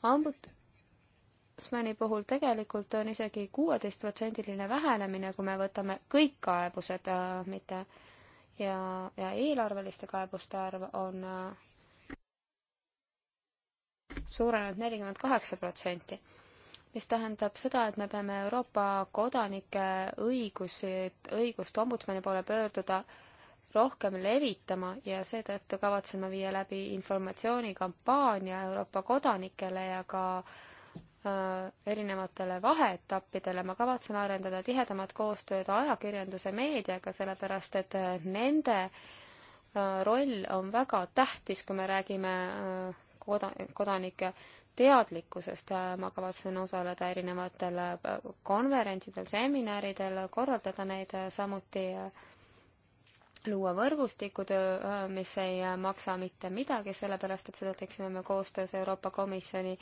Ombudsmani puhul tegelikult on isegi kuueteistprotsendiline vähenemine, kui me võtame kõik kaebused, mitte ja, ja eelarveliste kaebuste arv on äh, suurenenud nelikümmend kaheksa protsenti, mis tähendab seda, et me peame Euroopa kodanike õigusi, õigust ombudsmani poole pöörduda rohkem levitama ja seetõttu kavatseme viia läbi informatsioonikampaania Euroopa kodanikele ja ka äh, Äh, erinevatele vaheetappidele, ma kavatsen arendada tihedamat koostööd ajakirjanduse meediaga, sellepärast et äh, nende äh, roll on väga tähtis, kui me räägime koda-, kodanike teadlikkusest, ma kavatsen osaleda erinevatel konverentsidel, seminaridel, korraldada neid samuti äh, luua võrgustikud, mis ei äh, maksa mitte midagi, sellepärast et seda teeksime me koostöös Euroopa Komisjoni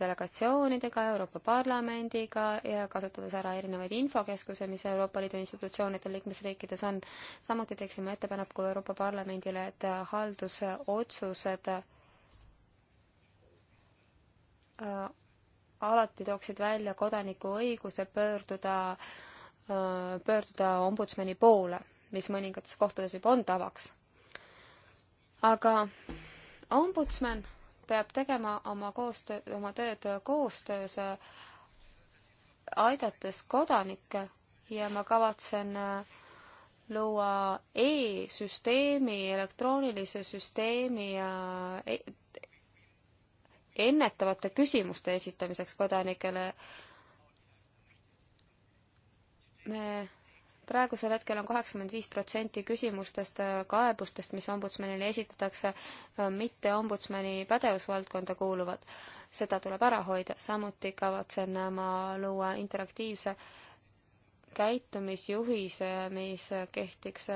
delegatsioonidega, Euroopa Parlamendiga ja kasutades ära erinevaid infokeskuse, mis Euroopa Liidu institutsioonidel liikmesriikides on. samuti teeksime ettepaneku Euroopa Parlamendile, et äh, haldusotsused alati tooksid välja kodaniku õiguse pöörduda, pöörduda ombudsmani poole mis mõningates kohtades juba on tavaks. aga ombudsman peab tegema oma koostöö, oma tööd koostöös, äh, aidates kodanikke ja ma kavatsen äh, luua e-süsteemi, elektroonilise süsteemi ja äh, e ennetavate küsimuste esitamiseks kodanikele. me praegusel hetkel on kaheksakümmend viis protsenti küsimustest, äh, kaebustest, mis ombudsmanile esitatakse, äh, mitte ombudsmani pädevusvaldkonda kuuluvad. seda tuleb ära hoida, samuti kavatsen äh, ma luua interaktiivse käitumisjuhise, mis kehtiks,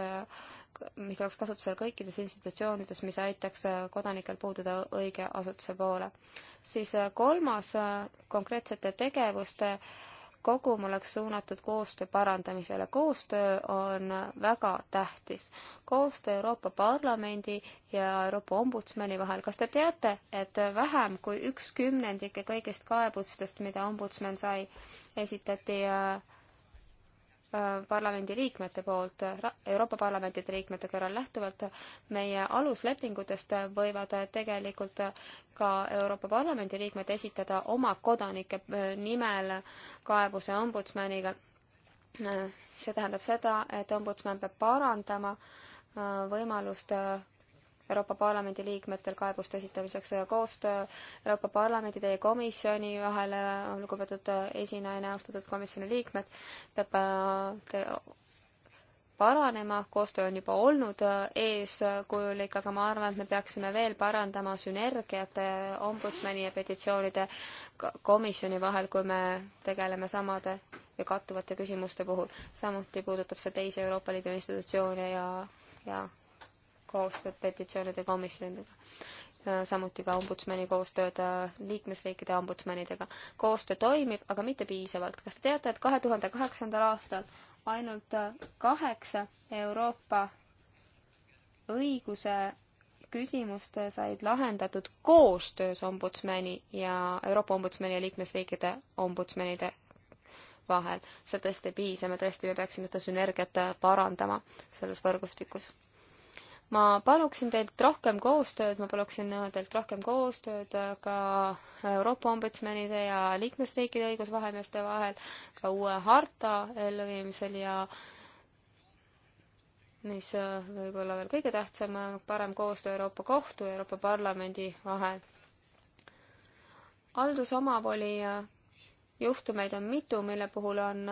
mis oleks kasutusel kõikides institutsioonides, mis aitaks kodanikel puududa õige asutuse poole. siis kolmas konkreetsete tegevuste äh, kogum oleks suunatud koostöö parandamisele. koostöö on väga tähtis. koostöö Euroopa Parlamendi ja Euroopa Ombudsmani vahel. kas te teate, et vähem kui üks kümnendike kõigist kaebustest, mida Ombudsman sai, esitati äh, Äh, parlamendi liikmete poolt, Euroopa Parlamentide liikmete kõrval lähtuvalt meie aluslepingutest võivad tegelikult ka Euroopa Parlamendi liikmed esitada oma kodanike äh, nimel kaebuse ombudsmaniga. Äh, see tähendab seda, et ombudsman peab parandama võimalust Euroopa Parlamendi liikmetel kaebuste esitamiseks koostöö Euroopa Parlamendi, teie komisjoni vahel, lugupeetud esinaine, austatud komisjoni liikmed, peab äh, paranema, koostöö on juba olnud äh, eeskujulik, aga ma arvan, et me peaksime veel parandama sünergiat ombudsmani ja petitsioonide komisjoni vahel, kui me tegeleme samade ja kattuvate küsimuste puhul. samuti puudutab see teisi Euroopa Liidu institutsioone ja, ja koostööd petitsioonide komisjonidega, samuti ka ombudsmani koostööd äh, liikmesriikide ombudsmanidega. koostöö toimib, aga mitte piisavalt. kas te teate, et kahe tuhande kaheksandal aastal ainult äh, kaheksa Euroopa õiguse küsimust said lahendatud koostöös ombudsmani ja Euroopa ombudsmani ja liikmesriikide ombudsmanide vahel. see tõesti ei piisa, me tõesti, me peaksime seda sünergiat äh, parandama selles võrgustikus ma paluksin teilt rohkem koostööd, ma paluksin teilt rohkem koostööd ka Euroopa ombudsmanide ja liikmesriikide õigusvahemeeste vahel, ka uue harta elluviimisel ja mis võib olla veel kõige tähtsam, parem koostöö Euroopa Kohtu ja Euroopa Parlamendi vahel. haldusomavoli juhtumeid on mitu, mille puhul on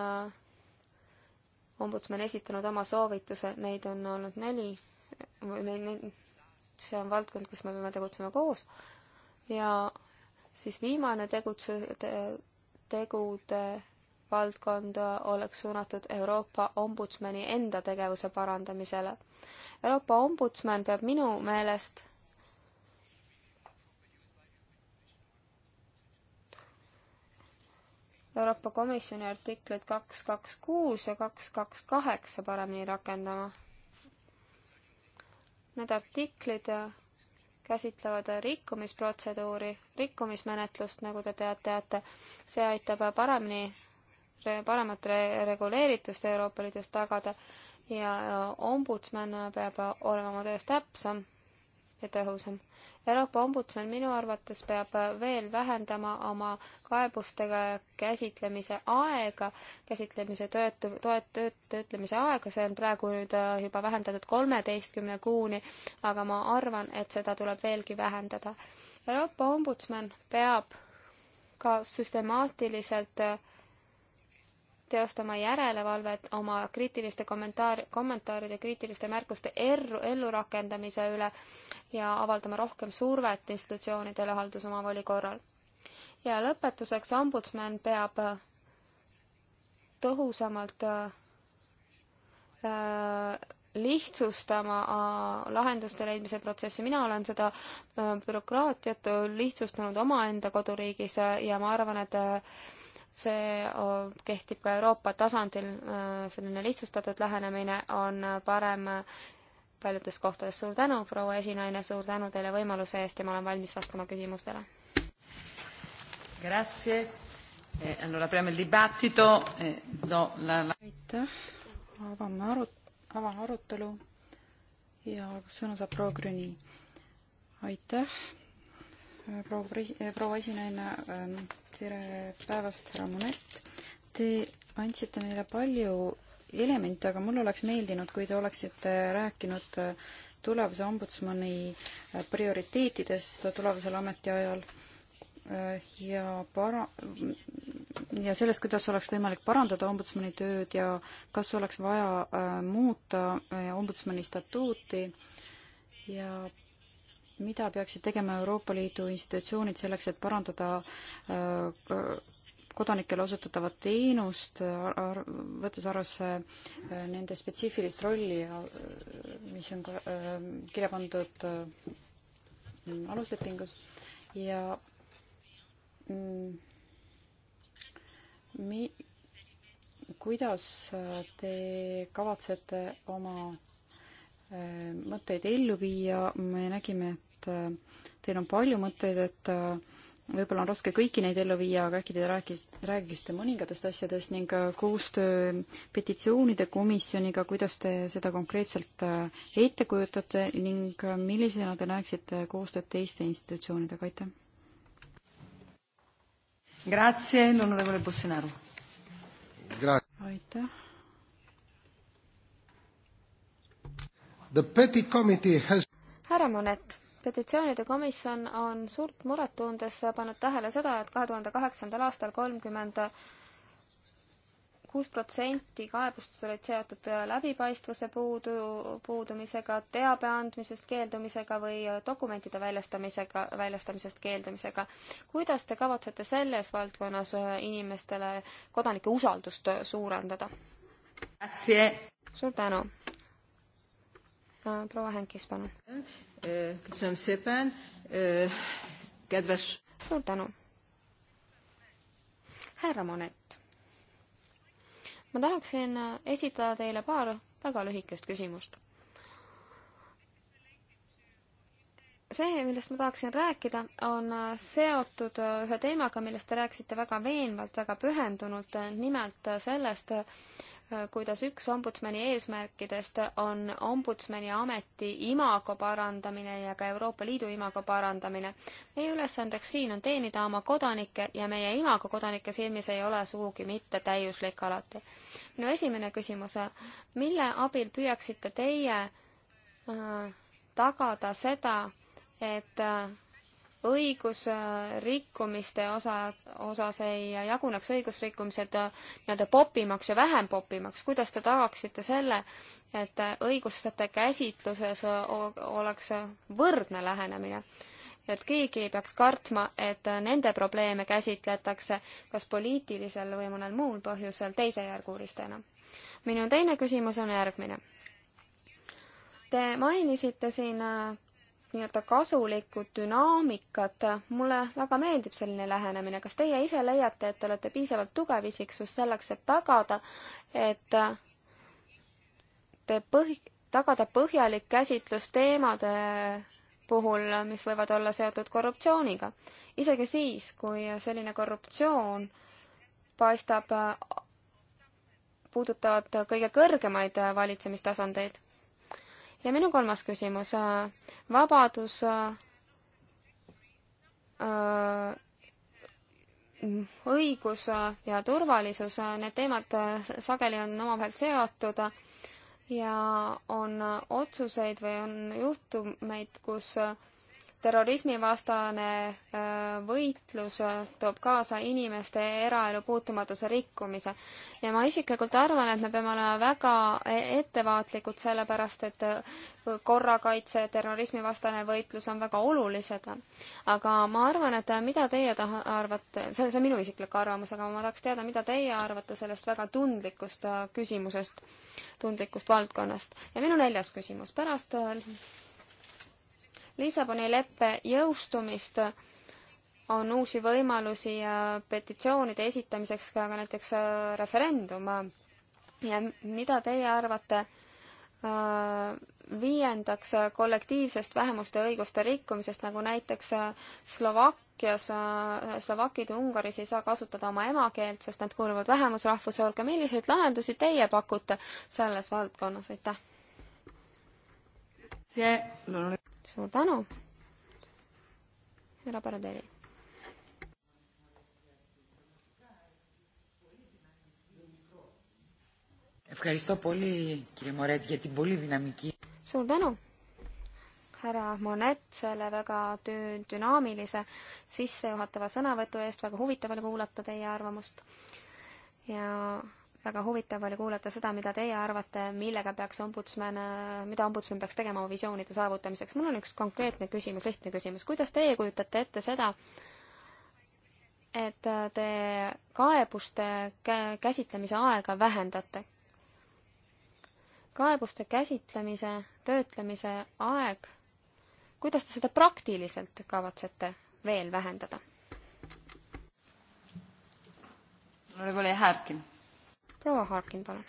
ombudsman esitanud oma soovituse, neid on olnud neli see on valdkond, kus me peame tegutsema koos ja siis viimane tegutse te,, tegude valdkond oleks suunatud Euroopa Ombudsmani enda tegevuse parandamisele. Euroopa Ombudsman peab minu meelest Euroopa Komisjoni artikleid kaks, kaks, kuus ja kaks, kaks, kaheksa paremini rakendama Need artiklid käsitlevad rikkumisprotseduuri, rikkumismenetlust, nagu te teate, teate. see aitab paremini, paremat reguleeritust Euroopa Liidus tagada ja ombudsman peab olema oma töös täpsem ja tõhusam. Euroopa ombudsman minu arvates peab veel vähendama oma kaebustega käsitlemise aega, käsitlemise töötu-, toet-, tööt-, töötlemise aega, see on praegu nüüd äh, juba vähendatud kolmeteistkümne kuuni, aga ma arvan, et seda tuleb veelgi vähendada. Euroopa ombudsman peab ka süstemaatiliselt äh, teostama järelevalvet oma kriitiliste kommentaar, kommentaaride, kriitiliste märkuste erru, ellurakendamise üle ja avaldama rohkem survet institutsioonidele haldusomavoli korral. ja lõpetuseks, ombudsman peab äh, tõhusamalt äh, äh, lihtsustama lahenduste leidmise protsessi, mina olen seda bürokraatiat lihtsustanud omaenda koduriigis ja ma arvan, et see kehtib ka Euroopa tasandil, äh, selline lihtsustatud lähenemine on parem paljudes kohtades. suur tänu, proua esinaine, suur tänu teile võimaluse eest ja ma olen valmis vastama küsimustele. Grazie eh,. Allora apriamo il dibattito eh,. No, la, la... aitäh, avame arut-, avan arutelu ja sõna saab proua Grüni. aitäh, proua pres-, proua esinaine ähm, tere päevast, härra Monet. Te andsite meile palju elemente, aga mul oleks meeldinud, kui te oleksite rääkinud tulevase ombudsmani prioriteetidest tulevasel ametiajal ja para-, ja sellest, kuidas oleks võimalik parandada ombudsmani tööd ja kas oleks vaja äh, muuta äh, ombudsmani statuuti ja mida peaksid tegema Euroopa Liidu institutsioonid selleks, et parandada äh, kodanikele osutatavat teenust, võttes arvesse äh, nende spetsiifilist rolli ja äh, mis on ka kirja pandud aluslepingus ja mm, mi-, kuidas te kavatsete oma mõtteid ellu viia, me nägime, et et äh, teil on palju mõtteid, et äh, võib-olla on raske kõiki neid ellu viia, aga äkki te rääkis, räägiksite mõningatest asjadest ning äh, koostöö petitsioonide komisjoniga, kuidas te seda konkreetselt ette kujutate ning millisena te näeksite koostööd teiste institutsioonidega, aitäh! Grazie, l'onorevole Bolsonaro. Gra- aitäh. The petty committee has härra Monet petitsioonide komisjon on suurt muret tundes pannud tähele seda, et kahe tuhande kaheksandal aastal kolmkümmend kuus protsenti kaebustest olid seotud läbipaistvuse puudu, puudumisega, teabe andmisest keeldumisega või dokumentide väljastamisega, väljastamisest keeldumisega. kuidas te kavatsete selles valdkonnas inimestele, kodanike usaldust suurendada? suur tänu. proua Henkis, palun köszönöm szépen. Kedves... Suur tänu. härra Monet, ma tahaksin äh, esitada teile paar väga lühikest küsimust. see, millest ma tahaksin rääkida, on äh, seotud äh, ühe teemaga, millest te rääkisite väga veenvalt, väga pühendunult, nimelt sellest, Äh, kuidas üks ombudsmani eesmärkidest on ombudsmani ameti imago parandamine ja ka Euroopa Liidu imago parandamine. meie ülesandeks siin on teenida oma kodanikke ja meie imago kodanike silmis ei ole sugugi mitte täiuslik alati. minu esimene küsimus, mille abil püüaksite teie äh, tagada seda, et äh, õigusrikkumiste osa, osas ei jaguneks õigusrikkumised äh, nii-öelda popimaks ja vähem popimaks, kuidas te tagaksite selle, et õiguste käsitluses oleks võrdne lähenemine? et keegi ei peaks kartma, et nende probleeme käsitletakse kas poliitilisel või mõnel muul põhjusel teisejärgulistena. minu teine küsimus on järgmine. Te mainisite siin äh, nii-öelda kasulikku dünaamikat. mulle väga meeldib selline lähenemine. kas teie ise leiate, et te olete piisavalt tugev isiksus selleks, et tagada, et te põhi, tagada põhjalik käsitlus teemade puhul, mis võivad olla seotud korruptsiooniga. isegi siis, kui selline korruptsioon paistab puudutavat kõige kõrgemaid valitsemistasandeid ja minu kolmas küsimus, äh, vabadus äh, äh, õigus ja turvalisus, need teemad sageli on omavahel seotud ja on otsuseid või on juhtumeid, kus terrorismivastane äh, võitlus äh, toob kaasa inimeste eraelu puutumatuse rikkumise. ja ma isiklikult arvan, et me peame olema väga e-, ettevaatlikud, sellepärast et äh, korrakaitse ja terrorismivastane võitlus on väga olulised. aga ma arvan, et mida teie taha, arvate, see, see on minu isiklik arvamus, aga ma tahaks teada, mida teie arvate sellest väga tundlikust küsimusest, tundlikust valdkonnast. ja minu neljas küsimus, pärast Lissaboni leppe jõustumist on uusi võimalusi petitsioonide esitamiseks ka näiteks äh, referendum. ja mida teie arvate äh, viiendaks äh, kollektiivsest vähemuste õiguste rikkumisest, nagu näiteks Slovakkias, slovakid ja Ungaris ei saa kasutada oma emakeelt, sest nad kuuluvad vähemusrahvuse hulka. milliseid lahendusi teie pakute selles valdkonnas, aitäh? see, suur tänu, härra Paradeli. Ευχαριστώ πολύ, κύριε Μωρέτ, για την πολύ δυναμική. Suur tänu, härra Monet, selle väga düü-, dünaamilise sissejuhatava sõnavõtu eest, väga huvitav oli kuulata teie arvamust. ja väga huvitav oli kuulata seda, mida teie arvate, millega peaks ombudsman, mida ombudsman peaks tegema oma visioonide saavutamiseks. mul on üks konkreetne küsimus, lihtne küsimus. kuidas teie kujutate ette seda, et te kaebuste käsitlemise aega vähendate? kaebuste käsitlemise, töötlemise aeg, kuidas te seda praktiliselt kavatsete veel vähendada? Onorevole Härkin proua Harkin, palun.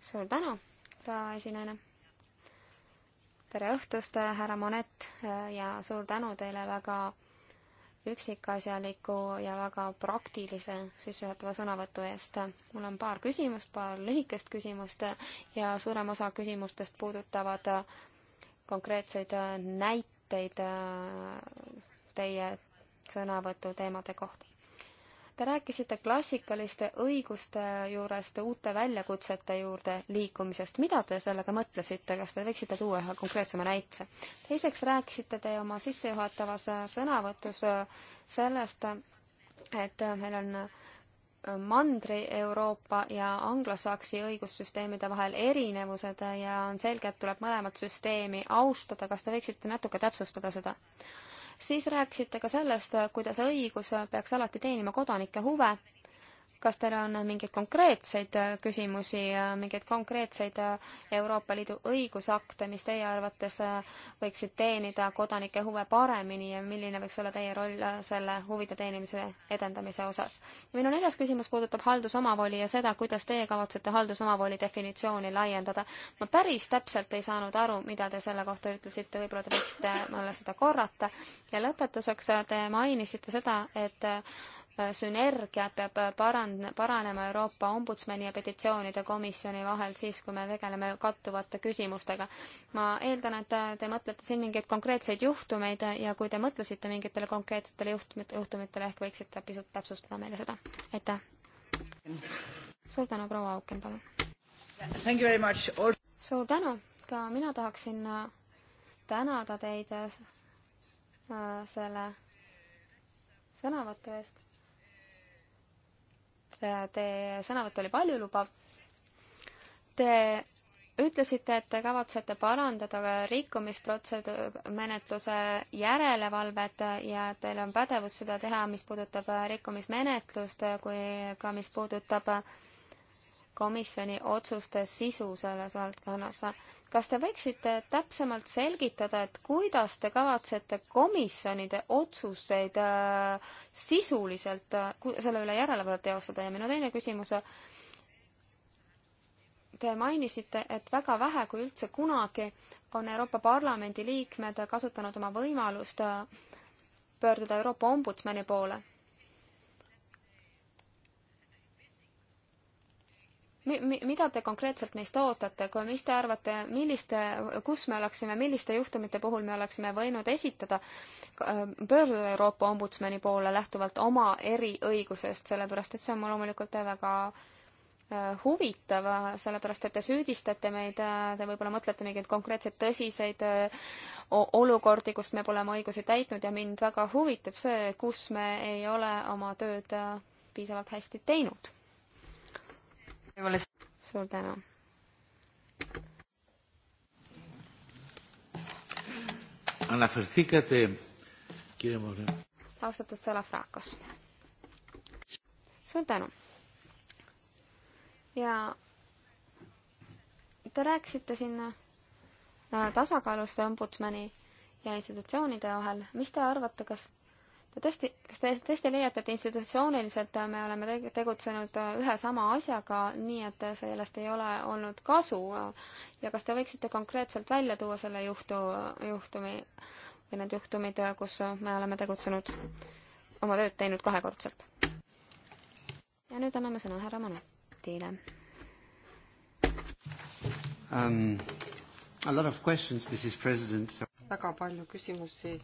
suur tänu, proua esinaine. tere õhtust, härra Monet ja suur tänu teile väga üksikasjaliku ja väga praktilise sissejuhatava sõnavõtu eest. mul on paar küsimust, paar lühikest küsimust ja suurem osa küsimustest puudutavad konkreetseid näiteid teie sõnavõtu teemade kohta. Te rääkisite klassikaliste õiguste juurest uute väljakutsete juurde liikumisest. mida te sellega mõtlesite, kas te võiksite tuua ühe konkreetsema näite? teiseks rääkisite te oma sissejuhatavas sõnavõtus äh, sellest, et meil on äh, Mandri-Euroopa ja anglosaksi õigussüsteemide vahel erinevused ja on selge, et tuleb mõlemat süsteemi austada. kas te võiksite natuke täpsustada seda? siis rääkisite ka sellest, kuidas õigus peaks alati teenima kodanike huve kas teil on mingeid konkreetseid äh, küsimusi, mingeid konkreetseid äh, Euroopa Liidu õigusakte, mis teie arvates äh, võiksid teenida kodanike huve paremini ja milline võiks olla teie roll selle huvide teenimise edendamise osas? minu neljas küsimus puudutab haldusomavoli ja seda, kuidas teie kavatsete haldusomavoli definitsiooni laiendada. ma päris täpselt ei saanud aru, mida te selle kohta ütlesite, võib-olla te võiksite mulle seda korrata. ja lõpetuseks te mainisite seda, et sünergia peab paran-, paranema Euroopa Ombudsmani ja petitsioonide komisjoni vahel siis, kui me tegeleme kattuvate küsimustega. ma eeldan, et te mõtlete siin mingeid konkreetseid juhtumeid ja kui te mõtlesite mingitele konkreetsetele juhtumit-, juhtumitele, ehk võiksite pisut täpsustada meile seda. aitäh! suur tänu, proua Auken, palun! suur tänu! ka mina tahaksin äh, tänada teid äh, selle sõnavõtu eest Äh, teie sõnavõtt oli paljulubav. Te ütlesite, et te kavatsete parandada ka rikkumisprotseduur, menetluse järelevalvet ja teil on pädevus seda teha, mis puudutab äh, rikkumismenetlust äh, kui ka mis puudutab äh, komisjoni otsuste sisu selles valdkonnas. kas te võiksite täpsemalt selgitada, et kuidas te kavatsete komisjonide otsuseid äh, sisuliselt äh,, selle üle järelevalvet teostada ja minu teine küsimus äh,. Te mainisite, et väga vähe kui üldse kunagi on Euroopa Parlamendi liikmed kasutanud oma võimalust äh, pöörduda Euroopa Ombudsmani poole mi-, mida te konkreetselt meist ootate, kui, mis te arvate, milliste, kus me oleksime, milliste juhtumite puhul me oleksime võinud esitada, äh, pöörduda Euroopa ombudsmani poole lähtuvalt oma eriõigusest, sellepärast et see on loomulikult väga äh, huvitav, sellepärast et te süüdistate meid, äh, te võib-olla mõtlete mingeid konkreetseid tõsiseid olukordi, kus me pole oma õigusi täitnud ja mind väga huvitab see, kus me ei ole oma tööd piisavalt hästi teinud suur tänu. Αναφερθήκατε, κύριε Μωρέ. Austatud Salafrakos. suur tänu. ja te rääkisite sinna äh, tasakaalust ombudsmani ja institutsioonide vahel. mis te arvate, kas Te tõesti, kas te tõesti leiate, et institutsiooniliselt me oleme tegutsenud äh, ühe sama asjaga, nii et sellest ei ole olnud kasu ja kas te võiksite konkreetselt välja tuua selle juhtu, juhtumi või need juhtumid, kus me oleme tegutsenud, oma tööd teinud kahekordselt? ja nüüd anname sõna härra Manutile um,. A lot of questions, Mrs President. väga palju küsimusi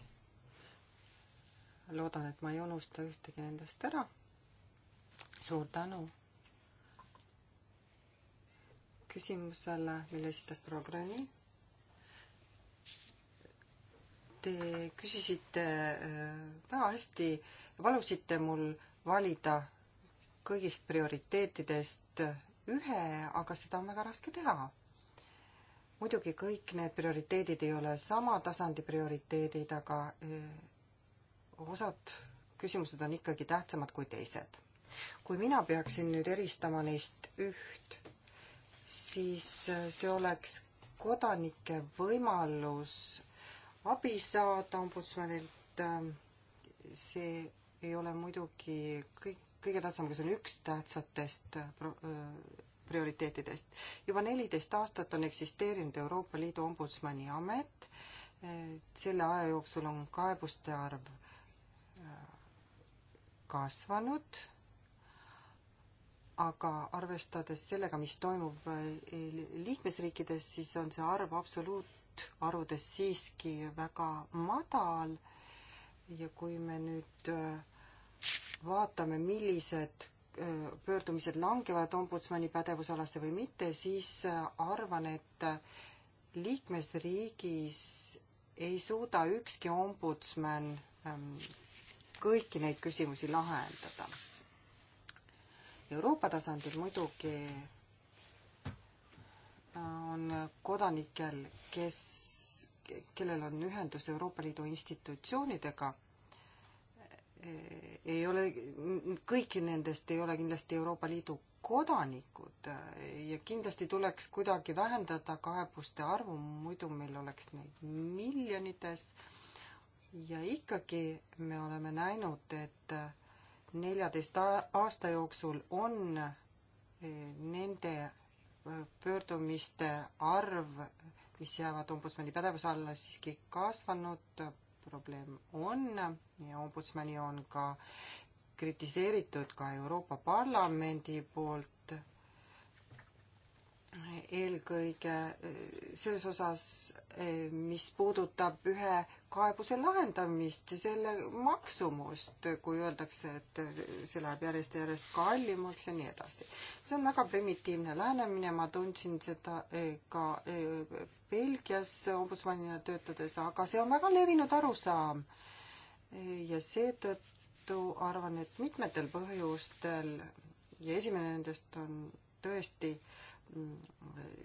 loodan, et ma ei unusta ühtegi nendest ära. suur tänu küsimusele, mille esitas proua Gröni. Te küsisite äh, väga hästi, palusite mul valida kõigist prioriteetidest ühe, aga seda on väga raske teha muidugi kõik need prioriteedid ei ole sama tasandi prioriteedid, aga äh, osad küsimused on ikkagi tähtsamad kui teised. kui mina peaksin nüüd eristama neist üht, siis äh, see oleks kodanike võimalus abi saada ombudsmanilt. Ähm, see ei ole muidugi kõik, kõige tähtsam, aga see on üks tähtsatest äh, äh, prioriteetidest. juba neliteist aastat on eksisteerinud Euroopa Liidu ombudsmani amet. selle aja jooksul on kaebuste arv kasvanud, aga arvestades sellega, mis toimub eh, liikmesriikides, siis on see arv absoluutarvudes siiski väga madal ja kui me nüüd eh, vaatame, millised eh, pöördumised langevad ombudsmani pädevusalasse või mitte, siis arvan, et liikmesriigis ei suuda ükski ombudsman ehm, kõiki neid küsimusi lahendada. Euroopa tasandil muidugi on kodanikel, kes, kellel on ühendus Euroopa Liidu institutsioonidega, ei ole, kõiki nendest ei ole kindlasti Euroopa Liidu kodanikud ja kindlasti tuleks kuidagi vähendada kaebuste arvu, muidu meil oleks neid miljonites ja ikkagi me oleme näinud, et neljateist aasta jooksul on eh, nende eh, pöördumiste arv, mis jäävad ombudsmani pädevuse alla, siiski kasvanud, probleem on ja ombudsmani on ka kritiseeritud ka Euroopa Parlamendi poolt eelkõige eh, selles osas, eh, mis puudutab ühe kaebuse lahendamist ja selle maksumust, kui öeldakse, et eh, see läheb järjest ja järjest kallimaks ja nii edasi. see on väga primitiivne lähenemine, ma tundsin seda ka Belgias ombudsmanina töötades, aga see on väga levinud arusaam. ja seetõttu arvan, et mitmetel põhjustel ja esimene nendest on tõesti äh,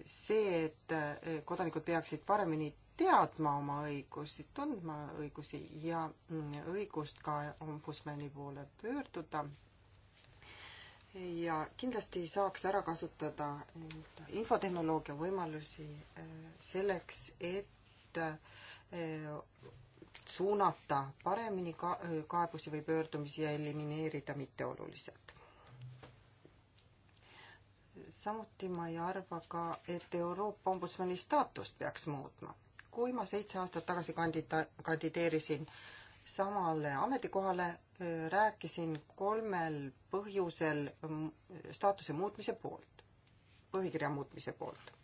see, et eh, kodanikud peaksid paremini teadma oma õigusi, tundma õigusi ja mm, õigust ka ombudsmani poole pöörduda. ja kindlasti saaks ära kasutada infotehnoloogia võimalusi eh, selleks, et eh, suunata paremini ka kaebusi või pöördumisi ja elimineerida mitteolulised samuti ma ei arva ka, et Euroopa ombudsmani staatust peaks muutma. kui ma seitse aastat tagasi kandida-, kandideerisin samale ametikohale, äh, rääkisin kolmel põhjusel mm, staatuse muutmise poolt, põhikirja muutmise poolt.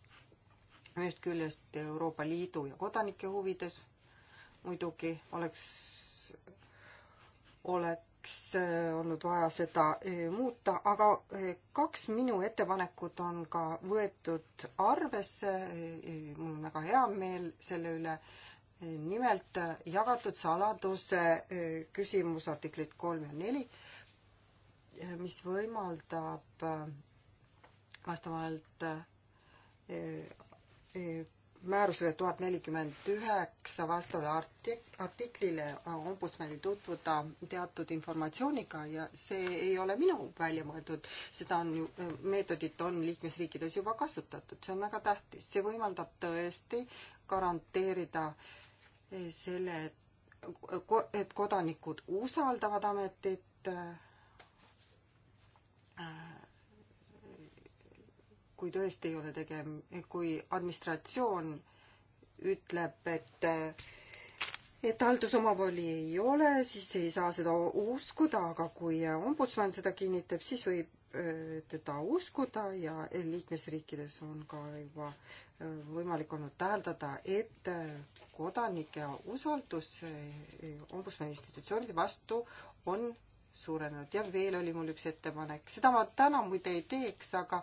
ühest küljest Euroopa Liidu ja kodanike huvides muidugi oleks, oleks oleks äh, olnud vaja seda äh, muuta, aga äh, kaks minu ettepanekut on ka võetud arvesse, mul on väga hea meel selle üle, nimelt jagatud saladuse küsimus, artiklid kolm ja neli, mis võimaldab vastavalt määrusele tuhat nelikümmend üheksa vastavale artik-, artiklile ombudsmani tutvuda teatud informatsiooniga ja see ei ole minu välja mõeldud, seda on ju, äh, meetodit on liikmesriikides juba kasutatud, see on väga tähtis, see võimaldab tõesti garanteerida äh, selle, et kodanikud usaldavad ametit, äh, kui tõesti ei ole tegem-, kui administratsioon ütleb, et et haldusomavoli ei ole, siis ei saa seda uskuda, aga kui ombudsman seda kinnitab, siis võib teda uskuda ja liikmesriikides on ka juba võimalik olnud täheldada, et kodanike usaldus ombudsmani institutsioonide vastu on suurenenud ja veel oli mul üks ettepanek, seda ma täna muide ei teeks, aga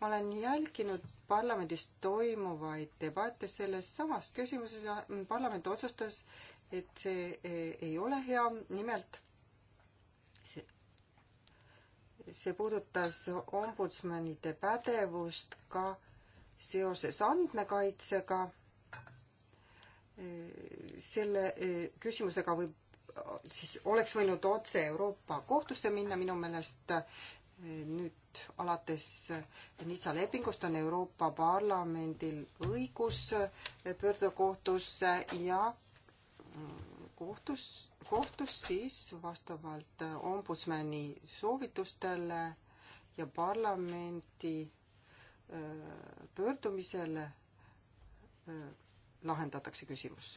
ma olen jälginud parlamendis toimuvaid debatte selles samas küsimuses ja parlament otsustas, et see e, ei ole hea, nimelt see, see puudutas ombudsmanide pädevust ka seoses andmekaitsega. E, selle e, küsimusega võib siis oleks võinud otse Euroopa kohtusse minna, minu meelest nüüd alates Nitsa lepingust on Euroopa Parlamendil õigus pöörduda kohtusse ja mm, kohtus, kohtus siis vastavalt ombudsmani soovitustele ja parlamendi äh, pöördumisele äh, lahendatakse küsimus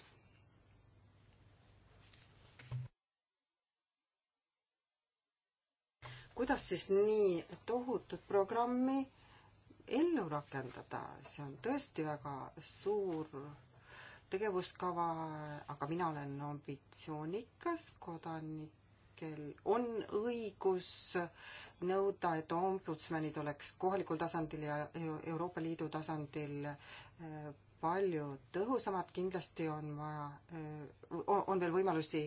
kuidas siis nii tohutut programmi ellu rakendada, see on tõesti väga suur tegevuskava, aga mina olen ambitsioonikas, kodanikel on õigus nõuda, et ombudsmanid oleks kohalikul tasandil ja Euroopa Liidu tasandil eh, palju tõhusamad, kindlasti on vaja, eh, on veel võimalusi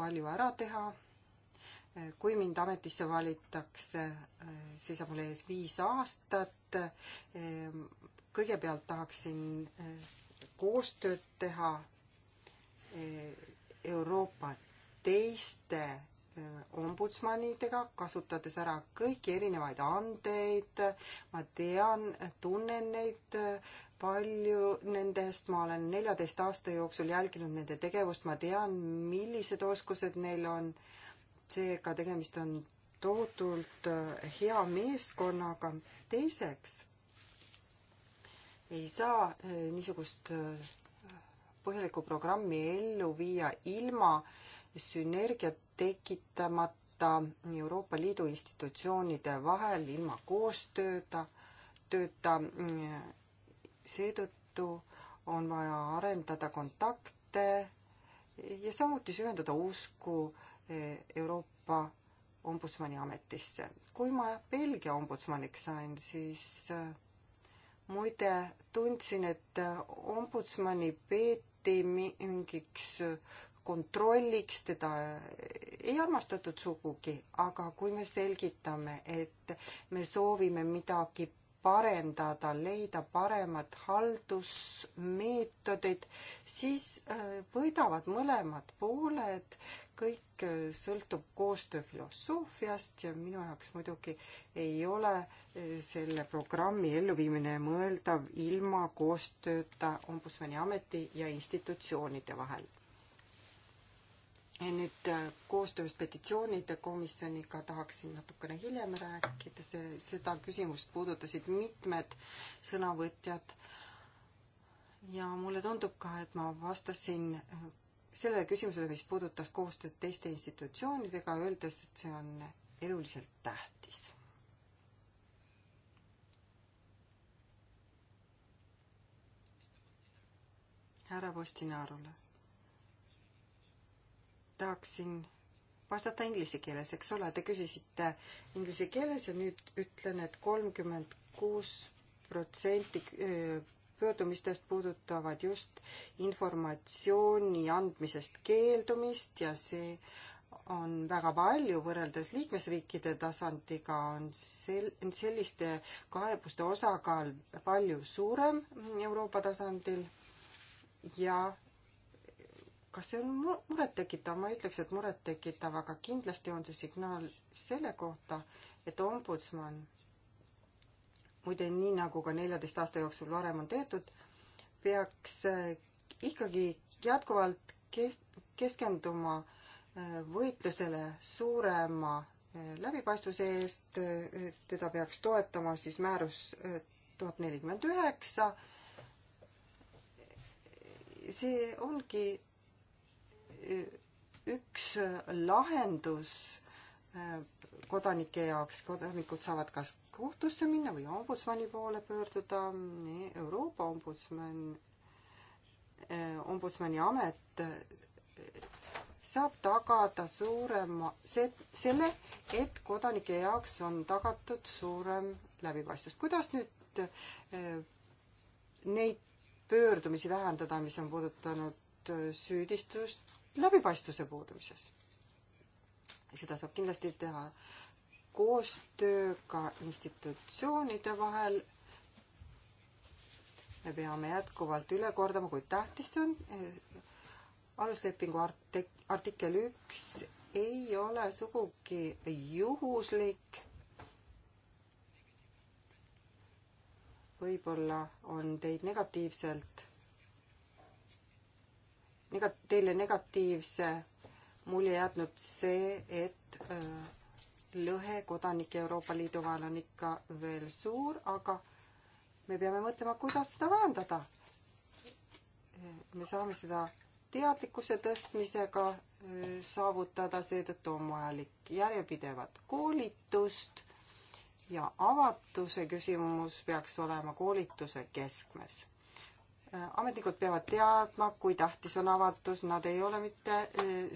palju ära teha kui mind ametisse valitakse, eh, seisab mul ees viis aastat. Eh, kõigepealt tahaksin eh, koostööd teha Euroopa teiste ombudsmanidega, kasutades ära kõiki erinevaid andeid. ma tean, tunnen neid palju nendest, ma olen neljateist aasta jooksul jälginud nende tegevust, ma tean, millised oskused neil on äh, seega tegemist on tohutult äh, hea meeskonnaga. teiseks ei saa äh, niisugust äh, põhjalikku programmi ellu viia ilma sünergiat tekitamata Euroopa Liidu institutsioonide vahel, ilma koostööta, tööta. seetõttu on vaja arendada kontakte ja samuti süvendada usku Eh, Euroopa ombudsmani ametisse. kui ma Belgia ombudsmaniks sain, siis eh, muide tundsin, et eh, ombudsmani peeti mingiks kontrolliks, teda ei armastatud sugugi, aga kui me selgitame, et me soovime midagi parendada, leida paremad haldusmeetodid, siis võidavad mõlemad pooled, kõik äh, sõltub koostöö filosoofiast ja minu jaoks muidugi ei ole äh, selle programmi elluviimine mõeldav ilma koostööta Ombudsmani ameti ja institutsioonide vahel. nüüd äh, koostööst petitsioonide komisjoniga tahaksin natukene hiljem rääkida, see, seda küsimust puudutasid mitmed sõnavõtjad ja mulle tundub ka, et ma vastasin sellele küsimusele, mis puudutas koostööd teiste institutsioonidega, öeldes, et see on eluliselt tähtis. härra Postinaarule tahaksin vastata inglise keeles, eks ole, te küsisite inglise keeles ja nüüd ütlen et, et kolmkümmend kuus protsenti pöördumistest puudutavad just informatsiooni andmisest keeldumist ja see on väga palju võrreldes liikmesriikide tasandiga, on sel-, selliste kaebuste osakaal palju suurem Euroopa tasandil ja kas see on murettekitav, ma ei ütleks, et murettekitav, aga kindlasti on see signaal selle kohta, et ombudsman muide nii, nagu ka neljateist aasta jooksul varem on tehtud, peaks eh, ikkagi jätkuvalt keskenduma eh, võitlusele suurema eh, läbipaistvuse eest, teda peaks toetama siis määrus tuhat nelikümmend üheksa. see ongi üks lahendus kodanike jaoks, kodanikud saavad kas kohtusse minna või ombudsmani poole pöörduda. Euroopa ombudsman, eh, ombudsmani amet eh, saab tagada suurema, see, selle, et kodanike jaoks on tagatud suurem läbipaistvus. kuidas nüüd eh, neid pöördumisi vähendada, mis on puudutanud süüdistust läbipaistvuse puudumises? seda saab kindlasti teha koostööga institutsioonide vahel. me peame jätkuvalt üle kordama, kui tähtis see on. aluslepingu artik-, artikkel üks ei ole sugugi juhuslik. võib-olla on teid negatiivselt, nega-, teile negatiivse mulje jätnud see, et öö, äh, lõhe kodanike Euroopa Liidu vahel on ikka veel suur, aga me peame mõtlema, kuidas seda vähendada. me saame seda teadlikkuse tõstmisega eh, saavutada, seetõttu on vajalik järjepidevat koolitust ja avatuse küsimus peaks olema koolituse keskmes ametnikud peavad teadma, kui tähtis on avatus, nad ei ole mitte e,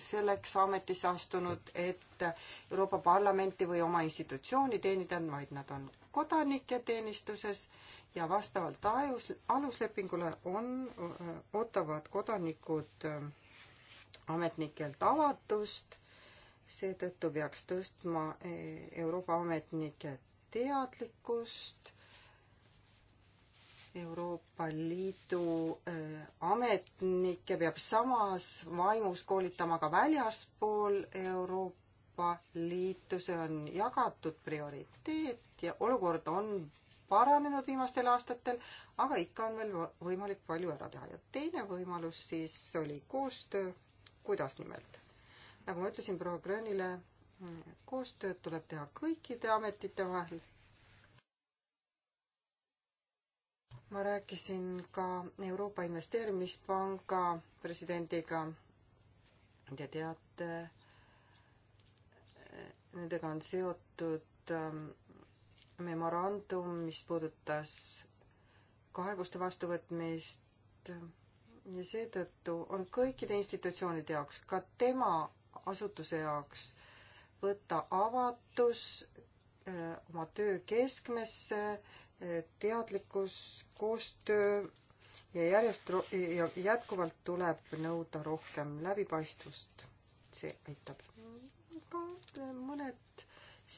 selleks ametisse astunud, et Euroopa Parlamenti või oma institutsiooni teenida, vaid nad on kodanike teenistuses ja vastavalt ajus, aluslepingule on, ootavad kodanikud e, ametnikelt avatust, seetõttu peaks tõstma e, Euroopa ametnike teadlikkust Euroopa Liidu äh, ametnikke peab samas vaimus koolitama ka väljaspool Euroopa Liitu, see on jagatud prioriteet ja olukord on paranenud viimastel aastatel, aga ikka on veel võimalik palju ära teha ja teine võimalus siis oli koostöö, kuidas nimelt? nagu ma ütlesin proua Grönile, koostööd tuleb teha kõikide ametite vahel ma rääkisin ka Euroopa Investeerimispanga presidendiga. Te teate, nendega on seotud ähm, memorandum, mis puudutas kaebuste vastuvõtmist ja seetõttu on kõikide institutsioonide jaoks, ka tema asutuse jaoks, võtta avatus öö, äh, oma töö keskmesse teadlikkus, koostöö ja järjest ro-, ja jätkuvalt tuleb nõuda rohkem läbipaistvust. see aitab. ka mõned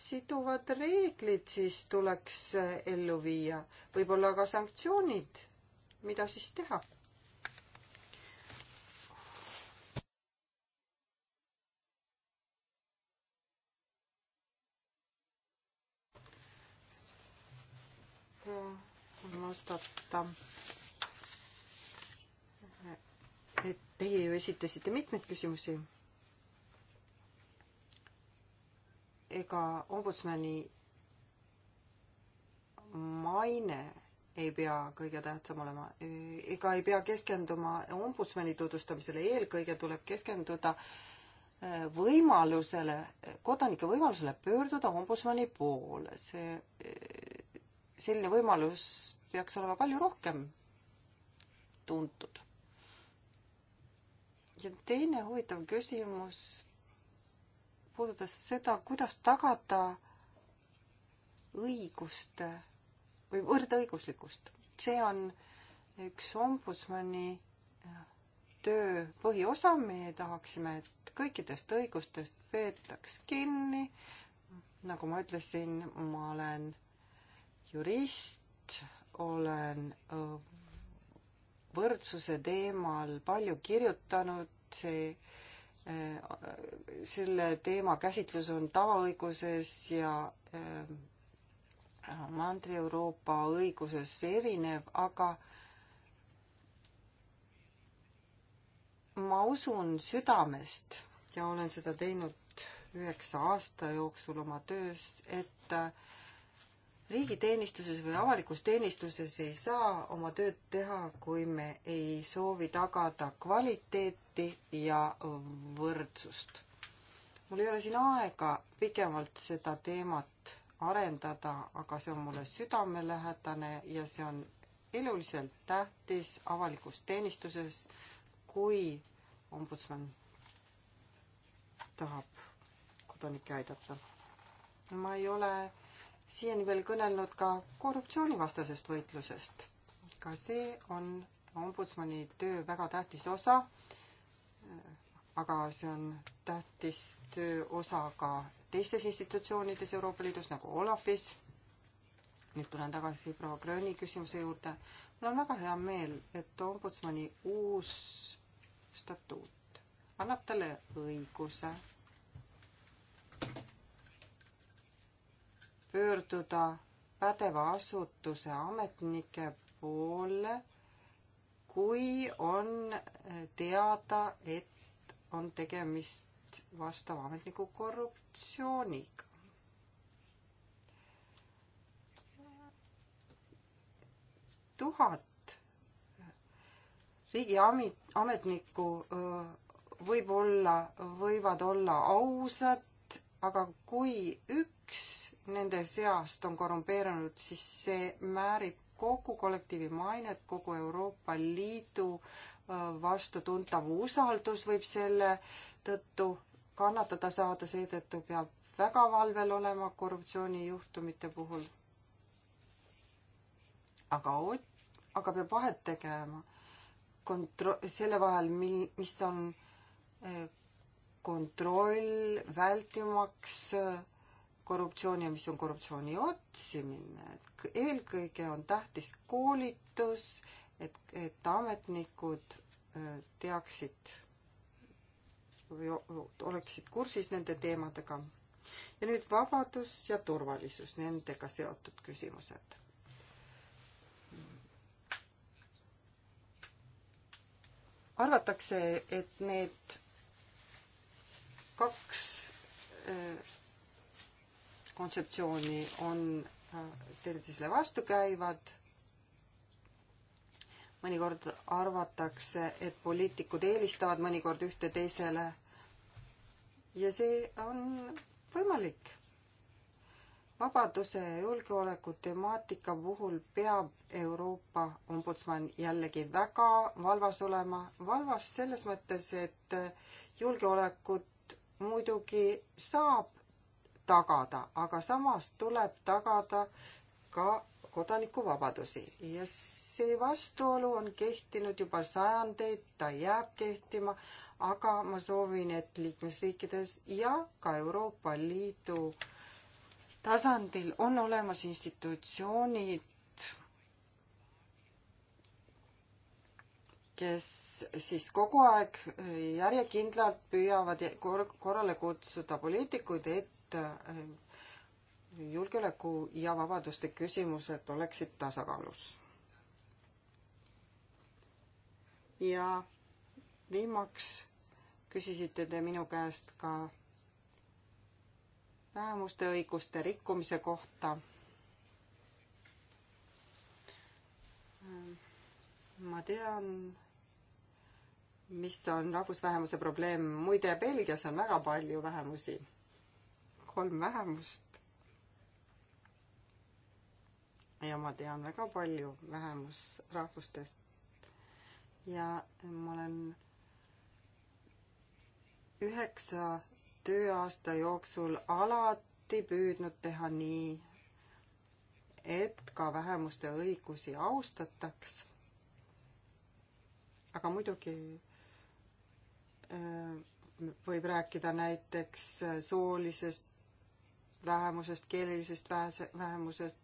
siduvad reeglid siis tuleks ellu viia, võib-olla ka sanktsioonid, mida siis teha vastata. et teie ju esitasite mitmeid küsimusi. ega ombudsmani maine ei pea kõige tähtsam olema, ega ei pea keskenduma ombudsmani tutvustamisele, eelkõige tuleb keskenduda eh, võimalusele, kodanike võimalusele pöörduda ombudsmani poole. see, eh, selline võimalus peaks olema palju rohkem tuntud. ja teine huvitav küsimus puudutas seda, kuidas tagada õiguste või võrdõiguslikkust. see on üks ombudsmani töö põhiosa, meie tahaksime, et kõikidest õigustest peetaks kinni. nagu ma ütlesin, ma olen jurist, olen võrdsuse teemal palju kirjutanud, see, selle teema käsitlus on tavaõiguses ja Mandri-Euroopa õiguses erinev, aga ma usun südamest ja olen seda teinud üheksa aasta jooksul oma töös, et riigiteenistuses või avalikus teenistuses ei saa oma tööd teha, kui me ei soovi tagada kvaliteeti ja võrdsust. mul ei ole siin aega pikemalt seda teemat arendada, aga see on mulle südamelähedane ja see on eluliselt tähtis avalikus teenistuses, kui ombudsman tahab kodanikke aidata. ma ei ole siiani veel kõnelnud ka korruptsioonivastasest võitlusest. ka see on ombudsmani töö väga tähtis osa, aga see on tähtis töö osa ka teistes institutsioonides Euroopa Liidus, nagu Olafis. nüüd tulen tagasi proua Gröni küsimuse juurde. mul on väga hea meel, et ombudsmani uus statuut annab talle õiguse pöörduda pädeva asutuse ametnike poole, kui on eh, teada, et on tegemist vastava ametniku korruptsiooniga. tuhat eh, riigiametnikku eh, võib-olla, võivad olla ausad, aga kui üks nende seast on korrumpeerunud, siis see määrib kogu kollektiivi mainet, kogu Euroopa Liidu äh, vastu tuntav usaldus võib selle tõttu kannatada saada, seetõttu peab väga valvel olema korruptsioonijuhtumite puhul. aga, aga peab vahet tegema kontro-, selle vahel, mi-, mis on äh, kontroll, vältimaks äh, korruptsiooni ja mis on korruptsiooni otsimine, et eelkõige on tähtis koolitus, et, et ametnikud äh, teaksid või oleksid kursis nende teemadega. ja nüüd vabadus ja turvalisus, nendega seotud küsimused arvatakse, et need kaks äh, kontseptsiooni on äh, teineteisele vastukäivad mõnikord arvatakse, et poliitikud eelistavad mõnikord ühte teisele. ja see on võimalik. vabaduse ja julgeoleku temaatika puhul peab Euroopa ombudsman jällegi väga valvas olema, valvas selles mõttes, et julgeolekut muidugi saab tagada, aga samas tuleb tagada ka kodanikuvabadusi ja see vastuolu on kehtinud juba sajandeid, ta jääb kehtima, aga ma soovin, et liikmesriikides ja ka Euroopa Liidu tasandil on olemas institutsioonid, kes siis kogu aeg järjekindlalt püüavad korrale kutsuda poliitikuid, et Äh, julgeoleku ja vabaduste küsimused oleksid tasakaalus. ja viimaks küsisite te minu käest ka vähemuste õiguste rikkumise kohta. ma tean, mis on rahvusvähemuse probleem, muide Belgias on väga palju vähemusi kolm vähemust. ja ma tean väga palju vähemusrahvustest. ja ma olen üheksa tööaasta jooksul alati püüdnud teha nii, et ka vähemuste õigusi austataks. aga muidugi äh, võib rääkida näiteks soolisest vähemusest, keelelisest vähemusest,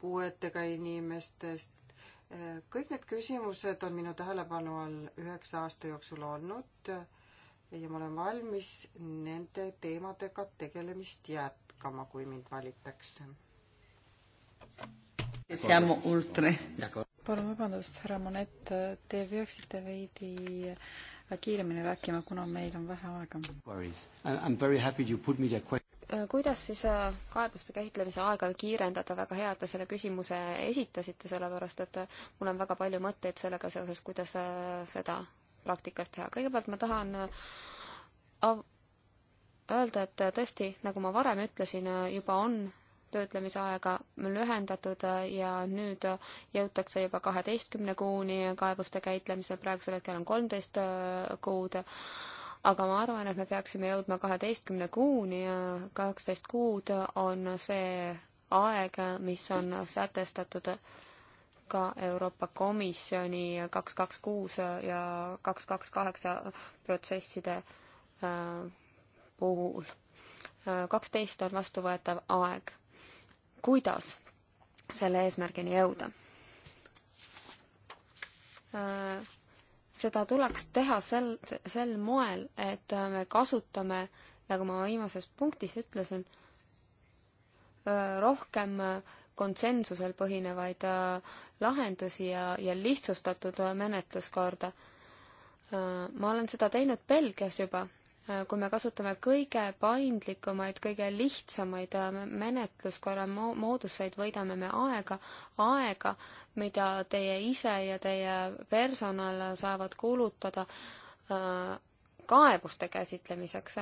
puuetega inimestest. kõik need küsimused on minu tähelepanu all üheksa aasta jooksul olnud ja ma olen valmis nende teemadega tegelemist jätkama, kui mind valitakse. palun vabandust, härra Monet, te peaksite veidi kiiremini rääkima, kuna meil on vähe aega kuidas siis äh, kaebuste käsitlemise aega kiirendada, väga hea, et te selle küsimuse esitasite, sellepärast et äh, mul on väga palju mõtteid sellega seoses, kuidas äh, seda praktikas teha. kõigepealt ma tahan öelda, et tõesti, nagu ma varem ütlesin, juba on töötlemise aega lühendatud ja nüüd jõutakse juba kaheteistkümne kuuni kaebuste käitlemisel, praegusel hetkel on kolmteist kuud aga ma arvan, et me peaksime jõudma kaheteistkümne kuuni ja kaksteist kuud on see aeg, mis on sätestatud ka Euroopa Komisjoni kaks kaks kuus ja kaks kaks kaheksa protsesside äh, puhul. Äh, kaksteist on vastuvõetav aeg. kuidas selle eesmärgini jõuda? Äh, seda tuleks teha sel, sel moel, et me kasutame, nagu ma viimases punktis ütlesin, rohkem konsensusel põhinevaid lahendusi ja, ja lihtsustatud menetluskorda. ma olen seda teinud Belgias juba Äh, kui me kasutame kõige paindlikumaid, kõige lihtsamaid äh, menetluskorra mooduseid, võidame me aega, aega, mida teie ise ja teie personal saavad kulutada äh, kaebuste käsitlemiseks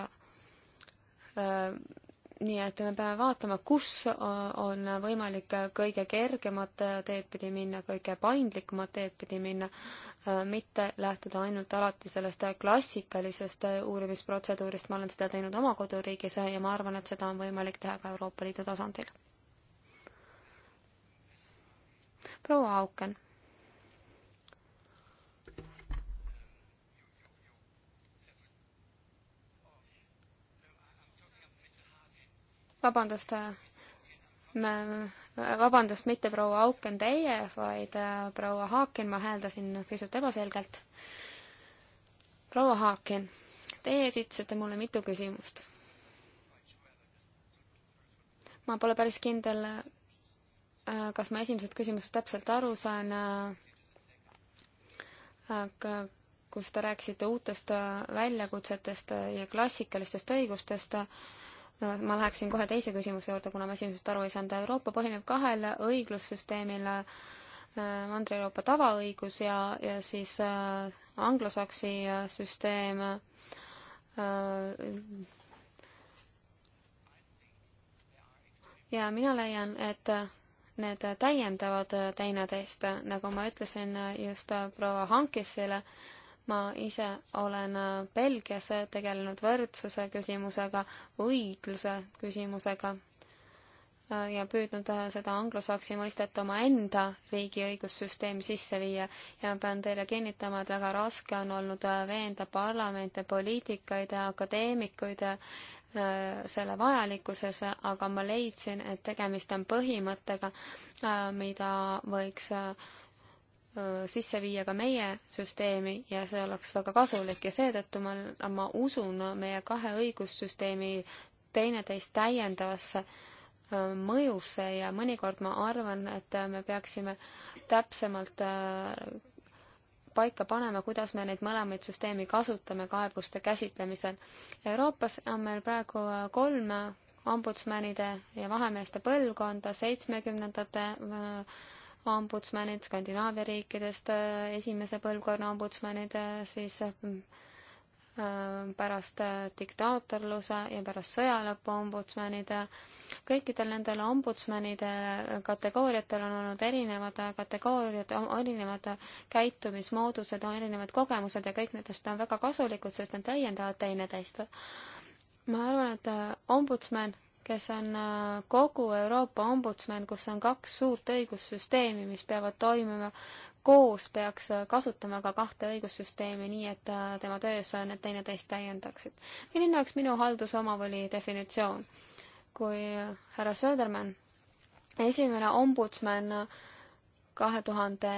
nii et me peame vaatama, kus on võimalik kõige kergemat teed pidi minna, kõige paindlikumat teed pidi minna, äh, mitte lähtuda ainult alati sellest klassikalisest uurimisprotseduurist, ma olen seda teinud oma koduriigis ja ma arvan, et seda on võimalik teha ka Euroopa Liidu tasandil. proua Auken vabandust, äh, vabandust, mitte proua Auken teie, vaid äh, proua Haakin, ma hääldasin pisut ebaselgelt. proua Haakin, teie esitasite mulle mitu küsimust. ma pole päris kindel, äh, kas ma esimesest küsimusest täpselt aru sain, kus te rääkisite uutest väljakutsetest ja klassikalistest õigustest ma läheksin kohe teise küsimuse juurde, kuna ma esimesest aru ei saanud. Euroopa põhineb kahel õiglussüsteemil, äh, Mandri-Euroopa tavaõigus ja, ja siis äh, anglosaksi äh, süsteem äh, ja mina leian, et need täiendavad teineteist, nagu ma ütlesin just äh, proua Hankisile äh,, ma ise olen äh, Belgias tegelenud võrdsuse küsimusega, õigluse küsimusega äh, ja püüdnud äh, seda anglosaksi mõistet omaenda riigi õigussüsteemi sisse viia ja pean teile kinnitama, et väga raske on olnud veenda parlamente, poliitikaid ja akadeemikuid selle vajalikkuses, aga ma leidsin, et tegemist on põhimõttega, mida võiks Äh, sisse viia ka meie süsteemi ja see oleks väga kasulik ja seetõttu ma, ma usun meie kahe õigussüsteemi teineteist täiendavasse äh, mõjusse ja mõnikord ma arvan, et me peaksime täpsemalt äh, paika panema, kuidas me neid mõlemaid süsteemi kasutame kaebuste käsitlemisel. Euroopas on meil praegu kolm ombudsmanide ja vahemeeste põlvkonda seitsmekümnendate 70 ombudsmanid Skandinaavia riikidest, äh, esimese põlvkonna ombudsmanid, äh, siis mm, äh, pärast diktaatorluse ja pärast sõja lõppu ombudsmanid. kõikidel nendel ombudsmanide kategooriatel on olnud erinevad kategooriad, erinevad käitumismoodused, erinevad kogemused ja kõik nendest on väga kasulikud, sest nad täiendavad teineteist. ma arvan, et ombudsman kes on äh, kogu Euroopa ombudsman, kus on kaks suurt õigussüsteemi, mis peavad toimima koos, peaks äh, kasutama ka kahte õigussüsteemi, nii et äh, tema töös need teineteist täiendaksid. milline oleks minu haldusomavoli definitsioon? kui härra Söderman, esimene ombudsman kahe tuhande,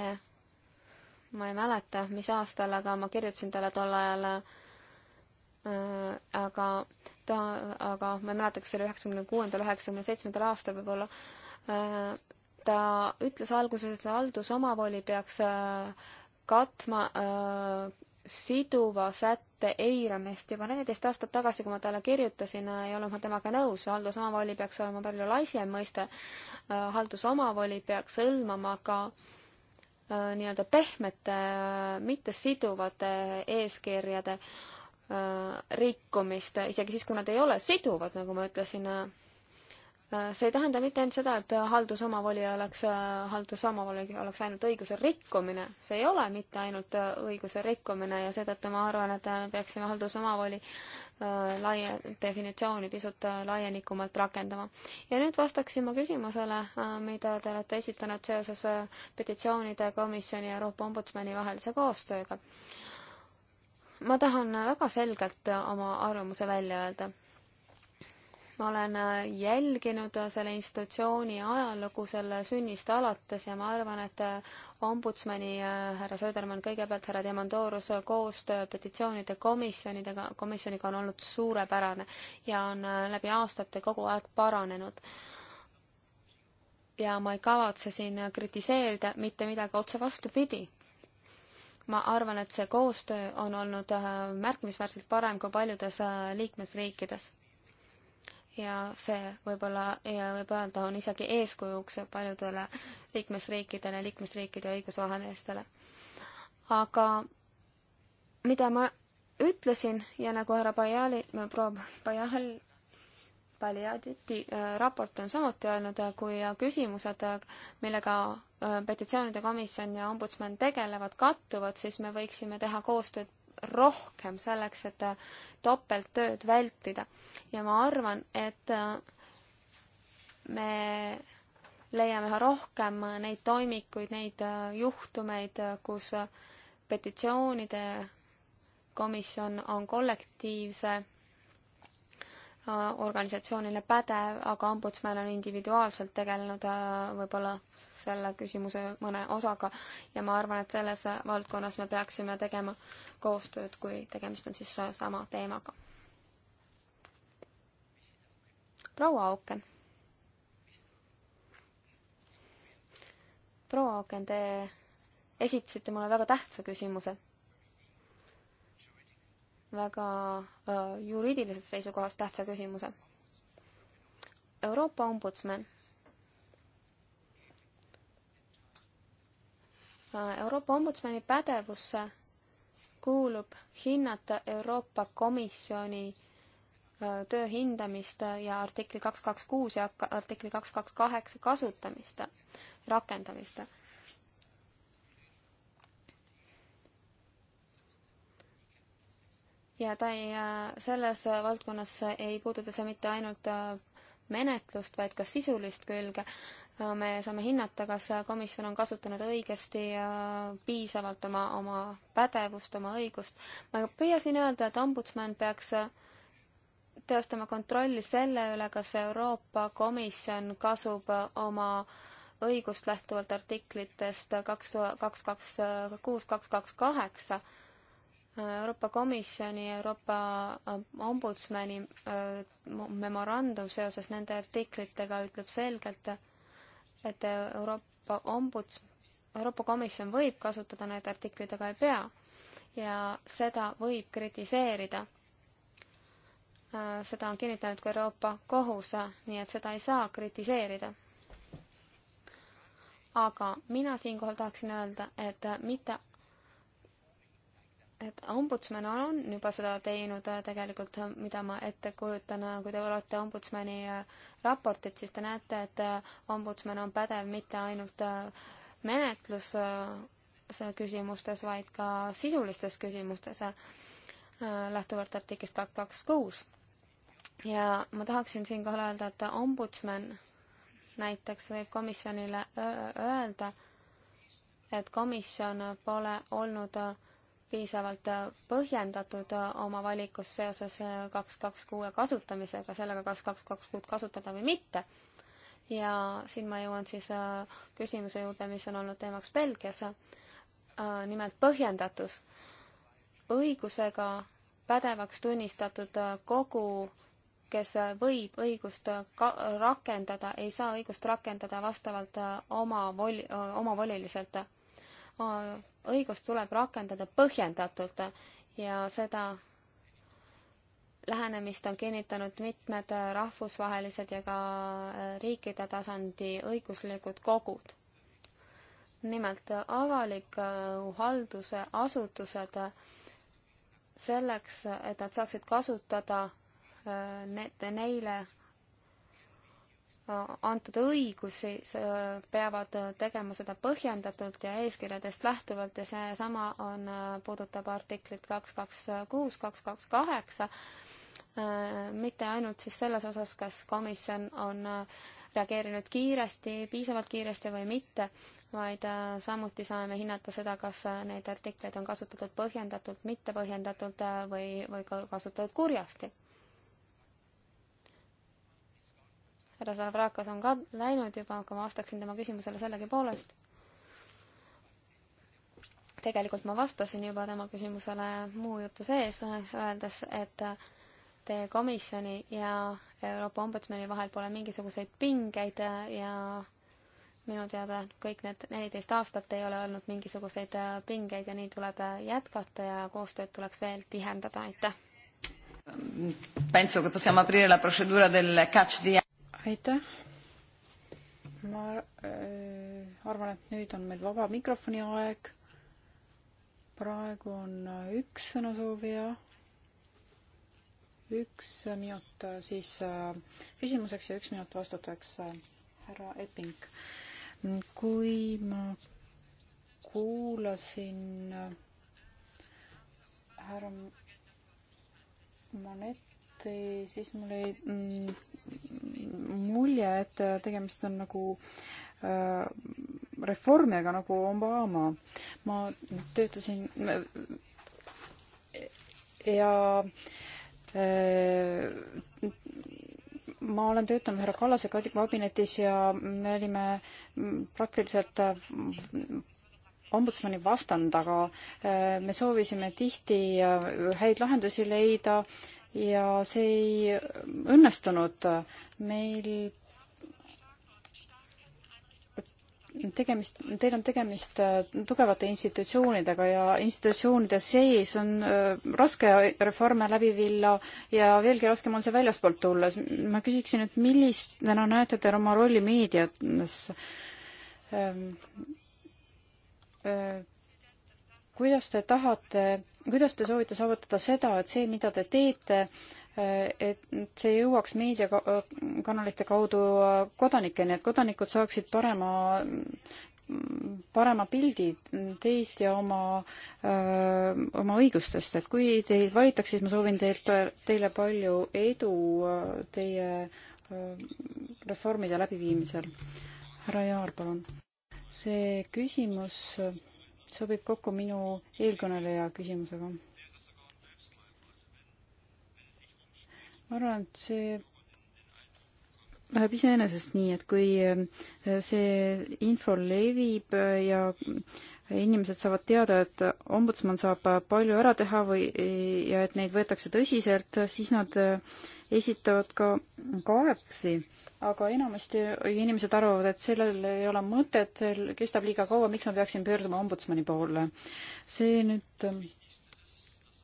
ma ei mäleta, mis aastal, aga ma kirjutasin talle tol ajal äh,, aga äh, ta, aga ma ei mäleta, kas see oli üheksakümne kuuendal, üheksakümne seitsmendal aastal võib-olla, äh, ta ütles alguses, et haldusomavoli peaks äh, katma äh, siduva sätte eiramist. juba neliteist aastat tagasi, kui ma talle kirjutasin, ei olnud ma temaga nõus. haldusomavoli peaks olema palju laisem mõiste. haldusomavoli peaks hõlmama ka nii-öelda pehmete, mittesiduvate eeskirjade äh, Äh, rikkumist, isegi siis, kui nad ei ole siduvad, nagu ma ütlesin, äh, äh, see ei tähenda mitte ainult seda, et haldusomavoli oleks, haldusomavoli oleks ainult õiguse rikkumine, see ei ole mitte ainult õiguse rikkumine ja seetõttu ma arvan, et me peaksime haldusomavoli laie, definitsiooni pisut laienikumalt rakendama. ja nüüd vastaksin ma küsimusele, mida te olete esitanud seoses petitsioonide komisjoni ja Euroopa Ombudsmani vahelise koostööga ma tahan väga selgelt oma arvamuse välja öelda. ma olen jälginud selle institutsiooni ajalugu selle sünnist alates ja ma arvan, et ombudsmani äh, härra Söderman kõigepealt, härra Diamandouros, koostöö petitsioonide komisjonidega, komisjoniga on olnud suurepärane ja on äh, läbi aastate kogu aeg paranenud ja ma ei kavatse siin kritiseerida mitte midagi, otse vastupidi ma arvan, et see koostöö on olnud äh, märkimisväärselt parem kui paljudes äh, liikmesriikides. ja see võib-olla, ja võib öelda, on isegi eeskujuks paljudele liikmesriikidele, liikmesriikide õigusvahemeestele. aga mida ma ütlesin ja nagu härra Bajali, proua Bajal Paljaditi äh, raport on samuti öelnud, äh, kui äh, küsimused, millega petitsioonide komisjon ja ombudsman tegelevad, kattuvad, siis me võiksime teha koostööd rohkem selleks, et topelttööd vältida. ja ma arvan, et me leiame üha rohkem neid toimikuid, neid juhtumeid, kus petitsioonide komisjon on kollektiivse Äh, organisatsioonile pädev, aga ombudsman on individuaalselt tegelenud äh, võib-olla selle küsimuse mõne osaga ja ma arvan, et selles valdkonnas me peaksime tegema koostööd, kui tegemist on siis äh, sama teemaga. proua Auken. proua Auken, te esitasite mulle väga tähtsa küsimuse väga äh, juriidilisest seisukohast tähtsa küsimuse. Euroopa ombudsman. Äh, Euroopa ombudsmani pädevusse kuulub hinnata Euroopa Komisjoni äh, töö hindamist ja artikli kaks kaks kuus ja artikli kaks kaks kaheksa kasutamist, rakendamist ja ta ei, äh, selles valdkonnas ei puuduta see mitte ainult äh, menetlust, vaid ka sisulist külge. Äh, me saame hinnata, kas komisjon on kasutanud õigesti ja piisavalt oma, oma pädevust, oma õigust. ma püüasin öelda, et ombudsman peaks teostama kontrolli selle üle, kas Euroopa Komisjon kasub oma õigust lähtuvalt artiklitest kaks, kaks, kaks, kuus, kaks, kaks, kaheksa Euroopa Komisjoni, Euroopa äh, Ombudsmani äh, memorandum seoses nende artiklitega ütleb selgelt, et Euroopa Ombuds-, Euroopa Komisjon võib kasutada neid artikleid, aga ei pea. ja seda võib kritiseerida. Äh, seda on kinnitanud ka Euroopa Kohus, nii et seda ei saa kritiseerida aga mina siinkohal tahaksin öelda, et mitte et ombudsman on juba seda teinud äh, tegelikult, äh, mida ma ette kujutan, äh, kui te olete ombudsmani raportit, siis te näete, et ombudsman on pädev mitte ainult menetlus küsimustes, vaid ka sisulistes küsimustes, lähtuvalt artiklist kaks, kaks, kuus. ja ma tahaksin siinkohal öelda, et ombudsman näiteks võib komisjonile öelda, et komisjon pole olnud öö, piisavalt äh, põhjendatud äh, oma valikus seoses äh, kaks, kaks kuue kasutamisega, sellega, kas kaks, kaks kuud kasutada või mitte. ja siin ma jõuan siis küsimuse juurde, mis on olnud teemaks Belgias, nimelt põhjendatus. õigusega pädevaks tunnistatud kogu kes võib õigust ka-, rakendada, ei saa õigust rakendada vastavalt oma voli, omavoliliselt õigust tuleb rakendada põhjendatult ja seda lähenemist on kinnitanud mitmed rahvusvahelised ja ka äh, riikide tasandi õiguslikud kogud. nimelt avaliku äh, halduse asutused selleks, et nad saaksid kasutada äh, ne-, neile antud õigusi, äh, peavad äh, tegema seda põhjendatult ja eeskirjadest lähtuvalt ja seesama on, äh, puudutab artiklit kaks, kaks, kuus, kaks, kaks, kaheksa, mitte ainult siis selles osas, kas komisjon on reageerinud kiiresti, piisavalt kiiresti või mitte, vaid samuti saame hinnata seda, kas neid artikleid on kasutatud põhjendatult, mitte põhjendatult või, või kasutatud kurjasti härra Salvrakas on ka läinud juba, aga ma vastaksin tema küsimusele sellegipoolest. tegelikult ma vastasin juba tema küsimusele muu jutu sees, öeldes, et teie komisjoni ja Euroopa Ombudsmani vahel pole mingisuguseid pingeid ja minu teada kõik need neliteist aastat ei ole olnud mingisuguseid pingeid ja nii tuleb jätkata ja koostööd tuleks veel tihendada, aitäh! Penso che possiamo aprire la procedura del catch di aitäh. ma äh, arvan, et nüüd on meil vaba mikrofoni aeg. praegu on äh, üks sõnasoovija. üks minut äh, siis äh, küsimuseks ja üks minut vastutuseks äh,. härra Epping, kui ma kuulasin äh, härra Manet raporti, siis mul jäi mm, mulje, et tegemist on nagu äh, reformiga nagu Obama. ma töötasin ja äh, ma olen töötanud härra Kallase kabinetis ja me olime mm, praktiliselt äh, ombudsmani vastand, aga äh, me soovisime tihti äh, häid lahendusi leida ja see ei õnnestunud. meil tegemist, teil on tegemist äh, tugevate institutsioonidega ja institutsioonide sees on äh, raske reforme läbi villa ja veelgi raskem on see väljaspoolt tulles. ma küsiksin, et millistena näete te oma rolli meedias? Ähm, äh, kuidas te tahate kuidas te soovite saavutada seda, et see, mida te teete, et see jõuaks meediakanalite kaudu kodanikeni, et kodanikud saaksid parema parema pildi teist ja oma, oma õigustest, et kui teid valitakse, siis ma soovin teilt, teile palju edu teie reformide läbiviimisel. härra Jaar, palun. see küsimus sobib kokku minu eelkõneleja küsimusega. ma arvan, et see läheb iseenesest nii, et kui see info levib ja äh, inimesed saavad teada, et ombudsman saab palju ära teha või, ja et neid võetakse tõsiselt, siis nad eh, esitavad ka kaebusi. aga enamasti inimesed arvavad, et sellel ei ole mõtet, see kestab liiga kaua, miks ma peaksin pöörduma ombudsmani poole. see nüüd eh,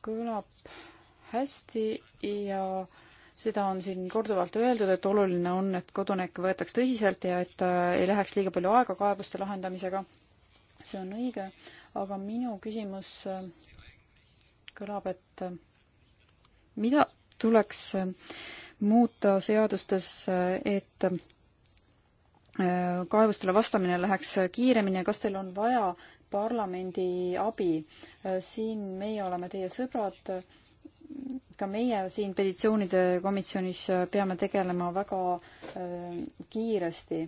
kõlab hästi ja seda on siin korduvalt öeldud, et oluline on, et kodanikke võetaks tõsiselt ja et eh, ei läheks liiga palju aega kaebuste lahendamisega, see on õige, aga minu küsimus äh, kõlab, et äh, mida tuleks äh, muuta seadustes, et kaebustele vastamine läheks kiiremini ja kas teil on vaja parlamendi abi? siin meie oleme teie sõbrad, ka meie siin petitsioonide komisjonis peame tegelema väga kiiresti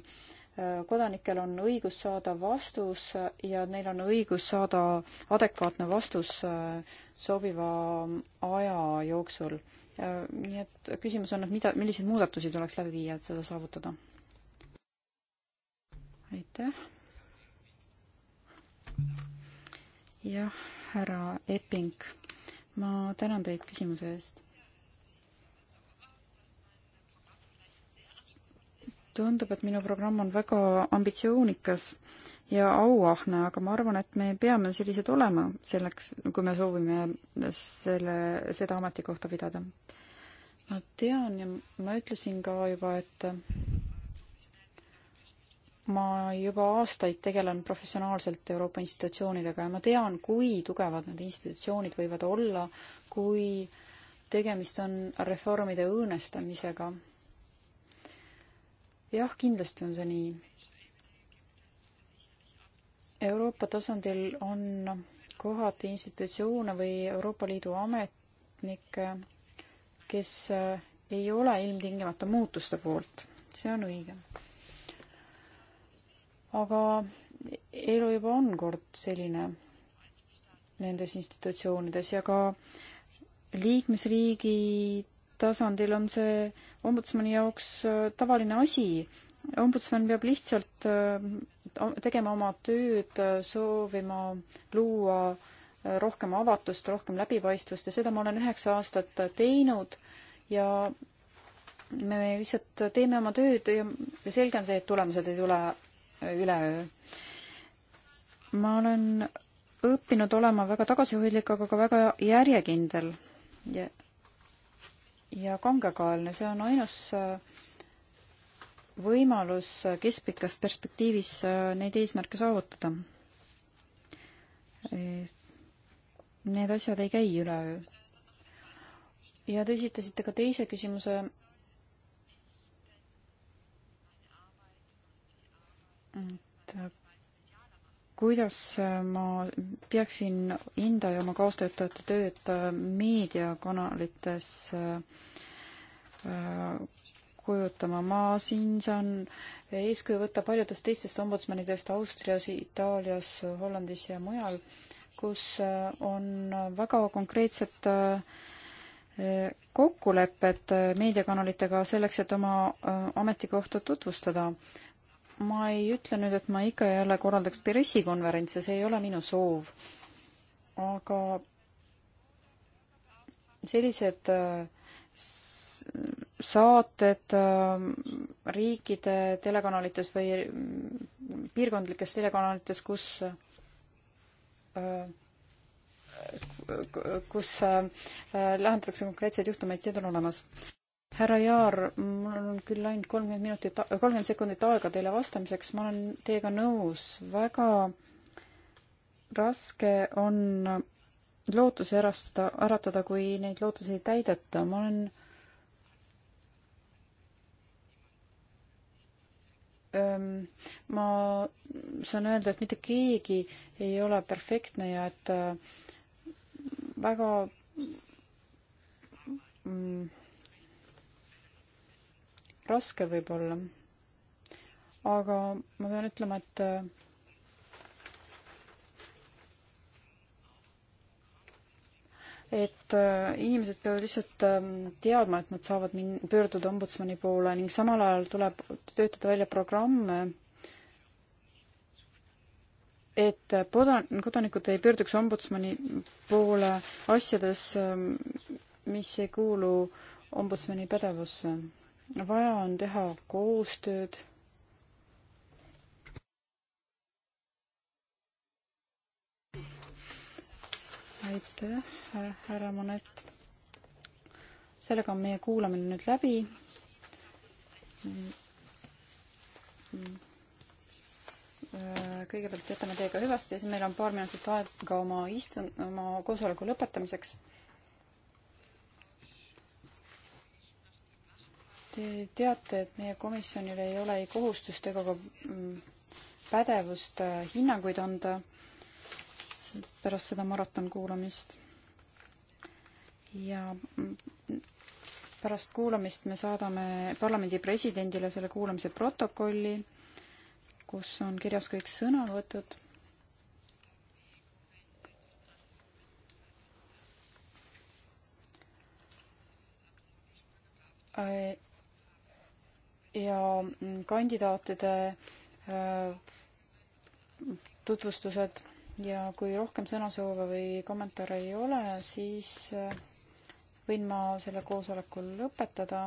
kodanikel on õigus saada vastus ja neil on õigus saada adekvaatne vastus äh, sobiva aja jooksul. nii et küsimus on, et mida, milliseid muudatusi tuleks läbi viia, et seda saavutada? aitäh. jah, härra Epping, ma tänan teid küsimuse eest tundub, et minu programm on väga ambitsioonikas ja auahne, aga ma arvan, et me peame sellised olema selleks, kui me soovime selle, seda ametikohta pidada. ma tean ja ma ütlesin ka juba, et ma juba aastaid tegelen professionaalselt Euroopa institutsioonidega ja ma tean, kui tugevad need institutsioonid võivad olla, kui tegemist on reformide õõnestamisega jah, kindlasti on see nii. Euroopa tasandil on kohati institutsioone või Euroopa Liidu ametnikke, kes ei ole ilmtingimata muutuste poolt, see on õige. aga elu juba on kord selline nendes institutsioonides ja ka liikmesriigid tasandil on see ombudsmani jaoks äh, tavaline asi. ombudsman peab lihtsalt äh, tegema oma tööd, äh, soovima luua rohkem avatust, rohkem läbipaistvust ja seda ma olen üheksa aastat teinud ja me lihtsalt teeme oma tööd ja selge on see, et tulemused ei tule üleöö. ma olen õppinud olema väga tagasihoidlik, aga ka väga järjekindel ja yeah ja kangekaelne, see on ainus äh, võimalus äh, keskpikas perspektiivis äh, neid eesmärke saavutada. Need asjad ei käi üleöö. ja te esitasite ka teise küsimuse. Mm kuidas äh, ma peaksin enda ja oma kaastöötajate tööd äh, meediakanalites äh, kujutama. ma siin saan eeskuju võtta paljudest teistest ombudsmanidest Austrias, Itaalias, Hollandis ja mujal, kus on väga konkreetsed kokkulepped meediakanalitega selleks, et oma ametikohta tutvustada ma ei ütle nüüd, et ma ikka ja jälle korraldaks pressikonverentse, see ei ole minu soov. aga sellised äh, saated äh, riikide telekanalites või mm, piirkondlikes telekanalites, kus äh, kus lahendatakse konkreetseid juhtumeid, need on olemas härra Jaar, mul on küll ainult kolmkümmend minutit, kolmkümmend sekundit aega teile vastamiseks, ma olen teiega nõus, väga raske on lootusi ärastada, äratada, kui neid lootusi ei täideta, ma olen ma saan öelda, et mitte keegi ei ole perfektne ja et äh, väga mm, raske võib-olla. aga ma pean ütlema, et et äh, inimesed peavad lihtsalt ähm, teadma, et nad saavad min-, pöörduda ombudsmani poole ning samal ajal tuleb töötada välja programme, et podan-, kodanikud ei pöörduks ombudsmani poole asjades, ähm, mis ei kuulu ombudsmani pädevusse vaja on teha koostööd aitäh, härra Monet. sellega on meie kuulamine nüüd läbi. kõigepealt jätame teiega hüvasti ja siis meil on paar minutit aega oma istung, oma koosoleku lõpetamiseks Te teate, et meie komisjonil ei ole ei kohustust ega ka mm, pädevust äh, hinnanguid anda pärast seda maratonkuulamist. ja mm, pärast kuulamist me saadame parlamendi presidendile selle kuulamise protokolli, kus on kirjas kõik sõnavõtud. Äh, ja mm, kandidaatide äh, tutvustused ja kui rohkem sõnasoove või kommentaare ei ole, siis äh, võin ma selle koosoleku lõpetada